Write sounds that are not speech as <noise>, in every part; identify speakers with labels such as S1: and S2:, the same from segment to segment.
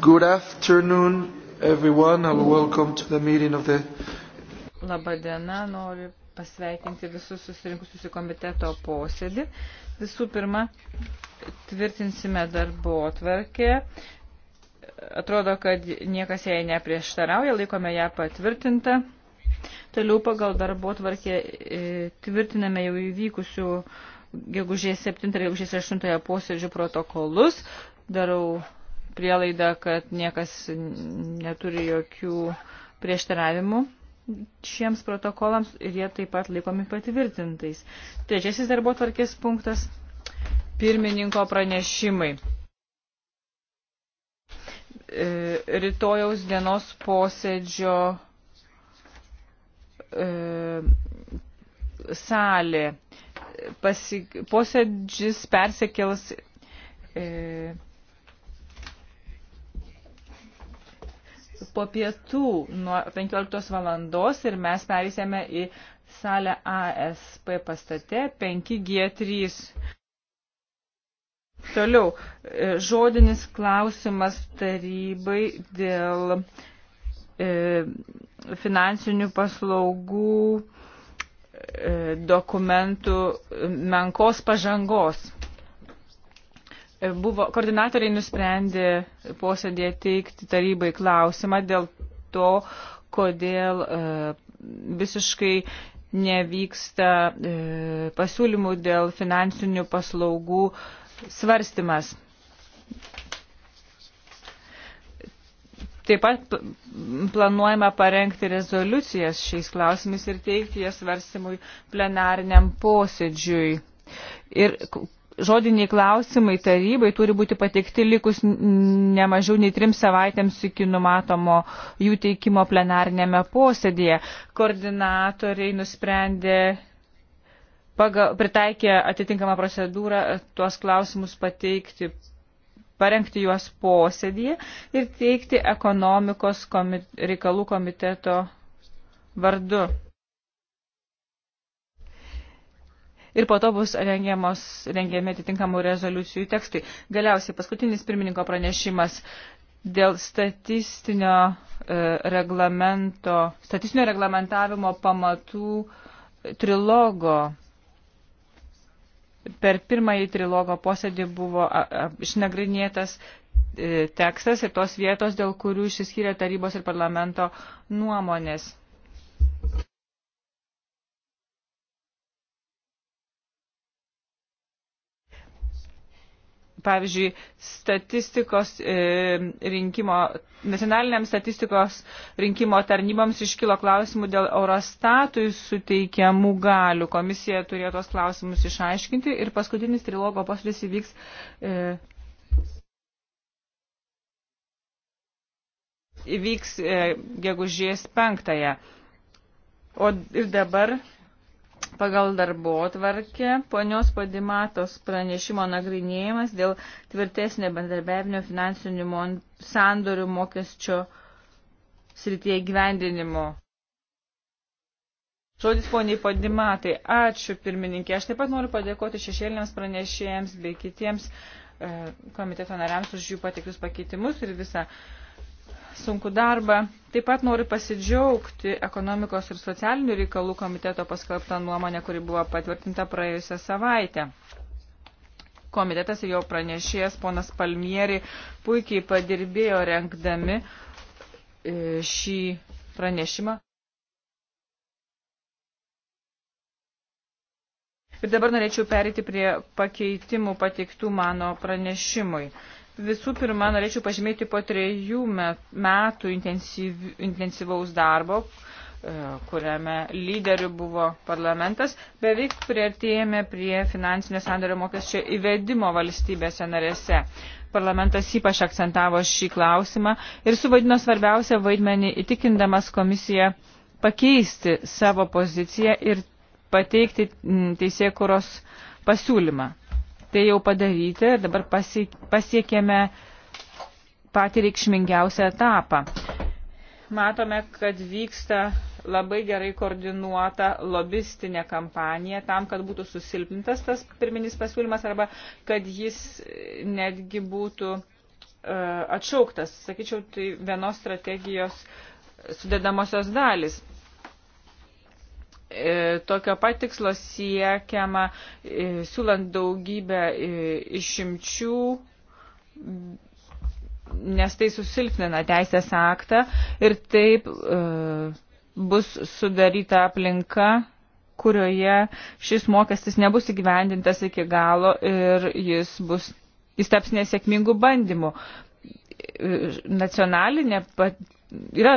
S1: Good afternoon, everyone, and welcome to the meeting of the.
S2: Labadiena, noriu pasveikinti visus susirinkusius į komiteto posėdį. Visų pirma, tvirtinsime darbo atvarkę. Atrodo, kad niekas jai neprieštarauja, laikome ją patvirtintą. Toliau pagal darbo atvarkę e, tvirtiname jau įvykusių gegužės 7 ir gegužės 8 posėdžių protokolus. Darau prielaidą, kad niekas neturi jokių prieštaravimų šiems protokolams ir jie taip pat laikomi patvirtintais. Trečiasis darbo tvarkės punktas - pirmininko pranešimai. E, rytojaus dienos posėdžio e, salė pasi, posėdžis persikels. E, po pietų nuo 15 valandos ir mes perėsėme į salę ASP pastate 5G3. Toliau, e, žodinis klausimas tarybai dėl e, finansinių paslaugų E, dokumentų menkos pažangos. E, buvo, koordinatoriai nusprendė posėdėje teikti tarybai klausimą dėl to, kodėl e, visiškai nevyksta pasiūlymų dėl finansinių paslaugų svarstymas. Taip pat planuojama parengti rezoliucijas šiais klausimais ir teikti jas varsimui plenariniam posėdžiui. Ir žodiniai klausimai tarybai turi būti pateikti likus nemažiau nei trim savaitėms iki numatomo jų teikimo plenarinėme posėdėje. Koordinatoriai nusprendė pagal, pritaikė atitinkamą procedūrą tuos klausimus pateikti parengti juos posėdėje ir teikti ekonomikos komit reikalų komiteto vardu. Ir po to bus rengiamos, rengiami atitinkamų rezoliucijų tekstai. Galiausiai paskutinis pirmininko pranešimas dėl statistinio, e, reglamento, statistinio reglamentavimo pamatų trilogo Per pirmąjį trilogo posėdį buvo išnagrinėtas e, tekstas ir tos vietos, dėl kurių išsiskyrė tarybos ir parlamento nuomonės. pavyzdžiui, statistikos e, rinkimo, nacionaliniams statistikos rinkimo tarnyboms iškilo klausimų dėl Eurostatui suteikiamų galių. Komisija turėjo tos klausimus išaiškinti ir paskutinis trilogo posėdis įvyks. E, įvyks e, gegužės penktąją. O ir dabar pagal darbo atvarkę ponios padimatos pranešimo nagrinėjimas dėl tvirtesnio bendarbiavimo finansinių mon... sandorių mokesčio srityje gyvendinimo. Žodis poniai padimatai. Ačiū pirmininkė. Aš taip pat noriu padėkoti šešėliniams pranešėjams bei kitiems e, komiteto nariams už jų patiktus pakeitimus ir visą. E, sunku darbą. Taip pat noriu pasidžiaugti ekonomikos ir socialinių reikalų komiteto paskelbtą nuomonę, kuri buvo patvirtinta praėjusią savaitę. Komitetas ir jo pranešėjas ponas Palmieri puikiai padirbėjo renkdami e, šį pranešimą. Ir dabar norėčiau perėti prie pakeitimų pateiktų mano pranešimui. Visų pirma, norėčiau pažymėti po trejų metų intensyv, intensyvaus darbo, e, kuriame lyderių buvo parlamentas, beveik prieartėjame prie finansinio sandario mokesčio įvedimo valstybėse narėse. Parlamentas ypač akcentavo šį klausimą ir suvaidino svarbiausią vaidmenį įtikindamas komisiją pakeisti savo poziciją ir pateikti teisėkuros pasiūlymą tai jau padaryti ir dabar pasiekėme patį reikšmingiausią etapą. Matome, kad vyksta labai gerai koordinuota lobistinė kampanija tam, kad būtų susilpintas tas pirminis pasiūlymas arba kad jis netgi būtų uh, atšauktas. Sakyčiau, tai vienos strategijos sudėdamosios dalis. E, tokio pat tikslo siekiama, e, siūlant daugybę e, išimčių, nes tai susilpnina teisės aktą ir taip bus sudaryta aplinka, kurioje šis mokestis nebus įgyvendintas iki galo ir jis, bus, jis taps nesėkmingų bandymų nacionalinė Yra,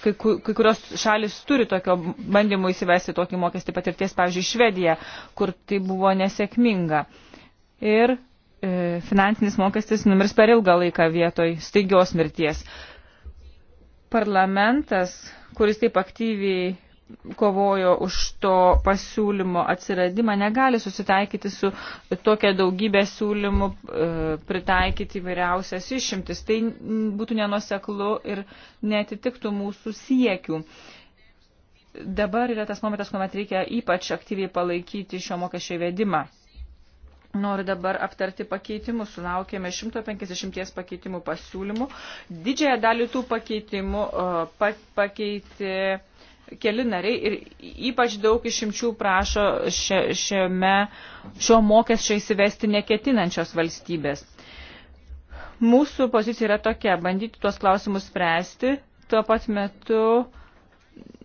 S2: kai, kai kurios šalis turi tokio bandymų įsivesti tokį mokestį patirties, pavyzdžiui, Švedija, kur tai buvo nesėkminga. Ir e, finansinis mokestis numirs per ilgą laiką vietoj staigios mirties. Parlamentas, kuris taip aktyviai kovojo už to pasiūlymo atsiradimą, negali susitaikyti su tokia daugybė siūlymų e, pritaikyti įvairiausias išimtis. Tai būtų nenuseklu ir netitiktų mūsų siekių. Dabar yra tas momentas, kuomet reikia ypač aktyviai palaikyti šio mokesčio įvedimą. Noriu dabar aptarti pakeitimus. Sulaukėme 150 pakeitimų pasiūlymų. Didžiąją dalį tų pakeitimų e, pakeitė keli nariai ir ypač daug išimčių prašo šiame, šio mokesčio įsivesti neketinančios valstybės. Mūsų pozicija yra tokia, bandyti tuos klausimus spręsti, tuo pat metu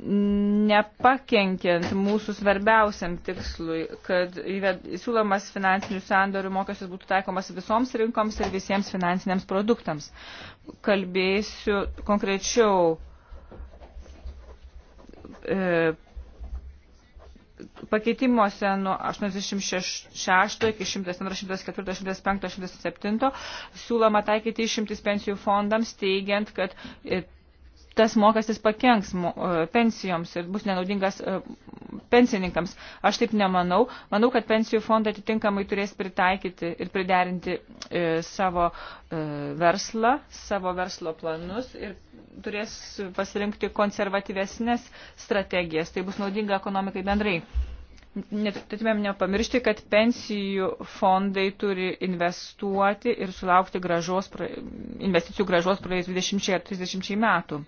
S2: nepakenkiant mūsų svarbiausiam tikslui, kad siūlomas finansinių sandorių mokestis būtų taikomas visoms rinkoms ir visiems finansiniams produktams. Kalbėsiu konkrečiau e, pakeitimuose nuo 86 iki 104-105-107 siūloma taikyti išimtis pensijų fondams, teigiant, kad e, tas mokestis pakenks e, pensijoms ir bus nenaudingas e, pensininkams. Aš taip nemanau. Manau, kad pensijų fondai atitinkamai turės pritaikyti ir priderinti e, savo verslą, savo verslo planus ir turės pasirinkti konservatyvesnės strategijas. Tai bus naudinga ekonomikai bendrai. Neturėtumėm nepamiršti, kad pensijų fondai turi investuoti ir sulaukti gražos, investicijų gražos praėjus 20-30 metų.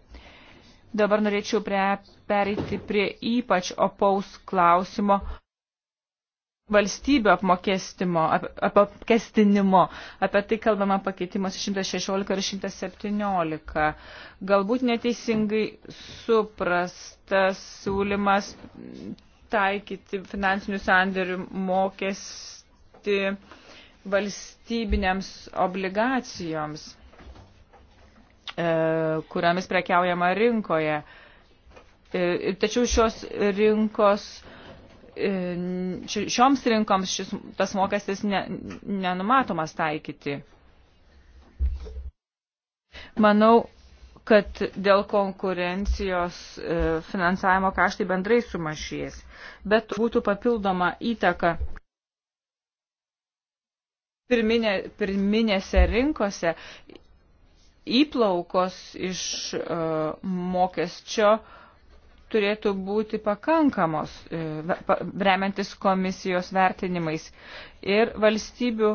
S2: Dabar norėčiau prie, pereiti prie ypač opaus klausimo valstybių apmokestimo, ap, apmokestinimo. Apie tai kalbama pakeitimas 116 ir 117. Galbūt neteisingai suprastas siūlymas taikyti finansinių sandėrių mokestį valstybinėms obligacijoms. E, kuriomis prekiaujama rinkoje. E, tačiau šios rinkos, e, šioms rinkoms šis, tas mokestis ne, nenumatomas taikyti. Manau, kad dėl konkurencijos finansavimo kaštai bendrai sumažės, bet būtų papildoma įtaka pirminė, pirminėse rinkose įplaukos iš e, mokesčio turėtų būti pakankamos, e, remiantis komisijos vertinimais. Ir valstybių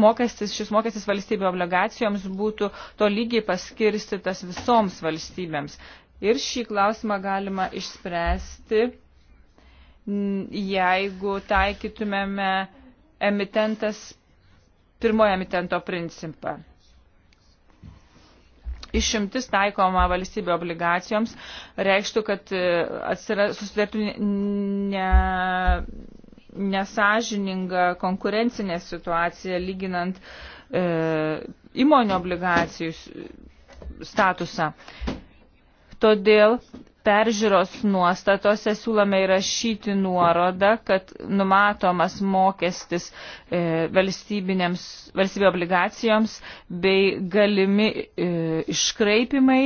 S2: mokestis, šis mokestis valstybių obligacijoms būtų to lygiai paskirstytas visoms valstybėms. Ir šį klausimą galima išspręsti, jeigu taikytumėme emitentas pirmojo mitento principą. Išimtis taikoma valstybių obligacijoms reikštų, kad e, susidartų ne, nesažininga konkurencinė situacija lyginant e, įmonių obligacijų statusą. Todėl peržiūros nuostatose siūlome įrašyti nuorodą, kad numatomas mokestis e, valstybių obligacijoms bei galimi e, iškraipimai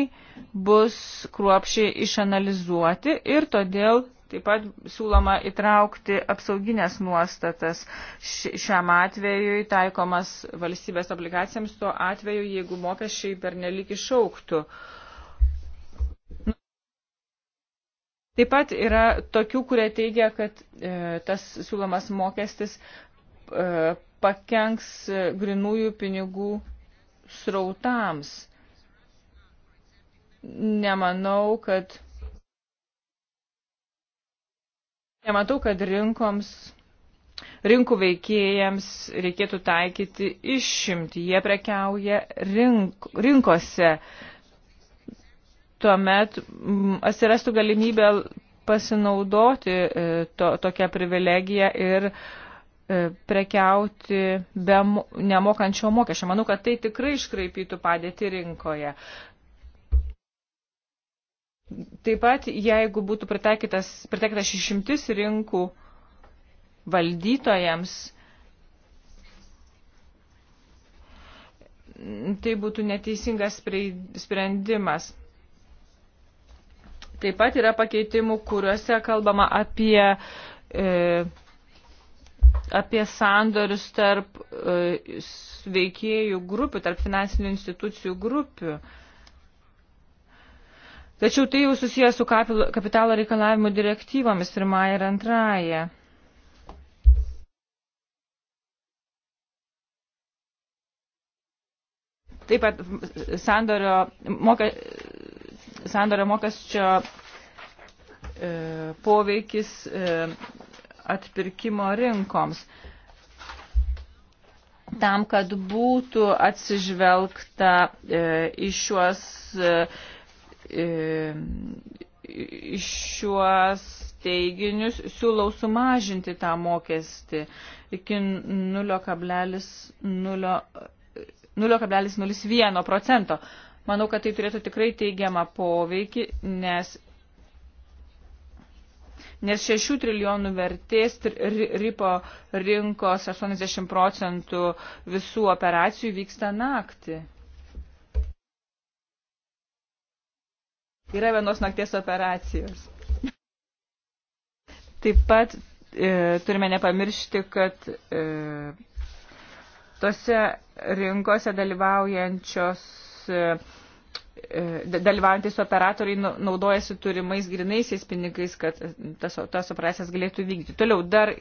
S2: bus kruopšiai išanalizuoti ir todėl Taip pat siūloma įtraukti apsauginės nuostatas šiam atvejui taikomas valstybės obligacijams tuo atveju, jeigu mokesčiai per nelik išauktų. Taip pat yra tokių, kurie teigia, kad e, tas siūlomas mokestis e, pakenks e, grinųjų pinigų srautams. Nemanau, kad. Nematau, kad rinkoms, rinkų veikėjams reikėtų taikyti išimti. Jie prekiauja rink, rinkose. E, tuomet mm, atsirastų galimybė pasinaudoti e, to, tokią privilegiją ir e, prekiauti be nemokančio mokesčio. Manau, kad tai tikrai iškraipytų padėti rinkoje. Taip pat, jeigu būtų pritaikytas, pritaikytas išimtis rinkų valdytojams, tai būtų neteisingas sprendimas. Taip pat yra pakeitimų, kuriuose kalbama apie, e, apie sandorius tarp e, veikėjų grupių, tarp finansinių institucijų grupių. Tačiau tai jau susijęs su kapitalo reikalavimų direktyvomis pirmąją ir antrąją. Taip pat sandorio, moka, sandorio mokesčio e, poveikis e, atpirkimo rinkoms. Tam, kad būtų atsižvelgta e, į šiuos, į šiuos teiginius, siūlau sumažinti tą mokestį iki 0,01 procento. Manau, kad tai turėtų tikrai teigiamą poveikį, nes, nes 6 trilijonų vertės ripo rinkos 80 procentų visų operacijų vyksta naktį. Yra vienos nakties operacijos. Taip pat e, turime nepamiršti, kad e, tose rinkose dalyvaujančios e, E, dalyvaujantis operatoriai nu, naudojasi turimais grinaisiais pinigais, kad tas, tas operacijas galėtų vykdyti. Toliau dar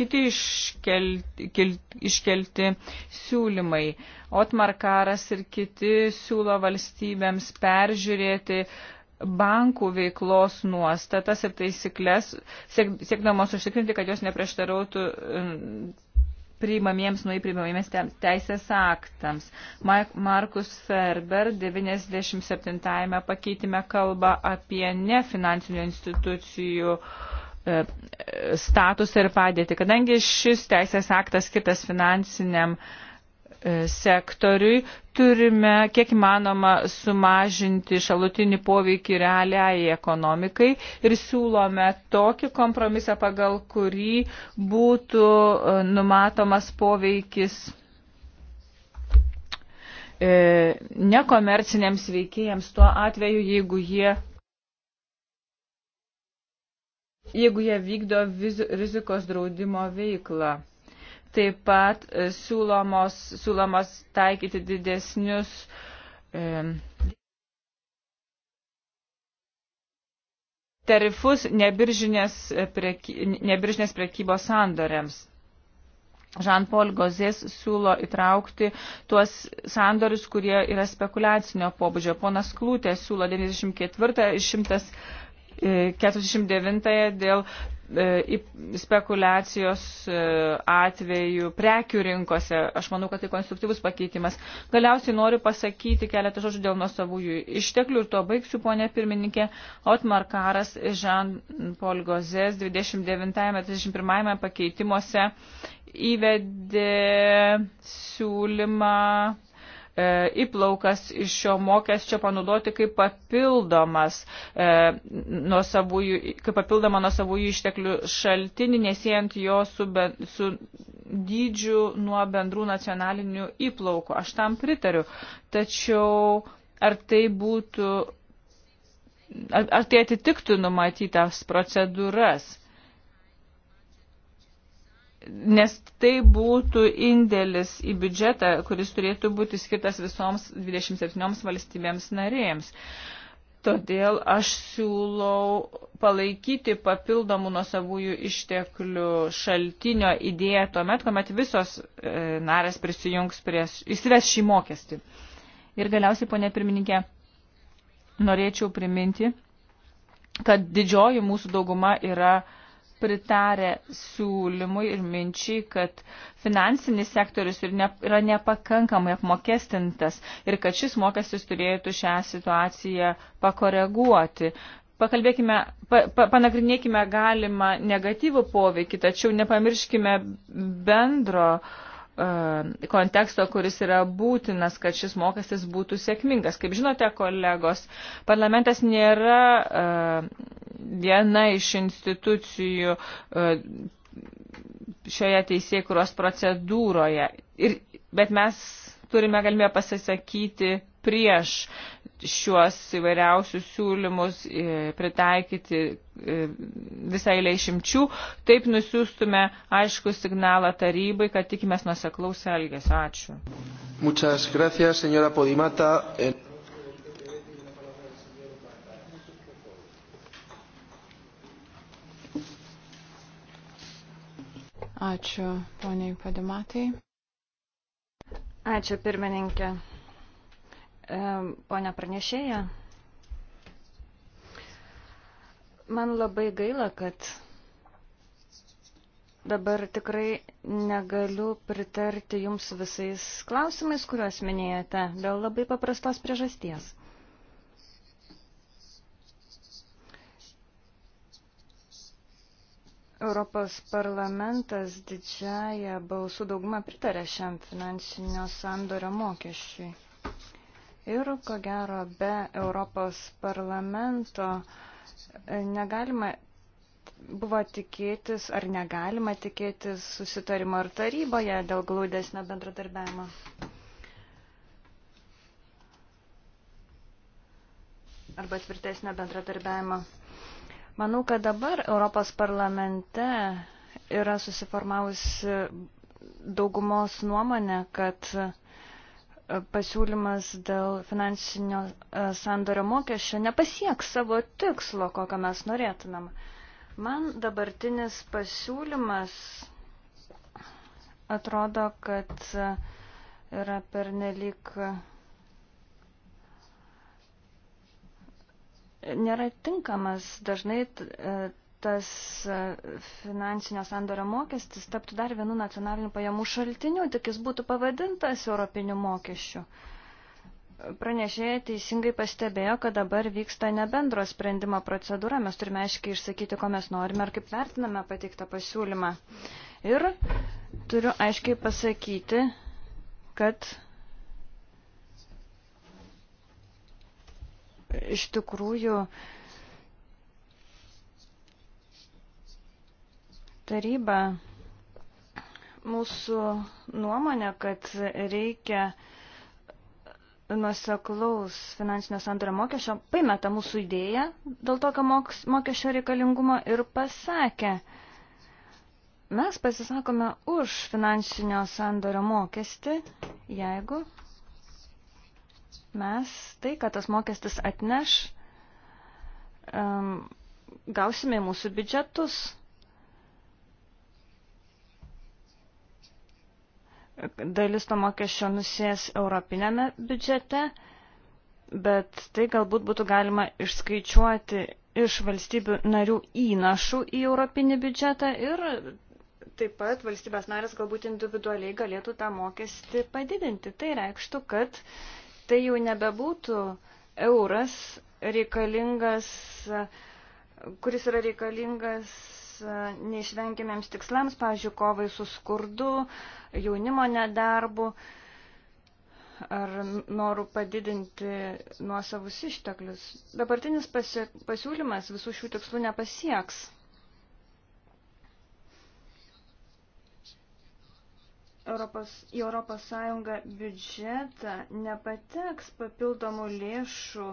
S2: kiti iškelti, kel, iškelti siūlymai. Otmarkaras ir kiti siūlo valstybėms peržiūrėti bankų veiklos nuostatas ir taisyklės, siek, siekdamos užtikrinti, kad jos neprieštarautų priimamiems nuipriimamiems teisės aktams. Markus Ferber 97-ame pakeitime kalba apie nefinansinių institucijų e, e, statusą ir padėtį. Kadangi šis teisės aktas skirtas finansiniam uh, E, sektoriui turime kiek įmanoma sumažinti šalutinį poveikį realiai ekonomikai ir siūlome tokį kompromisą, pagal kurį būtų e, numatomas poveikis e, nekomerciniams veikėjams tuo atveju, jeigu jie, jeigu jie vykdo rizikos draudimo veiklą. Taip pat e, siūlomos, siūlomos taikyti didesnius. E, tarifus nebiržinės, e, preky, nebiržinės prekybos sandoriams. Jean-Paul Gozės siūlo įtraukti tuos sandorius, kurie yra spekulacinio pobūdžio. Ponas Klūtė siūlo 94-149 e, dėl E, spekulacijos e, atveju prekių rinkose. Aš manau, kad tai konstruktyvus pakeitimas. Galiausiai noriu pasakyti keletą žodžių dėl nuosavųjų išteklių ir to baigsiu, ponė pirmininkė. Otmar Karas Jean-Paul Gozės 29-31 pakeitimuose įvedė siūlymą E, įplaukas iš šio mokesčio panaudoti kaip papildomas e, savųjų, kaip papildomą nuo savųjų išteklių šaltinį, nesijant jo su, be, su dydžiu nuo bendrų nacionalinių įplaukų. Aš tam pritariu. Tačiau ar tai būtų. Ar, ar tai atitiktų numatytas procedūras? nes tai būtų indėlis į biudžetą, kuris turėtų būti skirtas visoms 27 valstybėms narėjams. Todėl aš siūlau palaikyti papildomų nuosavųjų išteklių šaltinio idėją tuomet, kuomet visos e, narės prisijungs prie, įsives šį mokestį. Ir galiausiai, ponė pirmininkė, norėčiau priminti, kad didžioji mūsų dauguma yra e, pritarė siūlymui ir minčiai, kad finansinis sektorius yra nepakankamai apmokestintas ir kad šis mokestis turėtų šią situaciją pakoreguoti. Pakalbėkime, pa, pa, panagrinėkime galimą negatyvų poveikį, tačiau nepamirškime bendro e, konteksto, kuris yra būtinas, kad šis mokestis būtų sėkmingas. Kaip žinote, kolegos, parlamentas nėra uh, viena iš institucijų e, šioje teisėkuros procedūroje. Ir, bet mes turime galimybę pasisakyti prieš šiuos įvairiausius siūlymus e, pritaikyti e, visai leišimčių, taip nusiųstume aišku signalą tarybai, kad tikimės nuseklaus elgesio. Ačiū.
S1: Muchas gracias, señora Podimata.
S3: Ačiū, poniai Padimatai.
S4: Ačiū, pirmininkė. E, Pone pranešėja, man labai gaila, kad dabar tikrai negaliu pritarti jums visais klausimais, kuriuos minėjote, dėl labai paprastos priežasties. Europos parlamentas didžiaja balsų daugumą pritarė šiam finansinio sandorio mokesčiui. Ir ko gero be Europos parlamento e, negalima buvo tikėtis ar negalima tikėtis susitarimo ar taryboje dėl glaudesnio bendradarbiavimo. Arba tvirtesnio bendradarbiavimo. Manau, kad dabar Europos parlamente yra susiformavusi daugumos nuomonė, kad e, pasiūlymas dėl finansinio e, sandorio mokesčio nepasieks savo tikslo, kokią mes norėtumėm. Man dabartinis pasiūlymas atrodo, kad e, yra pernelyg nėra tinkamas. Dažnai e, tas e, finansinio sandorio mokestis taptų dar vienu nacionaliniu pajamų šaltiniu, tik jis būtų pavadintas europiniu mokesčiu. Pranešėja teisingai pastebėjo, kad dabar vyksta ne bendro sprendimo procedūra, mes turime aiškiai išsakyti, ko mes norime ir kaip vertiname pateiktą pasiūlymą. Ir turiu aiškiai pasakyti, kad iš tikrųjų taryba mūsų nuomonė, kad reikia nuoseklaus finansinio sandorio mokesčio, paimeta mūsų idėją dėl tokio mokesčio reikalingumo ir pasakė, mes pasisakome už finansinio sandorio mokestį, jeigu mes tai, kad tas mokestis atneš, um, gausime mūsų biudžetus. Dalis to mokesčio nusės europinėme biudžete, bet tai galbūt būtų galima išskaičiuoti iš valstybių narių įnašų į europinį biudžetą ir taip pat valstybės narės galbūt individualiai galėtų tą mokestį padidinti. Tai reikštų, kad uh, tai jau nebebūtų euras reikalingas, kuris yra reikalingas e, neišvengiamiems tikslams, pavyzdžiui, kovai su skurdu, jaunimo nedarbu ar noru padidinti nuosavus išteklius. Dabartinis pasiūlymas visų šių tikslų nepasieks. Europos, į Europos Sąjungą biudžetą nepateks papildomų lėšų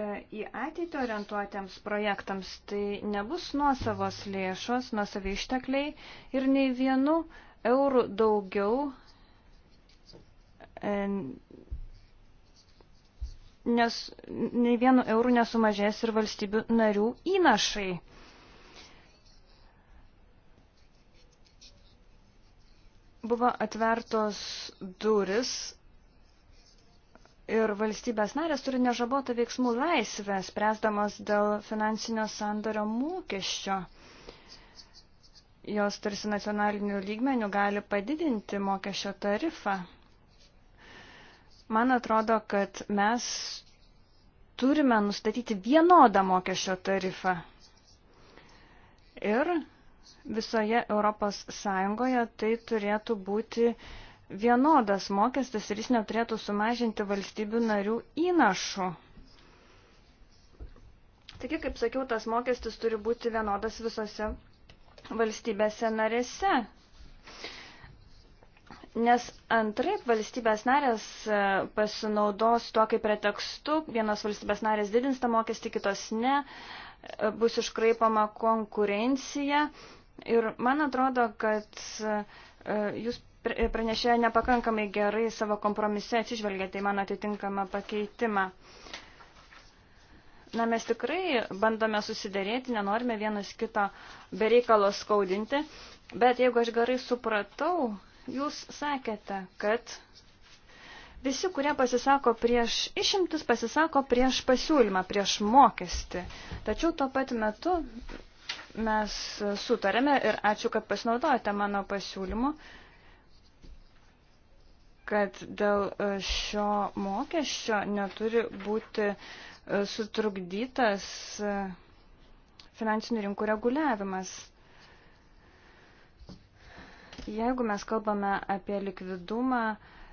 S4: e, į ateitį orientuotiems projektams, tai nebus nuosavos lėšos, nuosavi ištekliai ir nei vienu eurų daugiau e, nes nei vienu eurų nesumažės ir valstybių narių įnašai. Buvo atvertos duris ir valstybės narės turi nežabotą veiksmų laisvę, spręsdamas dėl finansinio sandorio mokesčio. Jos tarsi nacionalinių lygmenių gali padidinti mokesčio tarifą. Man atrodo, kad mes turime nustatyti vienodą mokesčio tarifą. Ir visoje Europos Sąjungoje tai turėtų būti vienodas mokestis ir jis neturėtų sumažinti valstybių narių įnašų. Taigi, kaip sakiau, tas mokestis turi būti vienodas visose valstybėse narėse. Nes antraip valstybės narės e, pasinaudos tuo kaip pretekstu, vienos valstybės narės didins tą mokestį, kitos ne, e, bus iškraipama konkurencija Ir man atrodo, kad e, jūs pranešėja nepakankamai gerai savo kompromise atsižvelgėte į mano atitinkamą pakeitimą. Na, mes tikrai bandome susidėrėti, nenorime vienas kito bereikalo skaudinti, bet jeigu aš gerai supratau, jūs sakėte, kad visi, kurie pasisako prieš išimtis, pasisako prieš pasiūlymą, prieš mokestį. Tačiau tuo pat metu mes sutarėme ir ačiū, kad pasinaudojate mano pasiūlymu, kad dėl e, šio mokesčio neturi būti e, sutrukdytas e, finansinių rinkų reguliavimas. Jeigu mes kalbame apie likvidumą,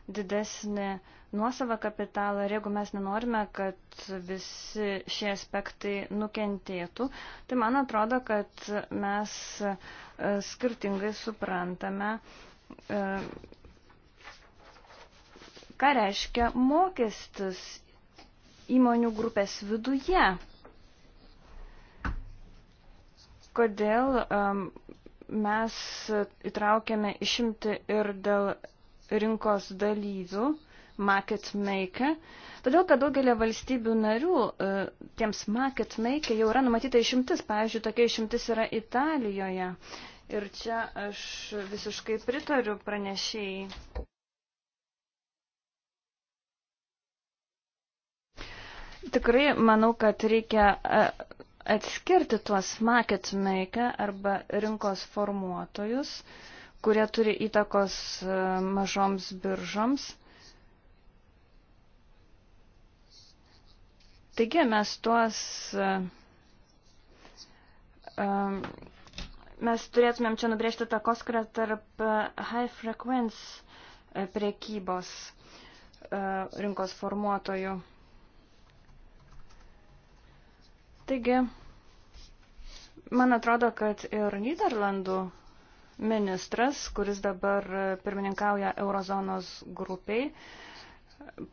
S4: didesnį nuosavą kapitalą ir jeigu mes nenorime, kad visi šie aspektai nukentėtų, tai man atrodo, kad mes e, skirtingai suprantame, e, ką reiškia mokestis įmonių grupės viduje. Kodėl um, mes įtraukėme išimti ir dėl rinkos dalyvių market maker, todėl kad daugelį valstybių narių e, tiems market maker jau yra numatyta išimtis, pavyzdžiui, tokia išimtis yra Italijoje. Ir čia aš visiškai pritariu pranešėjai. Tikrai manau, kad reikia e, atskirti tuos market maker arba rinkos formuotojus, kurie turi įtakos e, mažoms biržoms. Taigi mes tuos, e, e, mes turėtumėm čia nubrėžti takoskirą tarp e, high frequency priekybos rinkos formuotojų. Taigi, man atrodo, kad ir Niderlandų ministras, kuris dabar pirmininkauja Eurozonos grupiai,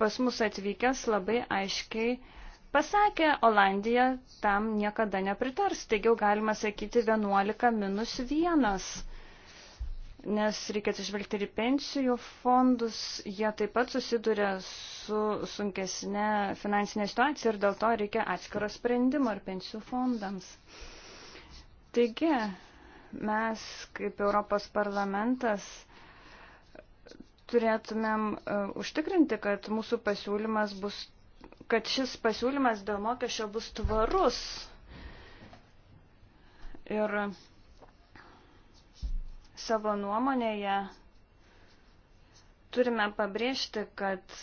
S4: pas mus atvykęs labai aiškiai uh, pasakė, Olandija tam niekada nepritars. Taigi jau galima sakyti 11 minus 1, nes reikia atsižvelgti ir pensijų fondus, jie taip pat susiduria su sunkesnė finansinė situacija ir dėl to reikia atskiro sprendimo ir pensijų fondams. Taigi, mes kaip Europos parlamentas turėtumėm uh, užtikrinti, kad mūsų pasiūlymas bus kad šis pasiūlymas dėl mokesčio bus tvarus. Ir savo nuomonėje turime pabrėžti, kad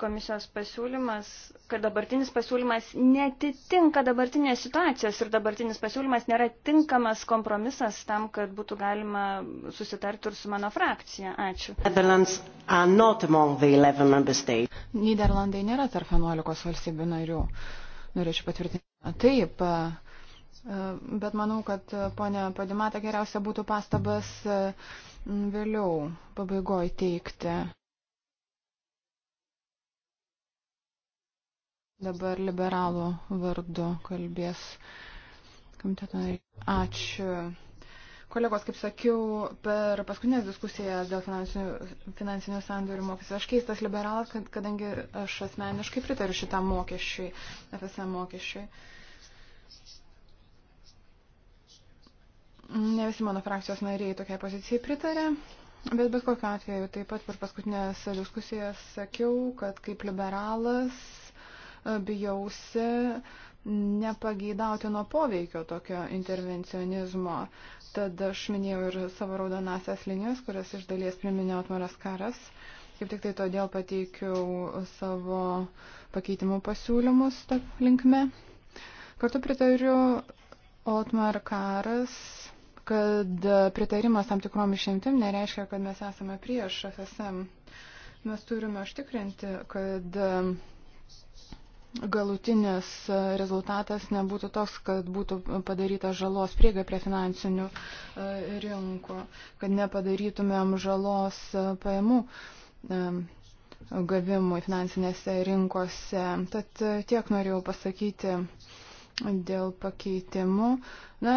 S4: komisijos pasiūlymas, kad dabartinis pasiūlymas netitinka dabartinės situacijos ir dabartinis pasiūlymas nėra tinkamas kompromisas tam, kad būtų galima susitarti ir su mano frakcija. Ačiū.
S3: Niderlandai nėra tarp 11 valstybių narių. Norėčiau patvirtinti. Taip, bet manau, kad ponia Padimata geriausia būtų pastabas vėliau pabaigoje teikti. Dabar liberalų vardu kalbės komiteto nariai. Ačiū. Kolegos, kaip sakiau, per paskutinės diskusijas dėl finansinių, finansinių sandorių mokesčių, aš keistas liberalas, kad, kadangi aš asmeniškai pritariu šitam mokesčiui, FSM mokesčiui. Ne visi mano frakcijos nariai tokiai pozicijai pritarė, bet bet kokiu atveju taip pat per paskutinės diskusijas sakiau, kad kaip liberalas bijausi nepageidautino poveikio tokio intervencionizmo. Tad aš minėjau ir savo raudonasias linijas, kurias iš dalies priminė Otmaras Karas. Kaip tik tai todėl pateikiau savo pakeitimų pasiūlymus tą linkme. Kartu pritariu Otmar Karas kad pritarimas tam tikrom išimtim nereiškia, kad mes esame prieš FSM. Mes turime užtikrinti, kad galutinis rezultatas nebūtų toks, kad būtų padaryta žalos prieiga prie finansinių e, rinkų, kad nepadarytumėm žalos e, pajamų e, gavimui finansinėse rinkose. Tad tiek norėjau pasakyti dėl pakeitimų. Na,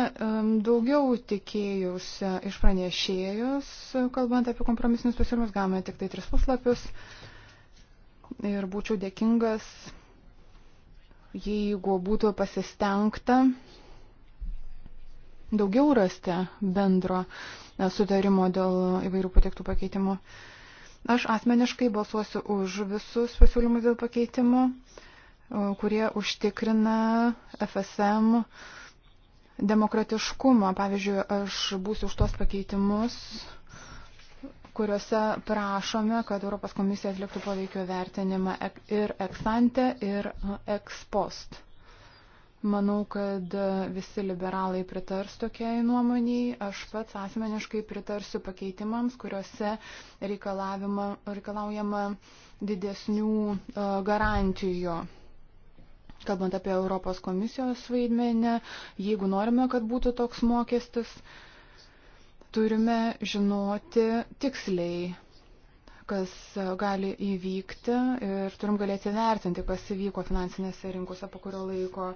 S3: daugiau tikėjausi iš pranešėjus, kalbant apie kompromisinius pasiūlymus, gavome tik tai tris puslapius ir būčiau dėkingas jeigu būtų pasistengta daugiau rasti bendro e, sutarimo dėl įvairių patektų pakeitimų. Aš asmeniškai balsuosiu už visus pasiūlymus dėl pakeitimų, e, kurie užtikrina FSM demokratiškumą. Pavyzdžiui, aš būsiu už tos pakeitimus kuriuose prašome, kad Europos komisija atliktų poveikio vertinimą ir eksante, ir e, ekspost. Manau, kad e, visi liberalai pritars tokiai nuomoniai. Aš pats asmeniškai pritarsiu pakeitimams, kuriuose reikalaujama didesnių e, garantijų. Kalbant apie Europos komisijos vaidmenį, jeigu norime, kad būtų toks mokestis, uh, turime žinoti tiksliai, kas gali įvykti ir turim galėti vertinti, kas įvyko finansinėse rinkose po kurio laiko.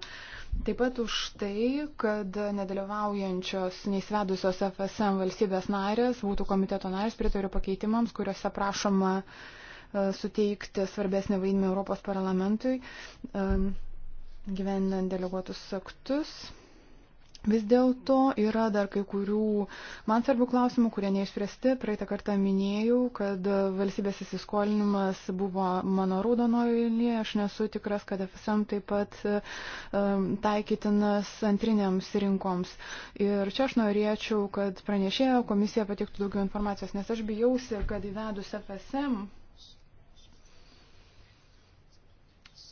S3: Taip pat už tai, kad nedalyvaujančios, neįsvedusios FSM valstybės narės būtų komiteto narės, pritariu pakeitimams, kuriuose prašoma e, suteikti svarbesnį vaidmenį Europos parlamentui, e, gyvenant deleguotus aktus. Vis dėlto yra dar kai kurių man svarbių klausimų, kurie neišspręsti. Praeitą kartą minėjau, kad valstybės įsiskolinimas buvo mano raudonojo linija. Aš nesu tikras, kad FSM taip pat um, taikytinas antrinėms rinkoms. Ir čia aš norėčiau, kad pranešėjo komisija patiktų daugiau informacijos, nes aš bijausi, kad įvedus FSM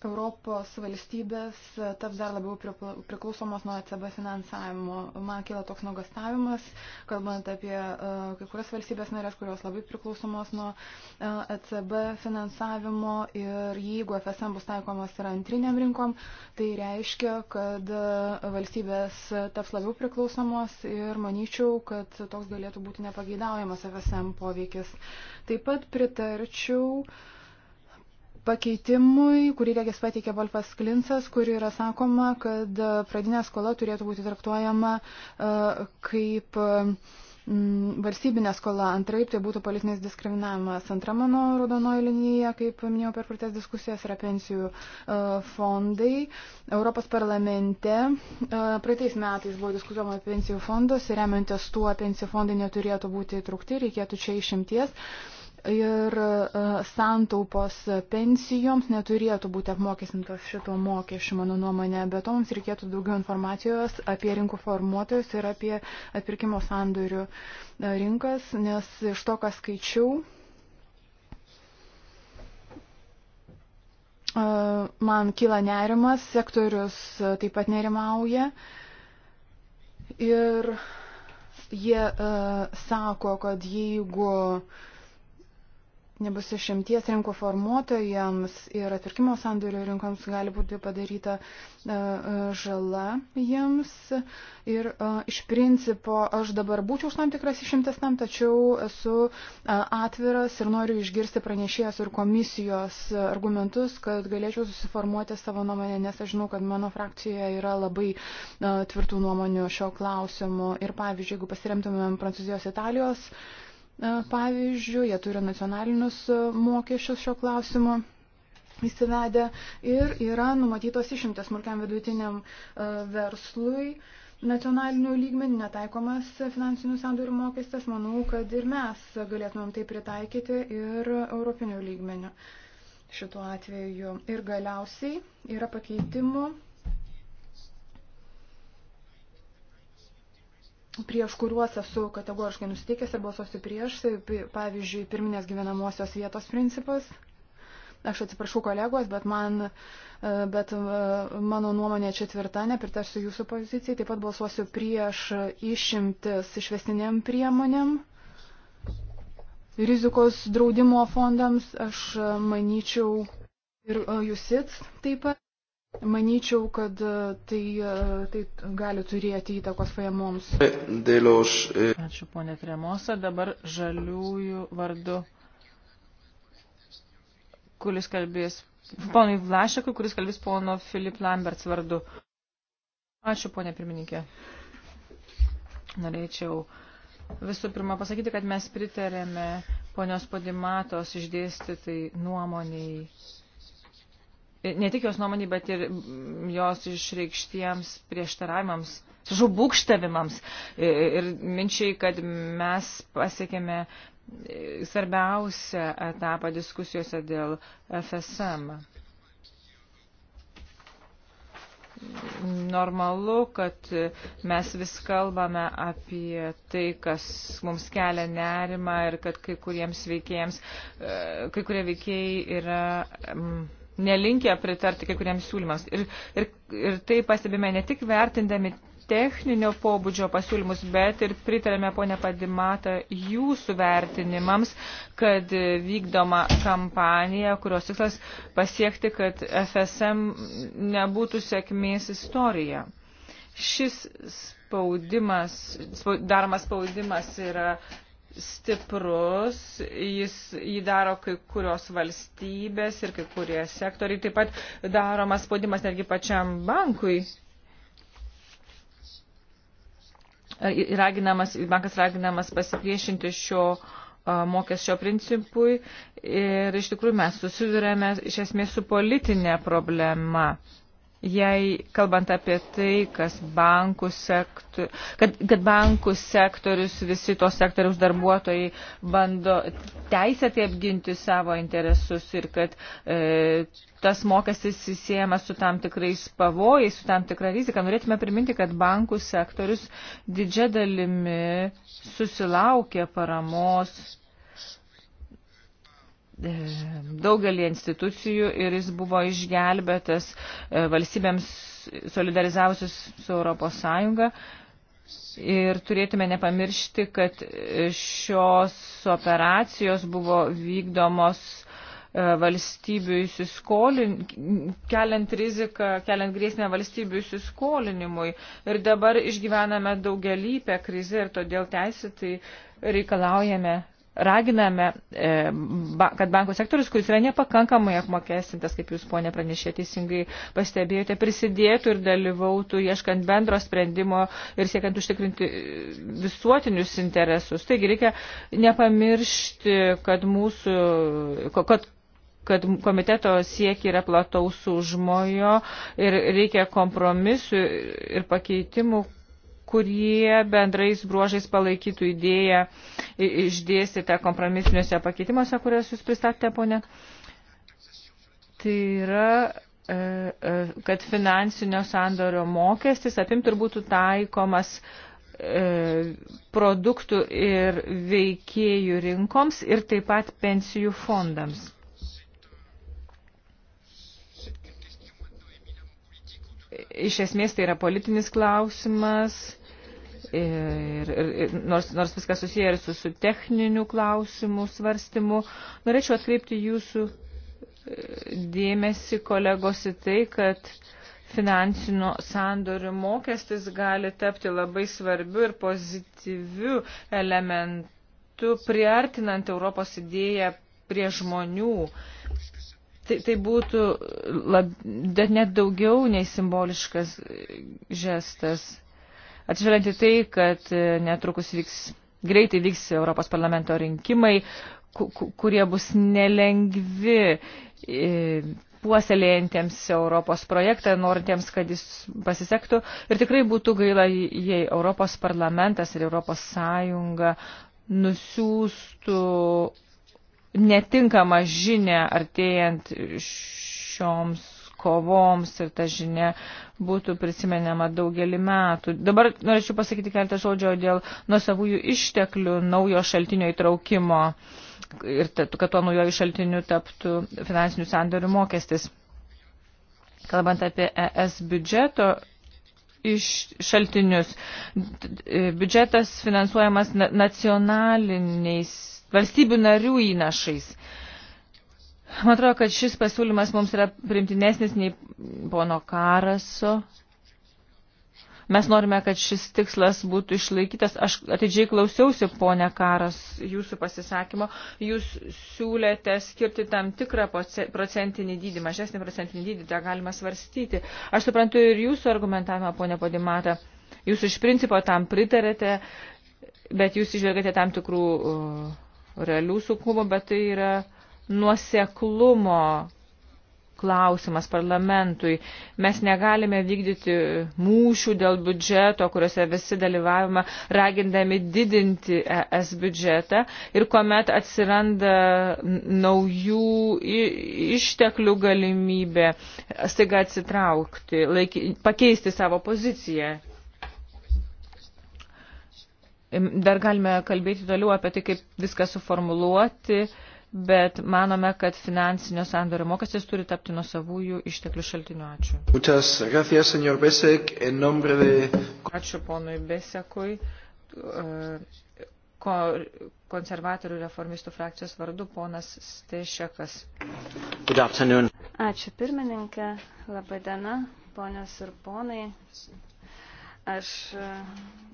S3: Europos valstybės taps dar labiau priklausomos nuo ECB finansavimo. Man kila toks nuogastavimas, kalbant apie e, kai kurias valstybės narės, kurios labai priklausomos nuo ECB e finansavimo ir jeigu FSM bus taikomas ir antriniam rinkom, tai reiškia, kad e, valstybės taps labiau priklausomos ir manyčiau, kad toks galėtų būti nepageidaujamas FSM poveikis. Taip pat pritarčiau. Uh, pakeitimui, kurį regis pateikė Volfas Klinsas, kur yra sakoma, kad pradinė skola turėtų būti traktuojama e, kaip valstybinė skola, antraip tai būtų politinis diskriminavimas. Antra mano raudonoji linija, kaip minėjau per prates diskusijas, yra pensijų e, fondai. Europos parlamente e, praeitais metais buvo diskutuojama apie pensijų fondus ir remiantis tuo pensijų fondai neturėtų būti įtraukti, reikėtų čia išimties. Iš ir e, santaupos pensijoms neturėtų būti apmokestintos šito mokesčio, mano nuomonė, bet to mums reikėtų daugiau informacijos apie rinkų formuotojus ir apie atpirkimo sandorių e, rinkas, nes iš to, ką skaičiau, e, man kyla nerimas, sektorius taip pat nerimauja. Ir jie uh, sako, kad jeigu uh, nebus išimties rinkų formuotojams ir atpirkimo sandorio rinkoms gali būti padaryta e, e, žala jiems. Ir e, iš principo aš dabar būčiau už tam tikras išimtas tam, tačiau esu atviras ir noriu išgirsti pranešėjos ir komisijos argumentus, kad galėčiau susiformuoti savo nuomonę, nes aš žinau, kad mano frakcijoje yra labai tvirtų nuomonių šio klausimu. Ir pavyzdžiui, jeigu pasiremtumėm Prancūzijos, Italijos, uh, E, pavyzdžių, jie turi nacionalinius e, mokesčius šio klausimu įsivedę ir yra numatytos išimtės smulkiam vidutiniam e, verslui nacionalinių lygmenių netaikomas finansinių sandorių mokestis. Manau, kad ir mes galėtumėm tai pritaikyti ir europinių lygmenių šituo atveju. Ir galiausiai yra pakeitimų prieš kuriuos esu kategoriškai nusteikęs ir balsuosiu prieš, pavyzdžiui, pirminės gyvenamosios vietos principas. Aš atsiprašau kolegos, bet, man, e, bet e, mano nuomonė čia tvirta, nepritarsiu jūsų pozicijai. Taip pat balsuosiu prieš išimtis išvestiniam priemonėm, rizikos draudimo fondams, aš e, manyčiau ir jūsit taip pat. Manyčiau, kad e, tai, e, tai gali turėti įtakos pajamoms. E,
S1: Ačiū,
S2: ponė Tremosa. Dabar žaliųjų vardu, kuris kalbės, ponai Vlašekui, kuris kalbės pono Filip Lamberts vardu. Ačiū, ponė pirmininkė. Norėčiau visų pirma pasakyti, kad mes pritarėme ponios Podimatos išdėstytai nuomoniai ne tik jos nuomonį, bet ir jos išreikštiems prieštaravimams, žubūkštavimams ir minčiai, kad mes pasiekėme svarbiausią etapą diskusijose dėl FSM. Normalu, kad mes vis kalbame apie tai, kas mums kelia nerimą ir kad kai kuriems veikėjams, e, kai kurie veikėjai yra. Um, nelinkę pritarti kai kuriems siūlymams. Ir, ir, ir tai pastebime ne tik vertindami techninio pobūdžio pasiūlymus, bet ir pritarėme, ponė Padimata, jūsų vertinimams, kad vykdoma kampanija, kurios tikslas pasiekti, kad FSM nebūtų sėkmės istorija. Šis spaudimas, spaud, daromas spaudimas yra stiprus, jis jį daro kai kurios valstybės ir kai kurie sektoriai, taip pat daromas spaudimas netgi pačiam bankui. Raginamas, bankas raginamas pasipriešinti šio mokesčio principui ir iš tikrųjų mes susidurėme iš esmės su politinė problema jei kalbant apie tai, kas bankų sektor, kad, kad bankų sektorius, visi tos sektoriaus darbuotojai bando teisėtai apginti savo interesus ir kad e, tas mokestis įsiejamas su tam tikrais pavojais, su tam tikra rizika. Norėtume priminti, kad bankų sektorius didžia dalimi susilaukė paramos E, daugelį institucijų ir jis buvo išgelbėtas e, valstybėms solidarizavusius su Europos Sąjunga. Ir turėtume nepamiršti, kad šios operacijos buvo vykdomos e, valstybių įsiskolin, keliant riziką, keliant grėsmę valstybių įsiskolinimui. Ir dabar išgyvename daugelįpę krizę ir todėl teisėtai reikalaujame raginame, e, kad bankų sektorius, kuris yra nepakankamai apmokestintas, kaip jūs, ponė, pranešė teisingai pastebėjote, prisidėtų ir dalyvautų ieškant bendro sprendimo ir siekiant užtikrinti visuotinius interesus. Taigi reikia nepamiršti, kad mūsų, kad kad komiteto siekiai yra plataus užmojo ir reikia kompromisų ir pakeitimų, kurie bendrais bruožais palaikytų idėją išdėstytą kompromisiniuose pakeitimuose, kurias jūs pristatėte, ponė. Tai yra, e, e, kad finansinio sandorio mokestis apimtų ir būtų taikomas e, produktų ir veikėjų rinkoms ir taip pat pensijų fondams. Iš esmės tai yra politinis klausimas Ir, ir, ir nors, nors viskas susiję ir su, su techniniu klausimu svarstymu, norėčiau atkreipti jūsų e, dėmesį kolegos į tai, kad finansinių sandorių mokestis gali tapti labai svarbiu ir pozityviu elementu, priartinant Europos idėją prie žmonių. Tai, tai būtų lab, net daugiau nei simboliškas žestas Atsižvelgiant į tai, kad e, netrukus vyks, greitai vyks Europos parlamento rinkimai, kurie bus nelengvi e, puoselėjantiems Europos projektą, norintiems, kad jis pasisektų. Ir tikrai būtų gaila, jei Europos parlamentas ir Europos sąjunga nusiųstų netinkamą žinę artėjant šioms kovoms ir ta žinia būtų prisimenama daugelį metų. Dabar norėčiau pasakyti keletą žodžio dėl nusavųjų išteklių naujo šaltinio įtraukimo ir kad tuo naujoju šaltiniu taptų finansinių sandorių mokestis. Kalbant apie ES biudžeto iš šaltinius, biudžetas finansuojamas nacionaliniais valstybių narių įnašais. Man atrodo, kad šis pasiūlymas mums yra primtinesnis nei pono Karaso. Mes norime, kad šis tikslas būtų išlaikytas. Aš atidžiai klausiausi, ponia Karas, jūsų pasisakymo. Jūs siūlėte skirti tam tikrą procentinį dydį, mažesnį procentinį dydį, tą galima svarstyti. Aš suprantu ir jūsų argumentavimą, ponia Podimata. Jūs iš principo tam pritarėte, bet jūs išvelgėte tam tikrų uh, realių sunkumų, bet tai yra. Uh, nuoseklumo klausimas parlamentui. Mes negalime vykdyti mūšių dėl biudžeto, kuriuose visi dalyvavimą ragindami didinti ES biudžetą ir kuomet atsiranda naujų išteklių galimybė staiga atsitraukti, laiky, pakeisti savo poziciją. Dar galime kalbėti toliau apie tai, kaip viską suformuluoti. Uh, bet manome, kad finansinio sandorio mokestis turi tapti nuo savųjų išteklių šaltinių. Ačiū.
S1: Gracias, Besek, de...
S2: Ačiū ponui Besekui. Ko, konservatorių reformistų frakcijos vardu ponas Stešekas.
S4: Ačiū pirmininkė, laba diena, ponios ir ponai. Aš e,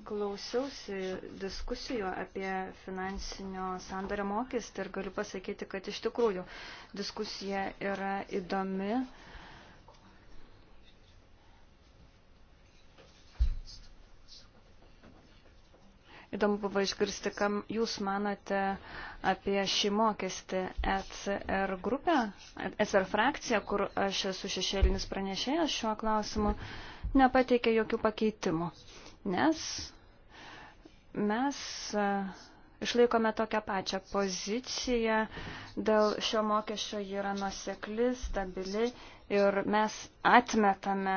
S4: klausiausi diskusijų apie finansinio sandario mokestį ir galiu pasakyti, kad iš tikrųjų diskusija yra įdomi. Įdomu buvo išgirsti, kam jūs manote apie šį mokestį ECR grupę, ECR frakciją, kur aš esu šešėlinis pranešėjas šiuo klausimu. Mm nepateikė jokių pakeitimų, nes mes e, išlaikome tokią pačią poziciją, dėl šio mokesčio ji yra nusekli, stabili ir mes atmetame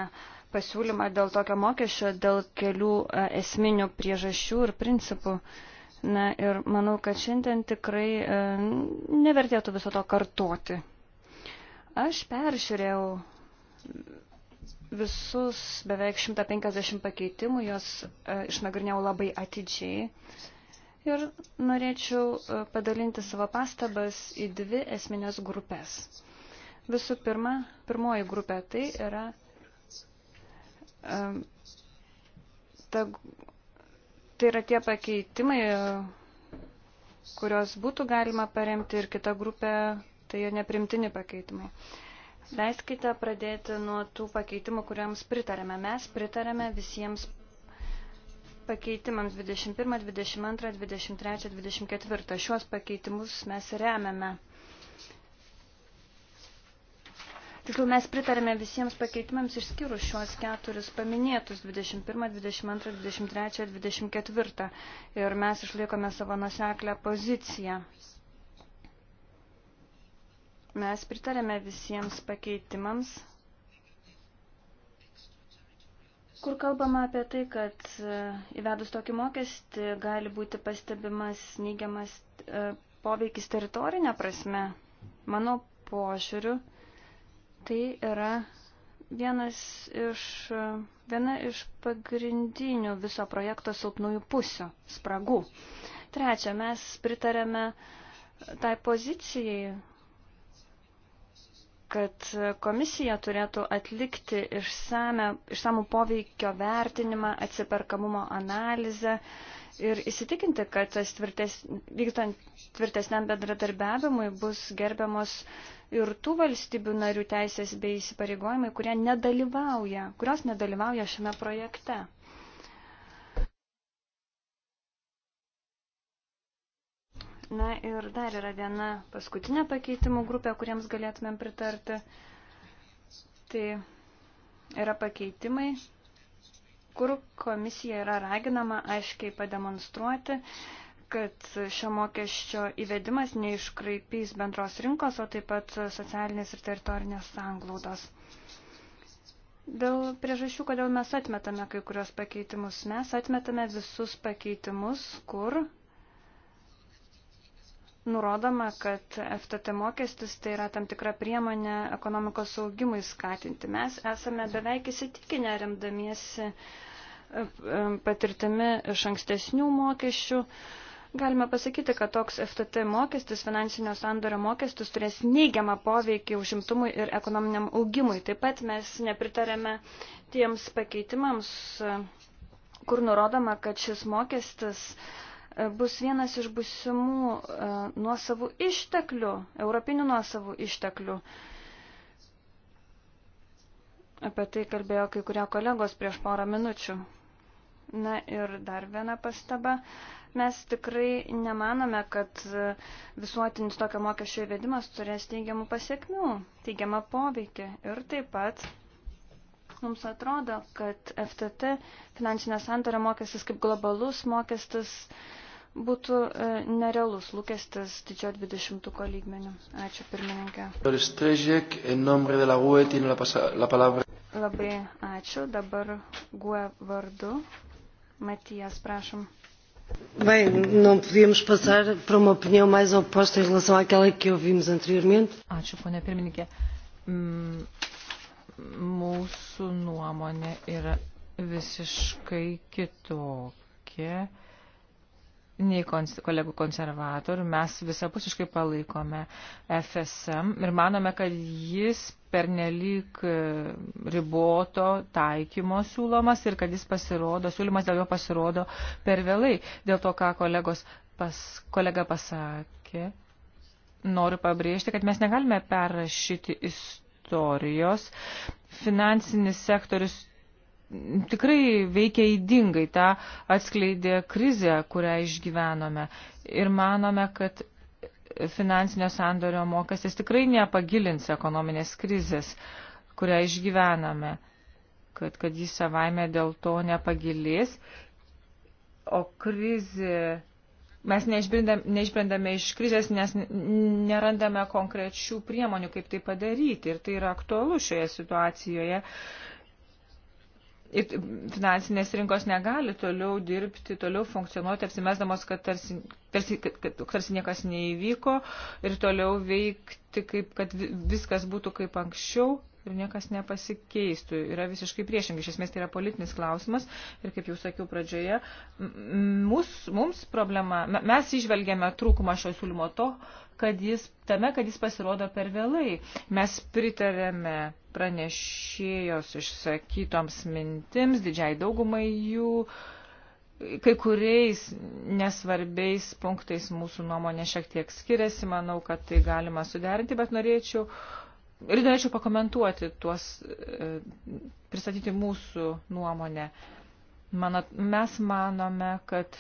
S4: pasiūlymą dėl tokio mokesčio, dėl kelių e, esminių priežasčių ir principų. Na ir manau, kad šiandien tikrai e, nevertėtų viso to kartoti. Aš peržiūrėjau visus beveik 150 pakeitimų, jos e, išnagrinėjau labai atidžiai. Ir norėčiau e, padalinti savo pastabas į dvi esminės grupės. Visų pirma, pirmoji grupė tai yra e, ta, tai yra tie pakeitimai, kurios būtų galima paremti ir kita grupė, tai neprimtini pakeitimai. Uh, Leiskite pradėti nuo tų pakeitimų, kuriams pritarėme. Mes pritarėme visiems pakeitimams 21, 22, 23, 24. Šiuos pakeitimus mes remiame. Tiksliau, mes pritarėme visiems pakeitimams išskyrus šiuos keturis paminėtus 21, 22, 23, 24 ir mes išlaikome savo nuseklę poziciją. Mes pritarėme visiems pakeitimams, kur kalbama apie tai, kad e, įvedus tokį mokestį gali būti pastebimas neigiamas e, poveikis teritorinė prasme. Mano požiūriu, tai yra vienas iš, e, viena iš pagrindinių viso projekto silpnųjų pusių - spragų. Trečia, mes pritarėme tai pozicijai, kad komisija turėtų atlikti išsame, išsamų poveikio vertinimą, atsiperkamumo analizę ir įsitikinti, kad tas tvirtes, vyktant tvirtesniam bendradarbiavimui bus gerbiamos ir tų valstybių narių teisės bei įsipareigojimai, kurie nedalyvauja, kurios nedalyvauja šiame projekte. Na ir dar yra viena paskutinė pakeitimų grupė, kuriems galėtumėm pritarti. Tai yra pakeitimai, kur komisija yra raginama aiškiai pademonstruoti, kad šio mokesčio įvedimas neiškraipys bendros rinkos, o taip pat socialinės ir teritorinės sanglaudos. Dėl priežasčių, kodėl mes atmetame kai kurios pakeitimus, mes atmetame visus pakeitimus, kur nurodoma, kad FTT mokestis tai yra tam tikra priemonė ekonomikos augimui skatinti. Mes esame beveik įsitikinę remdamiesi e, e, patirtimi iš ankstesnių mokesčių. Galime pasakyti, kad toks FTT mokestis, finansinio sandorio mokestis turės neigiamą poveikį užimtumui ir ekonominiam augimui. Taip pat mes nepritarėme tiems pakeitimams, kur nurodoma, kad šis mokestis uh, bus vienas iš busimų e, nuosavų išteklių, europinių nuosavų išteklių. Apie tai kalbėjo kai kurie kolegos prieš porą minučių. Na ir dar viena pastaba. Mes tikrai nemanome, kad e, visuotinis tokio mokesčio įvedimas turės teigiamų pasiekmių, teigiamą poveikį ir taip pat Mums atrodo, kad FTT finansinė santorio mokestis kaip globalus mokestis būtų e, nerealus lūkestis didžio 20-ko lygmenių. Ačiū pirmininkė.
S1: E,
S4: Labai ačiū. Dabar GUE vardu. Matijas, prašom. Bem, não podíamos passar para uma opinião mais oposta em relação àquela que ouvimos anteriormente.
S2: Ačiū, ponia pirmininkė. Mm mūsų nuomonė yra visiškai kitokia nei kolegų konservatorių. Mes visapusiškai palaikome FSM ir manome, kad jis pernelyg e, riboto taikymo siūlomas ir kad jis pasirodo, siūlymas dėl jo pasirodo per vėlai. Dėl to, ką kolegos pas, kolega pasakė, noriu pabrėžti, kad mes negalime perrašyti istoriją istorijos. Finansinis sektorius tikrai veikia įdingai, tą atskleidė krizę, kurią išgyvenome. Ir manome, kad finansinio sandorio mokestis tikrai nepagilins ekonominės krizės, kurią išgyvename, kad, kad jis savaime dėl to nepagilės. O krizė Mes neišbrendame iš krizės, nes nerandame konkrečių priemonių, kaip tai padaryti. Ir tai yra aktualu šioje situacijoje. Ir finansinės rinkos negali toliau dirbti, toliau funkcionuoti, apsimesdamos, kad tarsi, tarsi, kad, tarsi niekas neįvyko ir toliau veikti, kaip, kad viskas būtų kaip anksčiau ir niekas nepasikeistų. Yra visiškai priešingai. Iš esmės tai yra politinis klausimas ir, kaip jau sakiau pradžioje, mūs, mums problema, mes išvelgėme trūkumą šio siūlymo to, kad jis, tame, kad jis pasirodo per vėlai. Mes pritarėme pranešėjos išsakytoms mintims, didžiai daugumai jų. Kai kuriais nesvarbiais punktais mūsų nuomonė šiek tiek skiriasi, manau, kad tai galima suderinti, bet norėčiau uh, ir norėčiau pakomentuoti tuos, e, pristatyti mūsų nuomonę. Man, mes manome, kad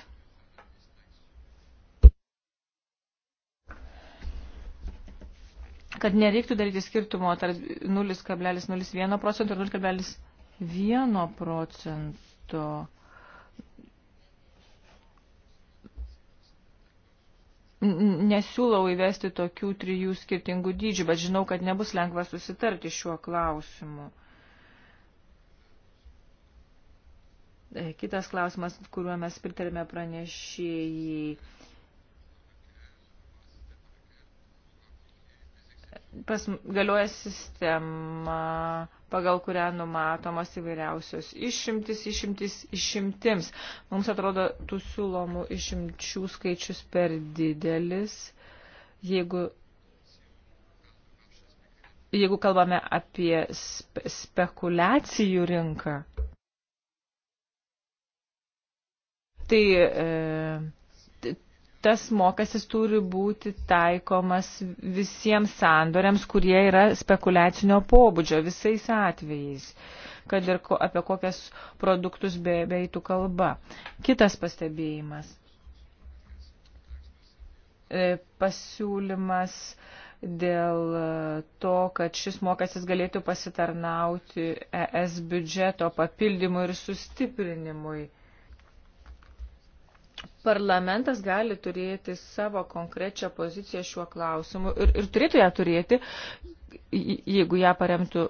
S2: kad nereiktų daryti skirtumo tarp 0,01 procentų ir 0,1 procento. nesiūlau įvesti tokių trijų skirtingų dydžių, bet žinau, kad nebus lengva susitarti šiuo klausimu. E, kitas klausimas, kuriuo mes pritarėme pranešėjai. Pas, galioja sistema pagal kurią numatomos įvairiausios išimtis, išimtis, išimtims. Mums atrodo, tų siūlomų išimčių skaičius per didelis. Jeigu, jeigu kalbame apie spe, spekulacijų rinką, tai e, tas mokestis turi būti taikomas visiems sandoriams, kurie yra spekuliacinio pobūdžio, visais atvejais, kad ir ko, apie kokias produktus be, beitų kalba. Kitas pastebėjimas. E, pasiūlymas dėl e, to, kad šis mokestis galėtų pasitarnauti ES biudžeto papildymui ir sustiprinimui parlamentas gali turėti savo konkrečią poziciją šiuo klausimu ir, ir turėtų ją turėti, jeigu ją paremtų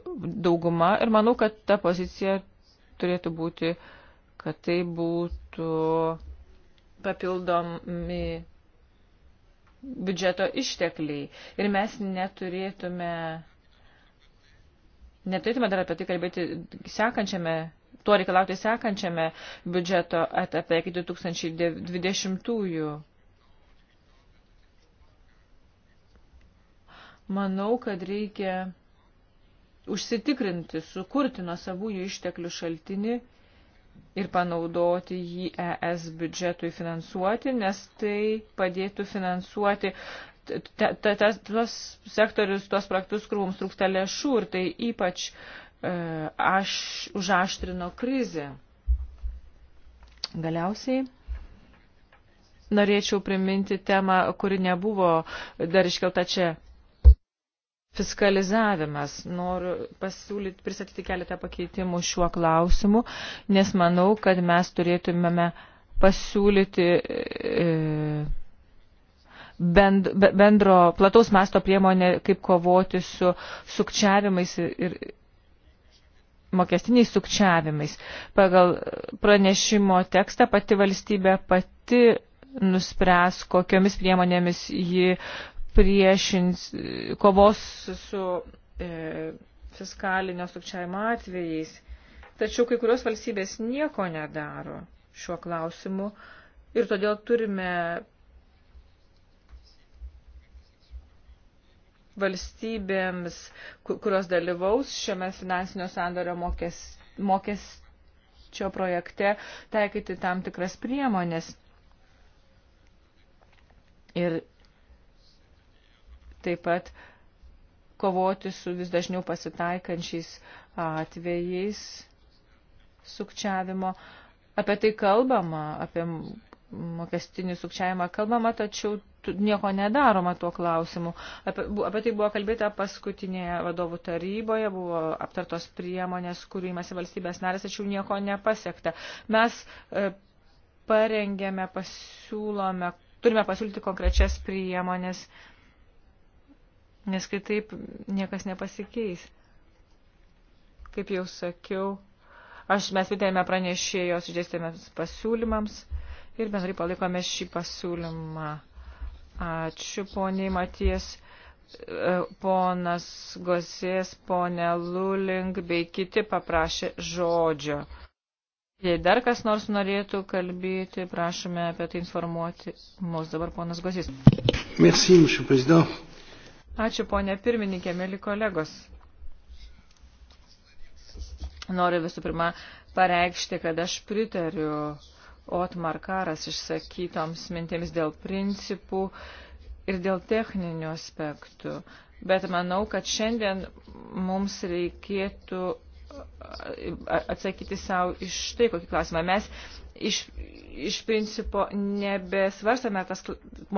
S2: dauguma. Ir manau, kad ta pozicija turėtų būti, kad tai būtų papildomi biudžeto ištekliai. Ir mes neturėtume, neturėtume dar apie tai kalbėti sekančiame to reikalauti sekančiame biudžeto etape iki 2020-ųjų. Manau, kad reikia užsitikrinti, sukurti nuo savųjų išteklių šaltinį ir panaudoti jį ES biudžetui finansuoti, nes tai padėtų finansuoti tuos sektorius, tuos praktus, kur mums trūksta lėšų ir tai ypač E, aš, užaštrino krizę. Galiausiai norėčiau priminti temą, kuri nebuvo dar iškelta čia. Fiskalizavimas. Noriu pasiūlyti, pristatyti keletą pakeitimų šiuo klausimu, nes manau, kad mes turėtumėme pasiūlyti e, bend, bendro plataus masto priemonę, kaip kovoti su sukčiavimais ir, ir mokestiniais sukčiavimais. Pagal pranešimo tekstą pati valstybė pati nuspręs, kokiomis priemonėmis ji priešins kovos su e, fiskalinio sukčiavimo atvejais. Tačiau kai kurios valstybės nieko nedaro šiuo klausimu ir todėl turime valstybėms, kurios dalyvaus šiame finansinio sandario mokes, mokesčio projekte, taikyti tam tikras priemonės. Ir taip pat kovoti su vis dažniau pasitaikančiais atvejais sukčiavimo. Apie tai kalbama, apie mokestinį sukčiavimą kalbama, tačiau nieko nedaroma tuo klausimu. Apie, apie tai buvo kalbėta paskutinėje vadovų taryboje, buvo aptartos priemonės, kurių įmasi valstybės narės, tačiau nieko nepasiekta. Mes e, parengėme, pasiūlome, turime pasiūlyti konkrečias priemonės, nes kitaip niekas nepasikeis. Kaip jau sakiau, aš mes pritėjome pranešėjos išdėstėmės pasiūlymams ir bendrai palikome šį pasiūlymą. Ačiū, poniai Maties, e, ponas Gosės, ponė Luling bei kiti paprašė žodžio. Jei dar kas nors norėtų kalbėti, prašome apie tai informuoti mus. Dabar ponas Gosys.
S1: Merci, monsieur président.
S2: Ačiū, ponė pirmininkė, mėly kolegos. Noriu visų pirma pareikšti, kad aš pritariu uh, Otmar Karas išsakytoms mintėms dėl principų ir dėl techninių aspektų. Bet manau, kad šiandien mums reikėtų atsakyti savo iš tai kokį klausimą. Mes iš, iš principo nebesvarstame, tas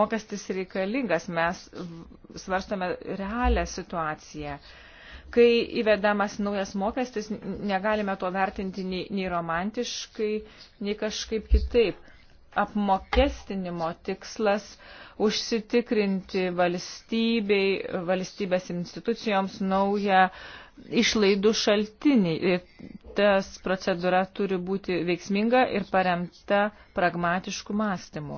S2: mokestis reikalingas, mes svarstame realią situaciją. Uh, Kai įvedamas naujas mokestis, negalime to vertinti nei, nei romantiškai, nei kažkaip kitaip. Apmokestinimo tikslas užsitikrinti valstybei, valstybės institucijoms naują išlaidų šaltinį. Ir tas procedūra turi būti veiksminga ir paremta pragmatiškų mąstymų.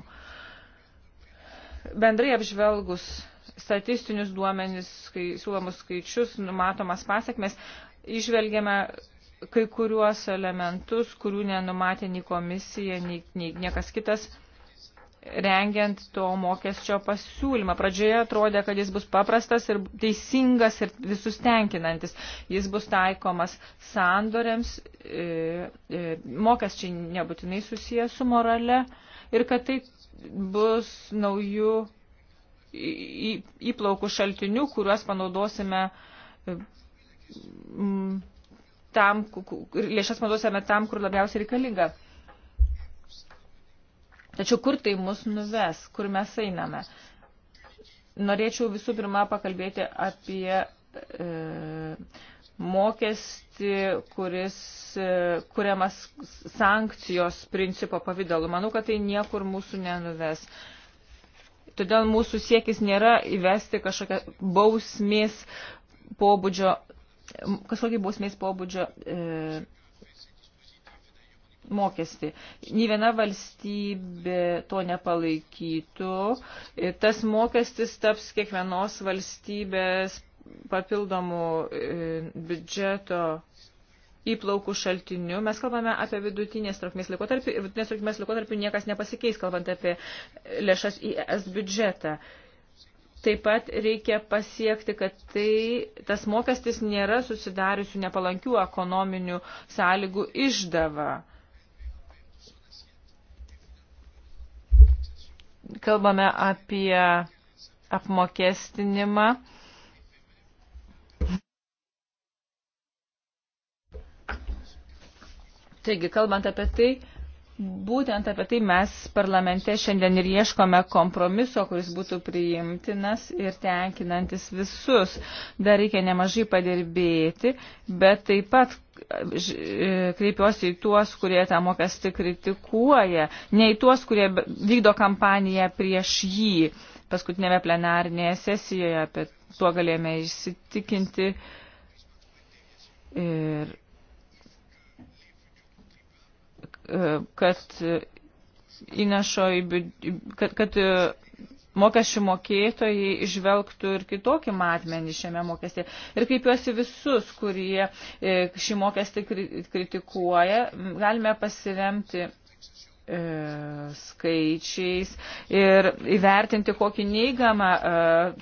S2: Bendrai apžvelgus statistinius duomenis, kai siūlomus skaičius, numatomas pasiekmes, išvelgėme kai kuriuos elementus, kurių nenumatė nei komisija, nei, nei niekas kitas rengiant to mokesčio pasiūlymą. Pradžioje atrodė, kad jis bus paprastas ir teisingas ir visus tenkinantis. Jis bus taikomas sandoriams, e, e, mokesčiai nebūtinai susijęs su morale ir kad tai bus naujų įplaukų šaltiniu, kuriuos panaudosime e, tam, lėšas panaudosime tam, kur labiausiai reikalinga. Tačiau kur tai mus nuves, kur mes einame? Norėčiau visų pirma pakalbėti apie e, mokestį, kuris e, kuriamas sankcijos principo pavydalu. Manau, kad tai niekur mūsų nenuves. E, Todėl mūsų siekis nėra įvesti kažkokią bausmės pobūdžio, kažkokį bausmės pobūdžio e, mokestį. Nį viena valstybė to nepalaikytų. E, tas mokestis taps kiekvienos valstybės papildomų e, biudžeto įplaukų šaltiniu. Mes kalbame apie vidutinės trukmės laikotarpį ir vidutinės trukmės laikotarpį niekas nepasikeis, kalbant apie lėšas į ES biudžetą. Taip pat reikia pasiekti, kad tai, tas mokestis nėra susidariusių nepalankių ekonominių sąlygų išdava. Kalbame apie apmokestinimą Taigi, kalbant apie tai, būtent apie tai mes parlamente šiandien ir ieškome kompromiso, kuris būtų priimtinas ir tenkinantis visus. Dar reikia nemažai padirbėti, bet taip pat e, e, kreipiuosi į tuos, kurie tą mokestį kritikuoja, ne į tuos, kurie vykdo kampaniją prieš jį. Paskutinėme plenarnėje sesijoje apie tuo galėjome įsitikinti. Ir E, kad įnešo į, kad, kad e, mokesčių mokėtojai išvelgtų ir kitokį matmenį šiame mokestėje. Ir kreipiuosi visus, kurie e, šį mokestį kritikuoja, galime pasiremti skaičiais ir įvertinti, kokį neįgamą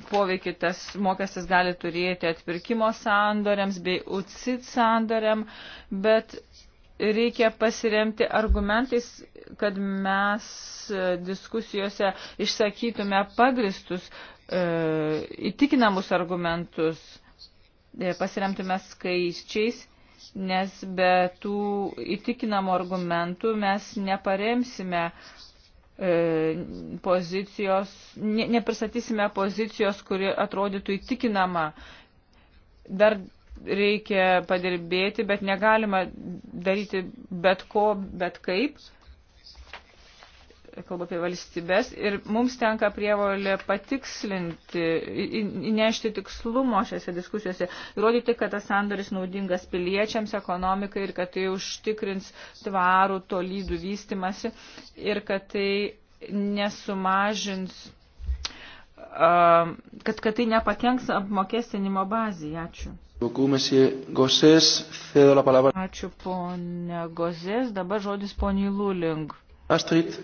S2: poveikį tas mokestis gali turėti atpirkimo sandoriams bei UCIT sandoriam, bet reikia pasiremti argumentais, kad mes diskusijose išsakytume pagristus, e, įtikinamus argumentus, e, pasiremtume skaičiais, nes be tų įtikinamų argumentų mes neparemsime e, pozicijos, ne, nepristatysime pozicijos, kuri atrodytų įtikinama. Dar reikia padirbėti, bet negalima daryti bet ko, bet kaip. Kalbu apie valstybės ir mums tenka prievolė patikslinti, įnešti tikslumo šiose diskusijose, įrodyti, kad tas sandoris naudingas piliečiams, ekonomikai ir kad tai užtikrins tvarų tolydų vystimasi ir kad tai nesumažins kad, kad tai nepakenks apmokestinimo bazį. Ačiū.
S1: Ačiū ponė
S2: Gozės, dabar žodis ponė Luling.
S1: Astrid.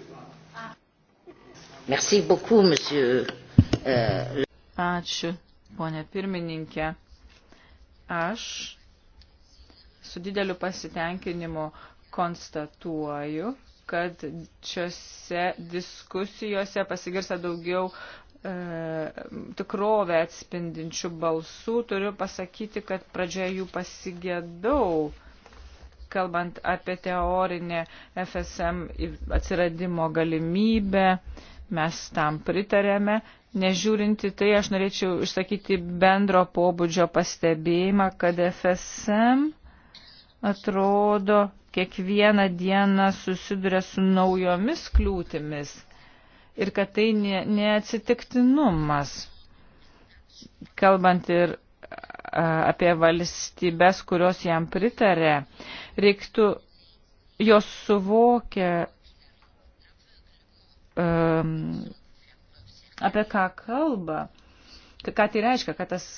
S1: Merci beaucoup, monsieur. Euh,
S2: Ačiū, ponė pirmininkė. Aš su dideliu pasitenkinimu konstatuoju, kad šiuose diskusijose pasigirsta daugiau E, tikrovę atspindinčių balsų, turiu pasakyti, kad pradžioje jų pasigėdau, kalbant apie teorinę FSM atsiradimo galimybę, mes tam pritarėme. Nežiūrinti tai, aš norėčiau išsakyti bendro pobūdžio pastebėjimą, kad FSM atrodo kiekvieną dieną susiduria su naujomis kliūtimis ir kad tai neatsitiktinumas, kalbant ir apie valstybės, kurios jam pritarė, reiktų jos suvokia, um, apie ką kalba, ką tai reiškia, kad tas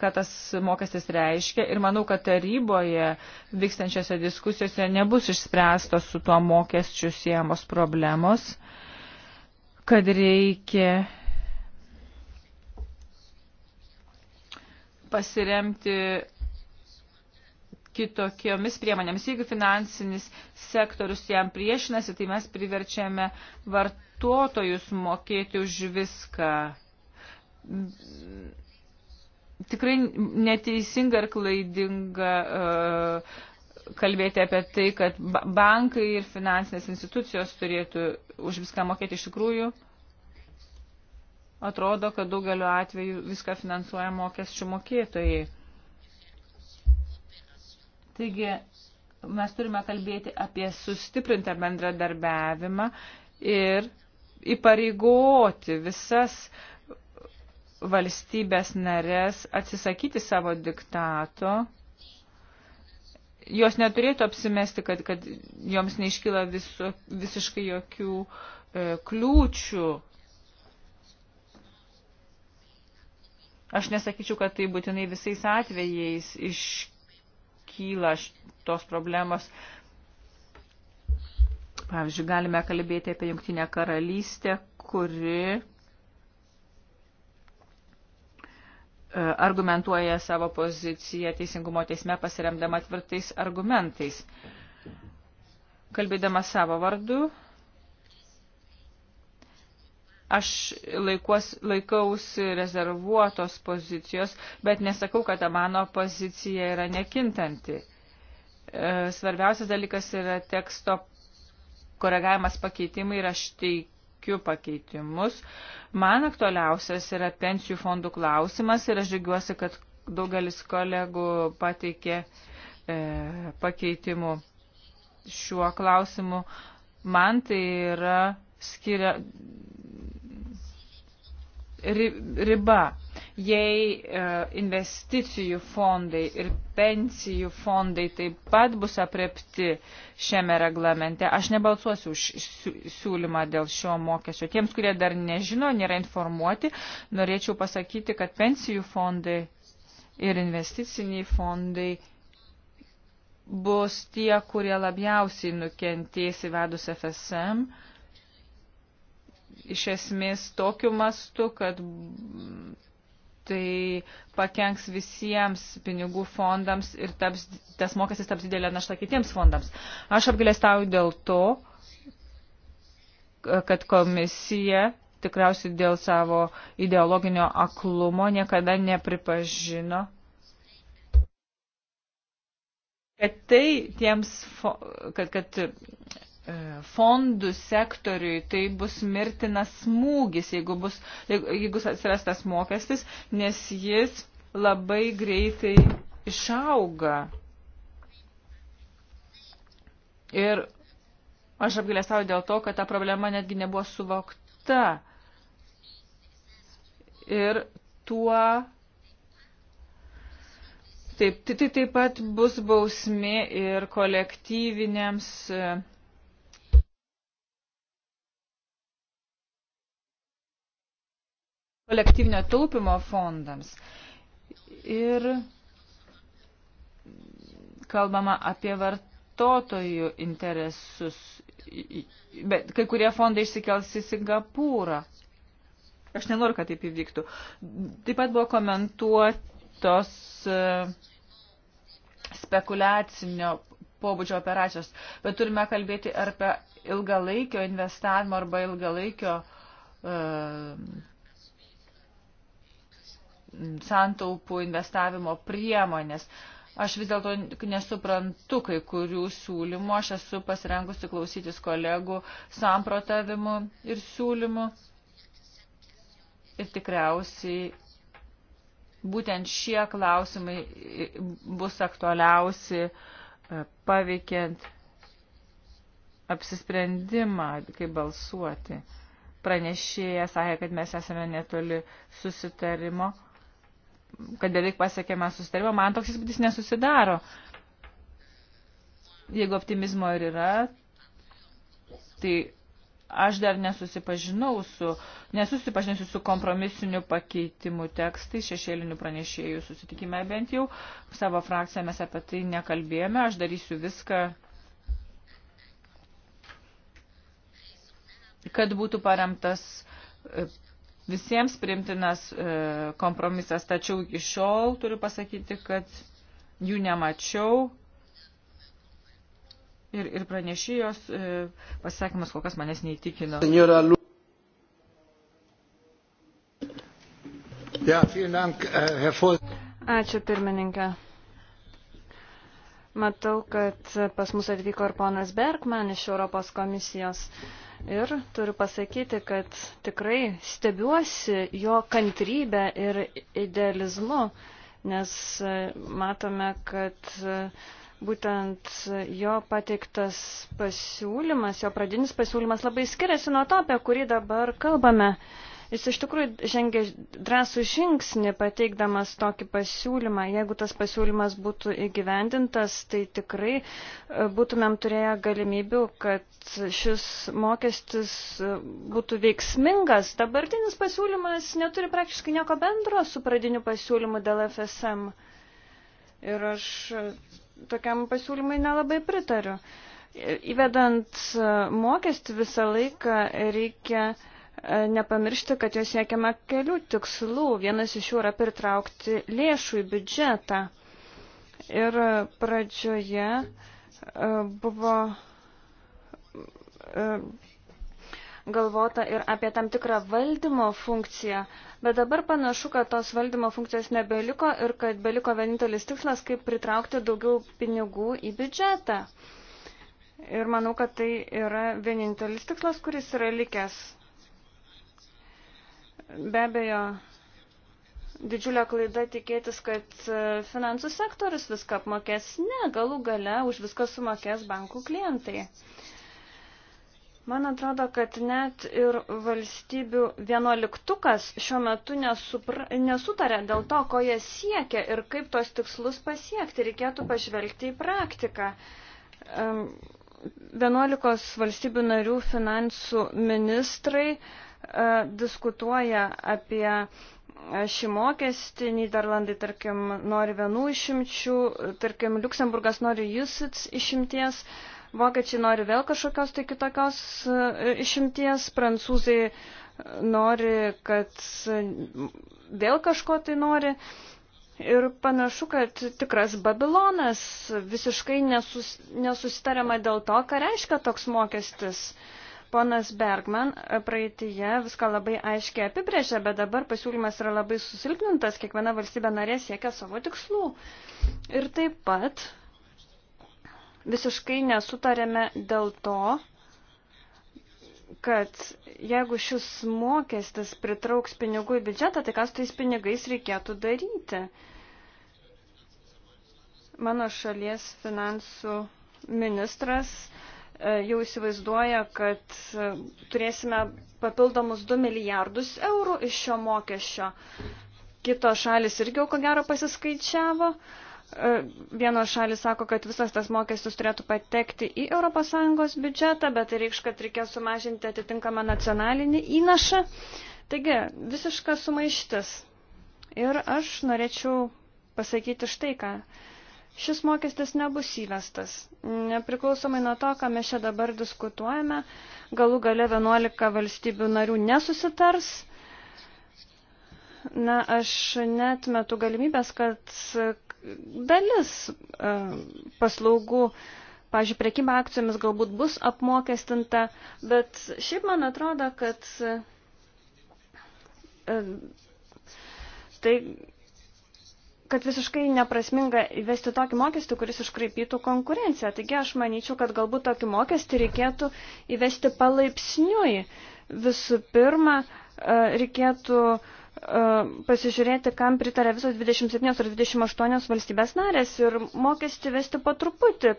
S2: ką tas mokestis reiškia ir manau, kad taryboje vykstančiose diskusijose nebus išspręstos su tuo mokesčiu siejamos problemos, kad reikia pasiremti kitokiomis priemonėmis. Jeigu finansinis sektorius jam priešinasi, tai mes priverčiame vartotojus mokėti už viską tikrai neteisinga ir klaidinga uh, kalbėti apie tai, kad bankai ir finansinės institucijos turėtų už viską mokėti iš tikrųjų. Atrodo, kad daugeliu atveju viską finansuoja mokesčių mokėtojai. Taigi, mes turime kalbėti apie sustiprintą bendradarbiavimą ir įpareigoti visas uh, valstybės narės atsisakyti savo diktato. Jos neturėtų apsimesti, kad, kad joms neiškyla viso, visiškai jokių e, kliūčių. Aš nesakyčiau, kad tai būtinai visais atvejais iškyla tos problemos. Pavyzdžiui, galime kalbėti apie Jungtinę karalystę, kuri argumentuoja savo poziciją teisingumo teisme pasiremdama tvirtais argumentais. Kalbėdama savo vardu, aš laikuos, laikausi rezervuotos pozicijos, bet nesakau, kad ta mano pozicija yra nekintanti. E, svarbiausias dalykas yra teksto koregavimas pakeitimai ir aš teik, teikiu pakeitimus. Man aktualiausias yra pensijų fondų klausimas ir aš žiūriuosi, kad daugelis kolegų pateikė e, pakeitimų šiuo klausimu. Man tai yra skiria riba. Jei e, investicijų fondai ir pensijų fondai taip pat bus aprepti šiame reglamente, aš nebalsuosiu už siūlymą dėl šio mokesčio. Tiems, kurie dar nežino, nėra informuoti, norėčiau pasakyti, kad pensijų fondai ir investiciniai fondai bus tie, kurie labiausiai nukentės įvedus FSM. Uh, iš esmės tokiu mastu, kad tai pakenks visiems pinigų fondams ir taps, tas mokestis taps didelė našta kitiems fondams. Aš apgalėstauju dėl to, kad komisija tikriausiai dėl savo ideologinio aklumo niekada nepripažino, kad tai tiems, kad, kad E, fondų sektoriui tai bus mirtinas smūgis, jeigu, bus, jeigu, jeigu atsiras tas mokestis, nes jis labai greitai išauga. Ir aš apgailestauju dėl to, kad ta problema netgi nebuvo suvokta. Ir tuo taip, tai, tai taip pat bus bausmė ir kolektyvinėms. E, kolektyvinio taupimo fondams. Ir kalbama apie vartotojų interesus. Bet kai kurie fondai išsikels į Singapūrą. Aš nenoriu, kad taip įvyktų. Taip pat buvo komentuotos e, spekulacinio pobūdžio operacijos, bet turime kalbėti apie ilgalaikio investavimo arba ilgalaikio uh, santaupų investavimo priemonės. Aš vis dėlto nesuprantu kai kurių siūlymų, aš esu pasirengusi klausytis kolegų samprotavimų ir siūlymų. Ir tikriausiai būtent šie klausimai bus aktualiausi e, paveikiant apsisprendimą, kaip balsuoti. Pranešėjas sakė, kad mes esame netoli susitarimo kad beveik pasiekėme susitarimą, man toks įspūdis nesusidaro. Jeigu optimizmo ir yra, tai aš dar nesusipažinau su, nesusipažinsiu su kompromisiniu pakeitimu tekstai, šešėlinių pranešėjų susitikime bent jau. Savo frakciją mes apie tai nekalbėjome, aš darysiu viską, kad būtų paremtas visiems primtinas e, kompromisas, tačiau iki šiol turiu pasakyti, kad jų nemačiau ir, ir pranešėjos e, pasakymas kol kas manęs neįtikino. Äh,
S4: Ačiū pirmininkė. Matau, kad pas mus atvyko ir ponas Bergman iš Europos komisijos. Uh, Ir turiu pasakyti, kad tikrai stebiuosi jo kantrybę ir idealizmu, nes e, matome, kad e, būtent jo pateiktas pasiūlymas, jo pradinis pasiūlymas labai skiriasi nuo to, apie kurį dabar kalbame. Jis iš tikrųjų žengė drąsų žingsnį pateikdamas tokį pasiūlymą. Jeigu tas pasiūlymas būtų įgyvendintas, tai tikrai e, būtumėm turėję galimybių, kad šis mokestis e, būtų veiksmingas. Dabartinis pasiūlymas neturi praktiškai nieko bendro su pradiniu pasiūlymu dėl FSM. Ir aš e, tokiam pasiūlymui nelabai pritariu. Įvedant mokestį visą laiką reikia nepamiršti, kad jos siekiama kelių tikslų. Vienas iš jų yra pritraukti lėšų į biudžetą. Ir pradžioje e, buvo e, galvota ir apie tam tikrą valdymo funkciją, bet dabar panašu, kad tos valdymo funkcijos nebeliko ir kad beliko vienintelis tikslas, kaip pritraukti daugiau pinigų į biudžetą. Ir manau, kad tai yra vienintelis tikslas, kuris yra likęs Be abejo, didžiulė klaida tikėtis, kad e, finansų sektorius viską apmokės. Ne, galų gale už viską sumokės bankų klientai. Man atrodo, kad net ir valstybių vienuoliktukas šiuo metu nesupra, nesutarė dėl to, ko jie siekia ir kaip tos tikslus pasiekti. Reikėtų pažvelgti į praktiką. Vienuolikos valstybių narių finansų ministrai uh, E, diskutuoja apie šį mokestį, Niderlandai, tarkim, nori vienų išimčių, tarkim, Luksemburgas nori jūsits išimties, vokiečiai nori vėl kažkokios tai kitokios e, išimties, prancūzai nori, kad vėl kažko tai nori. Ir panašu, kad tikras Babilonas visiškai nesus, nesusitariama dėl to, ką reiškia toks mokestis. Uh, Ponas Bergman e, praeitįje viską labai aiškiai apibrėžė, bet dabar pasiūlymas yra labai susilpnintas, kiekviena valstybė narė siekia savo tikslų. Ir taip pat visiškai nesutarėme dėl to, kad jeigu šis mokestis pritrauks pinigų į biudžetą, tai kas tais pinigais reikėtų daryti. Mano šalies finansų ministras uh, E, jau įsivaizduoja, kad e, turėsime papildomus 2 milijardus eurų iš šio mokesčio. Kitos šalis irgi jau ko gero pasiskaičiavo. E, vienos šalis sako, kad visas tas mokestis turėtų patekti į ES biudžetą, bet tai reikš, kad reikės sumažinti atitinkamą nacionalinį įnašą. Taigi, visiška sumaištis. Ir aš norėčiau pasakyti štai ką šis mokestis nebus įvestas. Nepriklausomai nuo to, ką mes čia dabar diskutuojame, galų gale 11 valstybių narių nesusitars. Na, aš net metu galimybės, kad dalis e, paslaugų, pažiūrėjau, prekyba akcijomis galbūt bus apmokestinta, bet šiaip man atrodo, kad e, tai kad visiškai neprasminga įvesti tokį mokestį, kuris iškraipytų konkurenciją. Taigi aš manyčiau, kad galbūt tokį mokestį reikėtų įvesti palaipsniui. Visų pirma, e, reikėtų e, pasižiūrėti, kam pritarė visos 27 ar 28 valstybės narės ir mokestį vesti po truputį.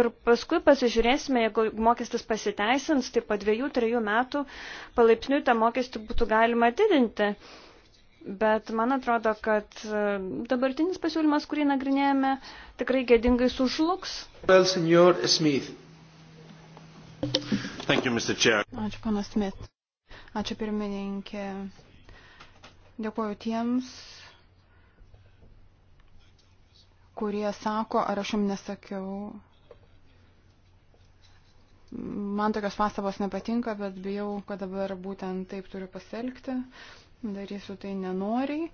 S4: Ir paskui pasižiūrėsime, jeigu mokestis pasiteisins, tai po dviejų, trejų metų palaipsniui tą mokestį būtų galima didinti. Bet man atrodo, kad e, dabartinis pasiūlymas, kurį nagrinėjame, tikrai gėdingai sužlugs.
S1: Well, you, Ačiū,
S3: panas Smith. Ačiū, pirmininkė. Dėkuoju tiems, kurie sako, ar aš jums nesakiau. Man tokios pastabos nepatinka, bet bijau, kad dabar būtent taip turiu pasielgti darysiu tai nenoriai.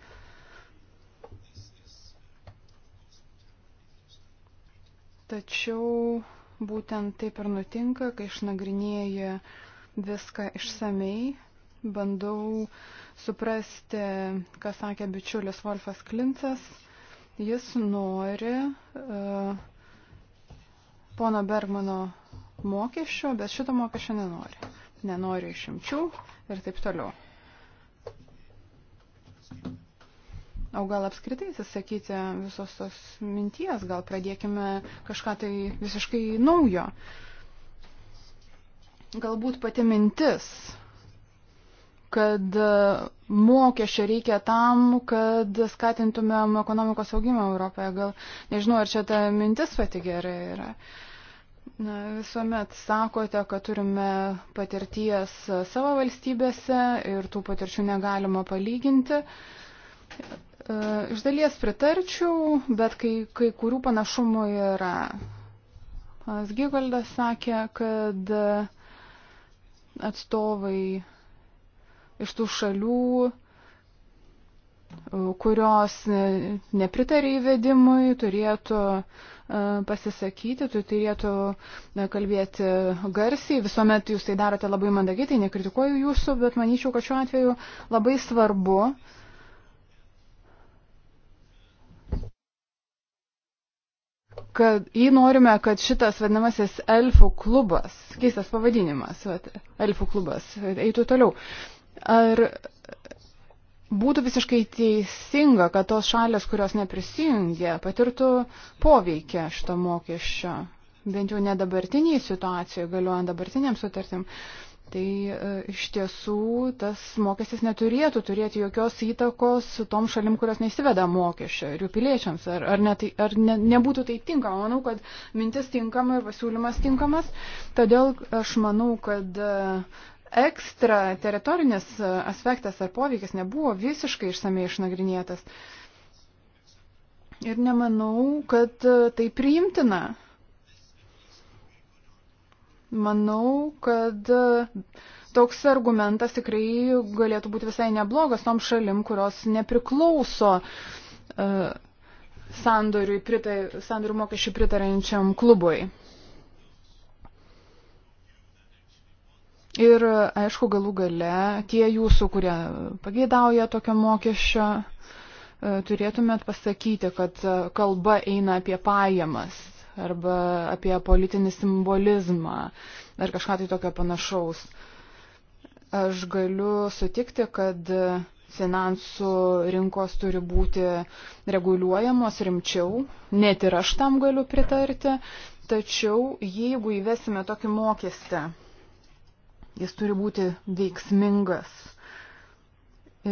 S3: Tačiau būtent taip ir nutinka, kai išnagrinėju viską išsamei, bandau suprasti, ką sakė bičiulis Wolfas Klincas. Jis nori uh, pono Bergmano mokesčio, bet šito mokesčio nenori. Nenori išimčių ir taip toliau. O gal apskritai atsisakyti visos tos minties, gal pradėkime kažką tai visiškai naujo. Galbūt pati mintis, kad mokesčio reikia tam, kad skatintumėm ekonomikos augimą Europoje. Gal nežinau, ar čia ta mintis pati gerai yra. Uh, Na, visuomet sakote, kad turime patirties savo valstybėse ir tų patirčių negalima palyginti. E, iš dalies pritarčiau, bet kai, kai kurių panašumų yra. Panas Gygaldas sakė, kad atstovai iš tų šalių, kurios nepritarė įvedimui, turėtų uh, pasisakyti, tu turėtų e, kalbėti garsiai, visuomet jūs tai darote labai mandagiai, tai nekritikuoju jūsų, bet manyčiau, kad šiuo atveju labai svarbu. kad jį norime, kad šitas vadinamasis elfų klubas, keistas pavadinimas, vat, elfų klubas, eitų toliau. Ar būtų visiškai teisinga, kad tos šalės, kurios neprisijungia, patirtų poveikį šito mokesčio, bent jau ne dabartiniai situacijoje, galiuojant dabartiniam sutartim. Tai e, iš tiesų tas mokestis neturėtų turėti jokios įtakos tom šalim, kurios neįsiveda mokesčio ir jų piliečiams. Ar, ar, ne, tai, ar ne, nebūtų tai tinkama? Manau, kad mintis tinkama ir pasiūlymas tinkamas. Todėl aš manau, kad e, ekstra teritorinis aspektas ar poveikis nebuvo visiškai išsamei išnagrinėtas. Ir nemanau, kad e, tai priimtina. Manau, kad e, toks argumentas tikrai galėtų būti visai neblogas tom šalim, kurios nepriklauso uh, sandorių mokesčių pritarančiam klubui. Ir aišku, galų gale tie jūsų, kurie pageidauja tokio mokesčio, e, turėtumėt pasakyti, kad e, kalba eina apie pajamas arba apie politinį simbolizmą ar kažką tai tokio panašaus. Aš galiu sutikti, kad e, finansų rinkos turi būti reguliuojamos rimčiau, net ir aš tam galiu pritarti, tačiau jeigu įvesime tokį mokestį, Jis turi būti veiksmingas.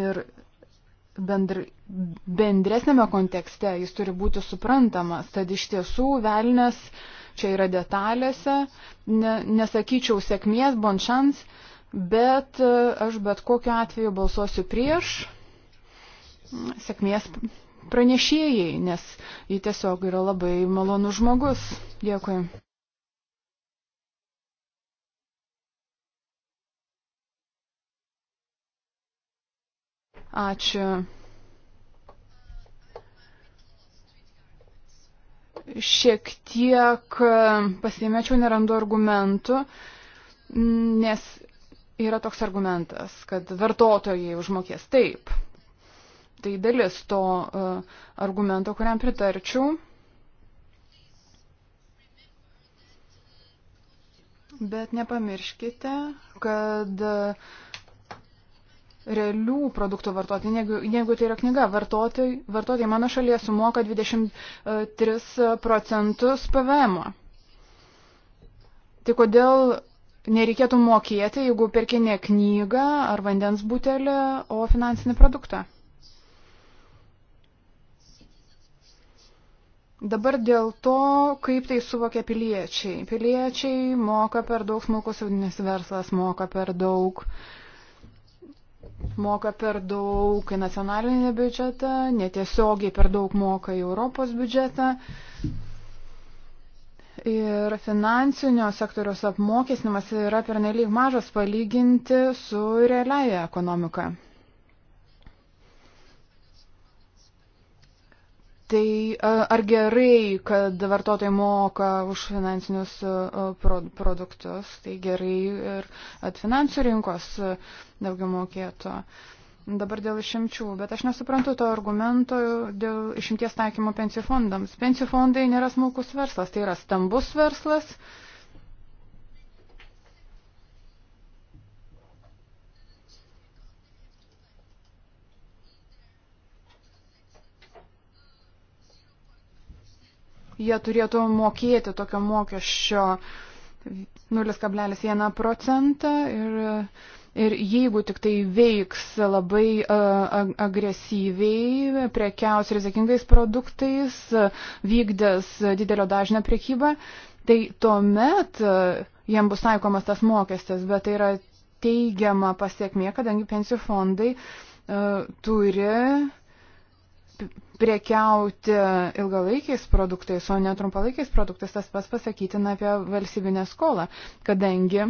S3: Ir bendr, bendresnėme kontekste jis turi būti suprantamas. Tad iš tiesų velnės čia yra detalėse. Ne, nesakyčiau sėkmės, bonšans, bet e, aš bet kokiu atveju balsuosiu prieš mm, sėkmės pranešėjai, nes jį tiesiog yra labai malonus žmogus. Dėkui. Ačiū. Šiek tiek pasimečiau, nerandu argumentų, nes yra toks argumentas, kad vartotojai užmokės taip. Tai dalis to uh, argumento, kuriam pritarčiau. Bet nepamirškite, kad uh, realių produktų vartoti, negu, negu tai yra knyga. Vartotojai, vartotojai mano šalyje sumoka 23 e, procentus PVM. -o. Tai kodėl nereikėtų mokėti, jeigu perki ne knygą ar vandens butelį, o finansinį produktą? Dabar dėl to, kaip tai suvokia piliečiai. Piliečiai moka per daug smulkus vidinis verslas, moka per daug uh, moka per daug į nacionalinį biudžetą, netiesiogiai per daug moka į Europos biudžetą. Ir finansinio sektoriaus apmokestinimas yra pernelyg mažas palyginti su realiaja ekonomika. Tai ar gerai, kad vartotojai moka už finansinius produktus, tai gerai ir at finansų rinkos daugiau mokėto. Dabar dėl išimčių, bet aš nesuprantu to argumento dėl išimties taikymo pensijų fondams. Pensijų fondai nėra smulkus verslas, tai yra stambus verslas. Uh, jie turėtų mokėti tokio mokesčio 0,1 procentą ir, ir jeigu tik tai veiks labai uh, agresyviai, prekiaus rizikingais produktais, vykdės didelio dažnio priekybą, tai tuomet jiem bus taikomas tas mokestis, bet tai yra teigiama pasiekmė, kadangi pensijų fondai uh, turi prekiauti ilgalaikiais produktais, o ne trumpalaikiais produktais, tas pas pasakytina apie valstybinę skolą, kadangi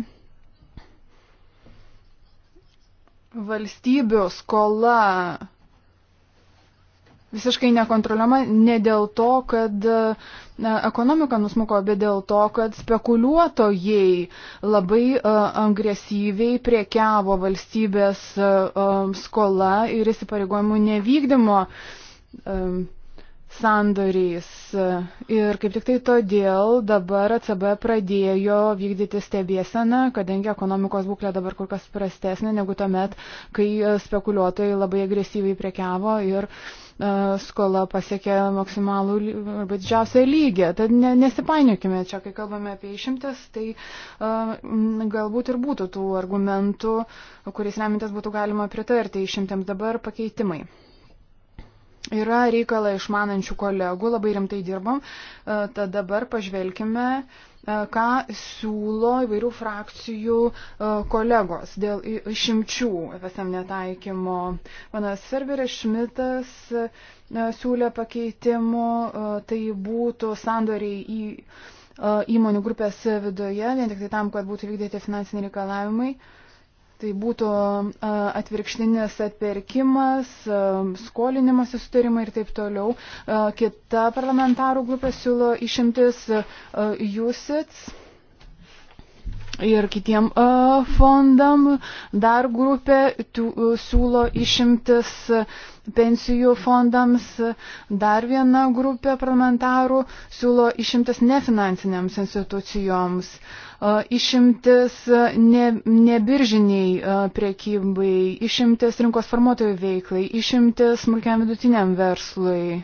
S3: valstybių skola visiškai nekontroliuojama ne dėl to, kad na, ekonomika nusmuko, bet dėl to, kad spekuliuotojai labai uh, agresyviai priekiavo valstybės uh, skola ir įsipareigojimų nevykdymo uh, um, sandoriais. Ir kaip tik tai todėl dabar ECB pradėjo vykdyti stebėseną, kadangi ekonomikos būklė dabar kur kas prastesnė negu tuomet, kai spekuliuotojai labai agresyviai prekiavo ir e, skola pasiekė maksimalų arba didžiausią lygį. Tad ne, nesipainiokime čia, kai kalbame apie išimtis, tai uh, galbūt ir būtų tų argumentų, kuriais remintis būtų galima pritarti išimtėms dabar pakeitimai. Yra reikalą išmanančių kolegų, labai rimtai dirbam, e, tad dabar pažvelkime, e, ką siūlo įvairių frakcijų e, kolegos dėl išimčių FSM netaikymo. Manas Serberis Šmitas siūlė pakeitimų, tai būtų sandoriai į įmonių grupės viduje, vien tik tai tam, kad būtų vykdyti finansiniai reikalavimai. Uh, Tai būtų atvirkštinis atpirkimas, skolinimas susitarimai ir taip toliau. Kita parlamentarų grupė siūlo išimtis jūsits ir kitiem fondam. Dar grupė siūlo išimtis pensijų fondams. Dar viena grupė parlamentarų siūlo išimtis nefinansiniams institucijoms. Uh, išimtis ne, nebiržiniai priekybai, išimtis rinkos formuotojų veiklai, išimtis smulkiam vidutiniam verslui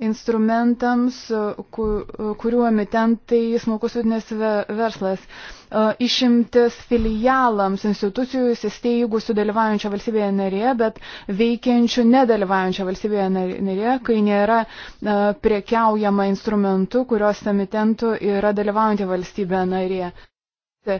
S3: instrumentams, kuriuo emitentai smulkus vidinės verslas, e, išimtis filialams institucijų įsisteigusių dalyvaujančią valstybėje narėje, bet veikiančių nedalyvaujančią valstybėje narėje, kai nėra e, prekiaujama instrumentu, kurios emitentų yra dalyvaujanti valstybėje narėje. E,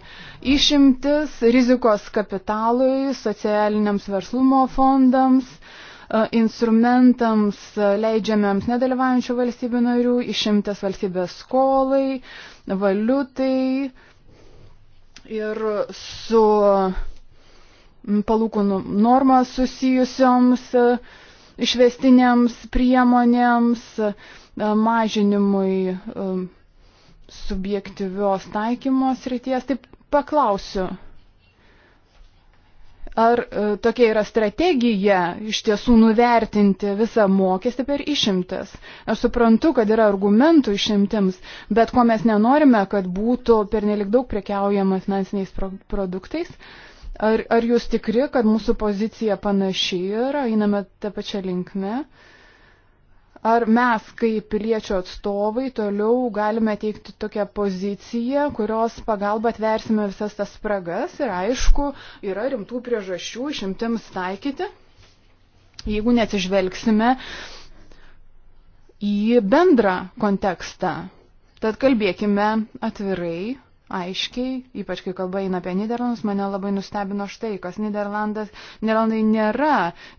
S3: išimtis rizikos kapitalui, socialiniams verslumo fondams, uh, instrumentams leidžiamiams nedalyvaujančių valstybių narių, išimtas valstybės skolai, valiutai ir su palūkonų normą susijusioms išvestinėms priemonėms, mažinimui subjektyvios taikymos ryties. Taip paklausiu, ar e, tokia yra strategija iš tiesų nuvertinti visą mokestį per išimtis. Aš suprantu, kad yra argumentų išimtims, bet ko mes nenorime, kad būtų pernelik daug prekiaujama finansiniais produktais. Ar, ar jūs tikri, kad mūsų pozicija panaši yra, einame tą pačią linkmę? Uh, Ar mes, kaip piliečio atstovai, toliau galime teikti tokią poziciją, kurios pagalba atversime visas tas spragas ir aišku, yra rimtų priežasčių šimtims taikyti, jeigu neatsižvelgsime į bendrą kontekstą. Tad kalbėkime atvirai, aiškiai, ypač kai kalba eina apie Niderlandus, mane labai nustebino štai, kas Niderlandai nėra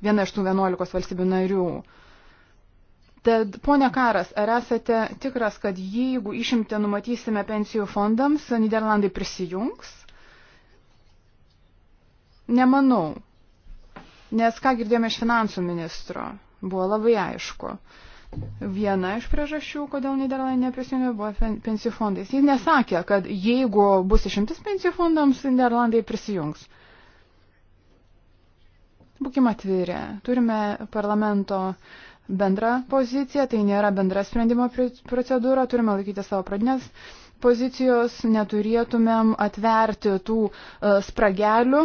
S3: viena iš tų 11 valstybių narių. Tad, ponia Karas, ar esate tikras, kad jeigu išimtę numatysime pensijų fondams, Niderlandai prisijungs? Nemanau. Nes ką girdėjome iš finansų ministro, buvo labai aišku. Viena iš priežasčių, kodėl Niderlandai neprisijungė, buvo pensijų fondais. Jis nesakė, kad jeigu bus išimtis pensijų fondams, Niderlandai prisijungs. Būkime atviri, turime parlamento uh, bendra pozicija, tai nėra bendra sprendimo procedūra, turime laikyti savo pradinės pozicijos, neturėtumėm atverti tų e, spragelių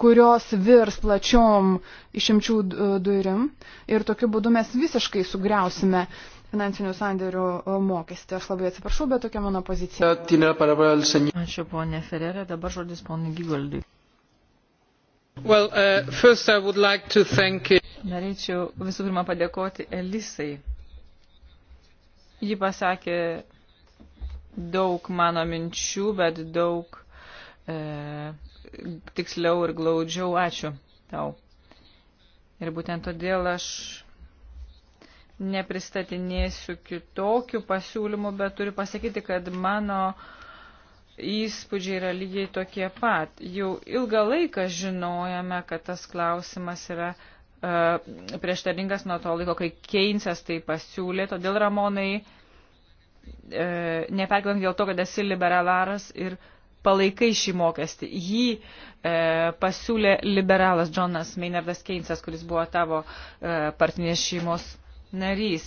S3: kurios virs plačiom išimčių e, durim ir tokiu būdu mes visiškai sugriausime finansinių sandėrių e, mokestį. Aš labai atsiprašau, bet tokia mano pozicija.
S1: Ačiū,
S2: ponė Ferrerė, dabar žodis ponui Gigoldui. Well, uh, like thank... Norėčiau visų pirma padėkoti Elisai. Ji pasakė daug mano minčių, bet daug e, tiksliau ir glaudžiau. Ačiū tau. Ir būtent todėl aš nepristatinėsiu kitokių pasiūlymų, bet turiu pasakyti, kad mano e, įspūdžiai yra lygiai tokie pat. Jau ilgą laiką žinojame, kad tas klausimas yra uh, prieštaringas nuo to laiko, kai Keynesas tai pasiūlė, todėl Ramonai, uh, e, neperkant dėl to, kad esi liberalaras ir palaikai šį mokestį. Jį e, uh, pasiūlė liberalas Jonas Maynardas Keynesas, kuris buvo tavo e, partinės šeimos narys.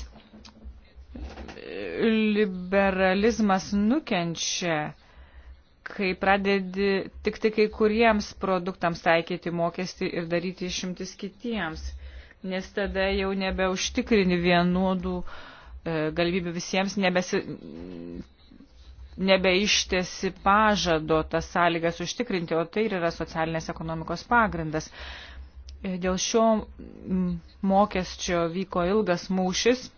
S2: Liberalizmas nukenčia kai pradedi tik tai kai kuriems produktams taikyti mokestį ir daryti išimtis kitiems, nes tada jau nebeužtikrini vienodų e, galimybių visiems, nebesi, nebeištesi pažado tas sąlygas užtikrinti, o tai ir yra socialinės ekonomikos pagrindas. E, dėl šio mokesčio vyko ilgas mūšis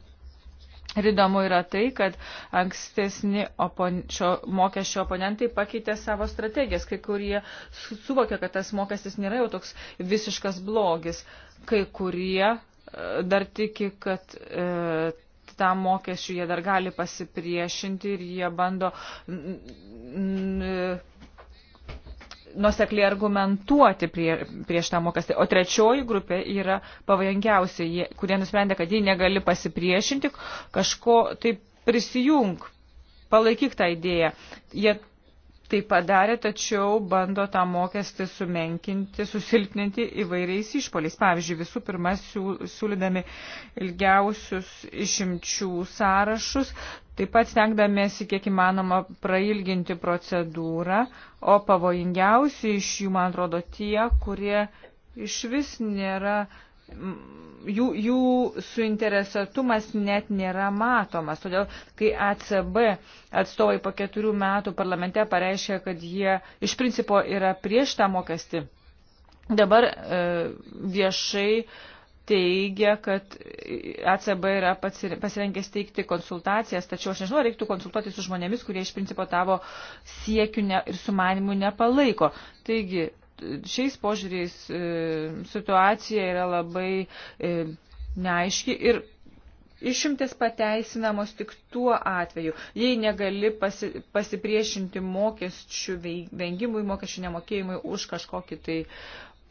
S2: Ir įdomu yra tai, kad ankstesni opon, šio mokesčio oponentai pakeitė savo strategijas, kai kurie suvokė, kad tas mokestis nėra jau toks visiškas blogis, kai kurie e, dar tiki, kad e, tam mokesčiu jie dar gali pasipriešinti ir jie bando. N, n, nusekliai argumentuoti prie, prieš tą mokestį. O trečioji grupė yra pavojingiausia, jie, kurie nusprendė, kad jie negali pasipriešinti, kažko taip prisijung, palaikyk tą idėją. Jie tai padarė, tačiau bando tą mokestį sumenkinti, susilpninti įvairiais išpoliais. Pavyzdžiui, visų pirma, siūlydami ilgiausius išimčių sąrašus, taip pat stengdamėsi kiek įmanoma prailginti procedūrą, o pavojingiausi iš jų, man atrodo, tie, kurie iš vis nėra jų, jų suinteresuotumas net nėra matomas. Todėl, kai ACB atstovai po keturių metų parlamente pareiškia, kad jie iš principo yra prieš tą mokestį, dabar e, viešai teigia, kad ACB yra pasirengęs teikti konsultacijas, tačiau aš nežinau, reiktų konsultuoti su žmonėmis, kurie iš principo tavo siekių ne, ir sumanimų nepalaiko. Taigi, šiais požiūriais e, situacija yra labai e, neaiški ir išimtis pateisinamos tik tuo atveju, jei negali pasi, pasipriešinti mokesčių vengimui, mokesčių nemokėjimui už kažkokį tai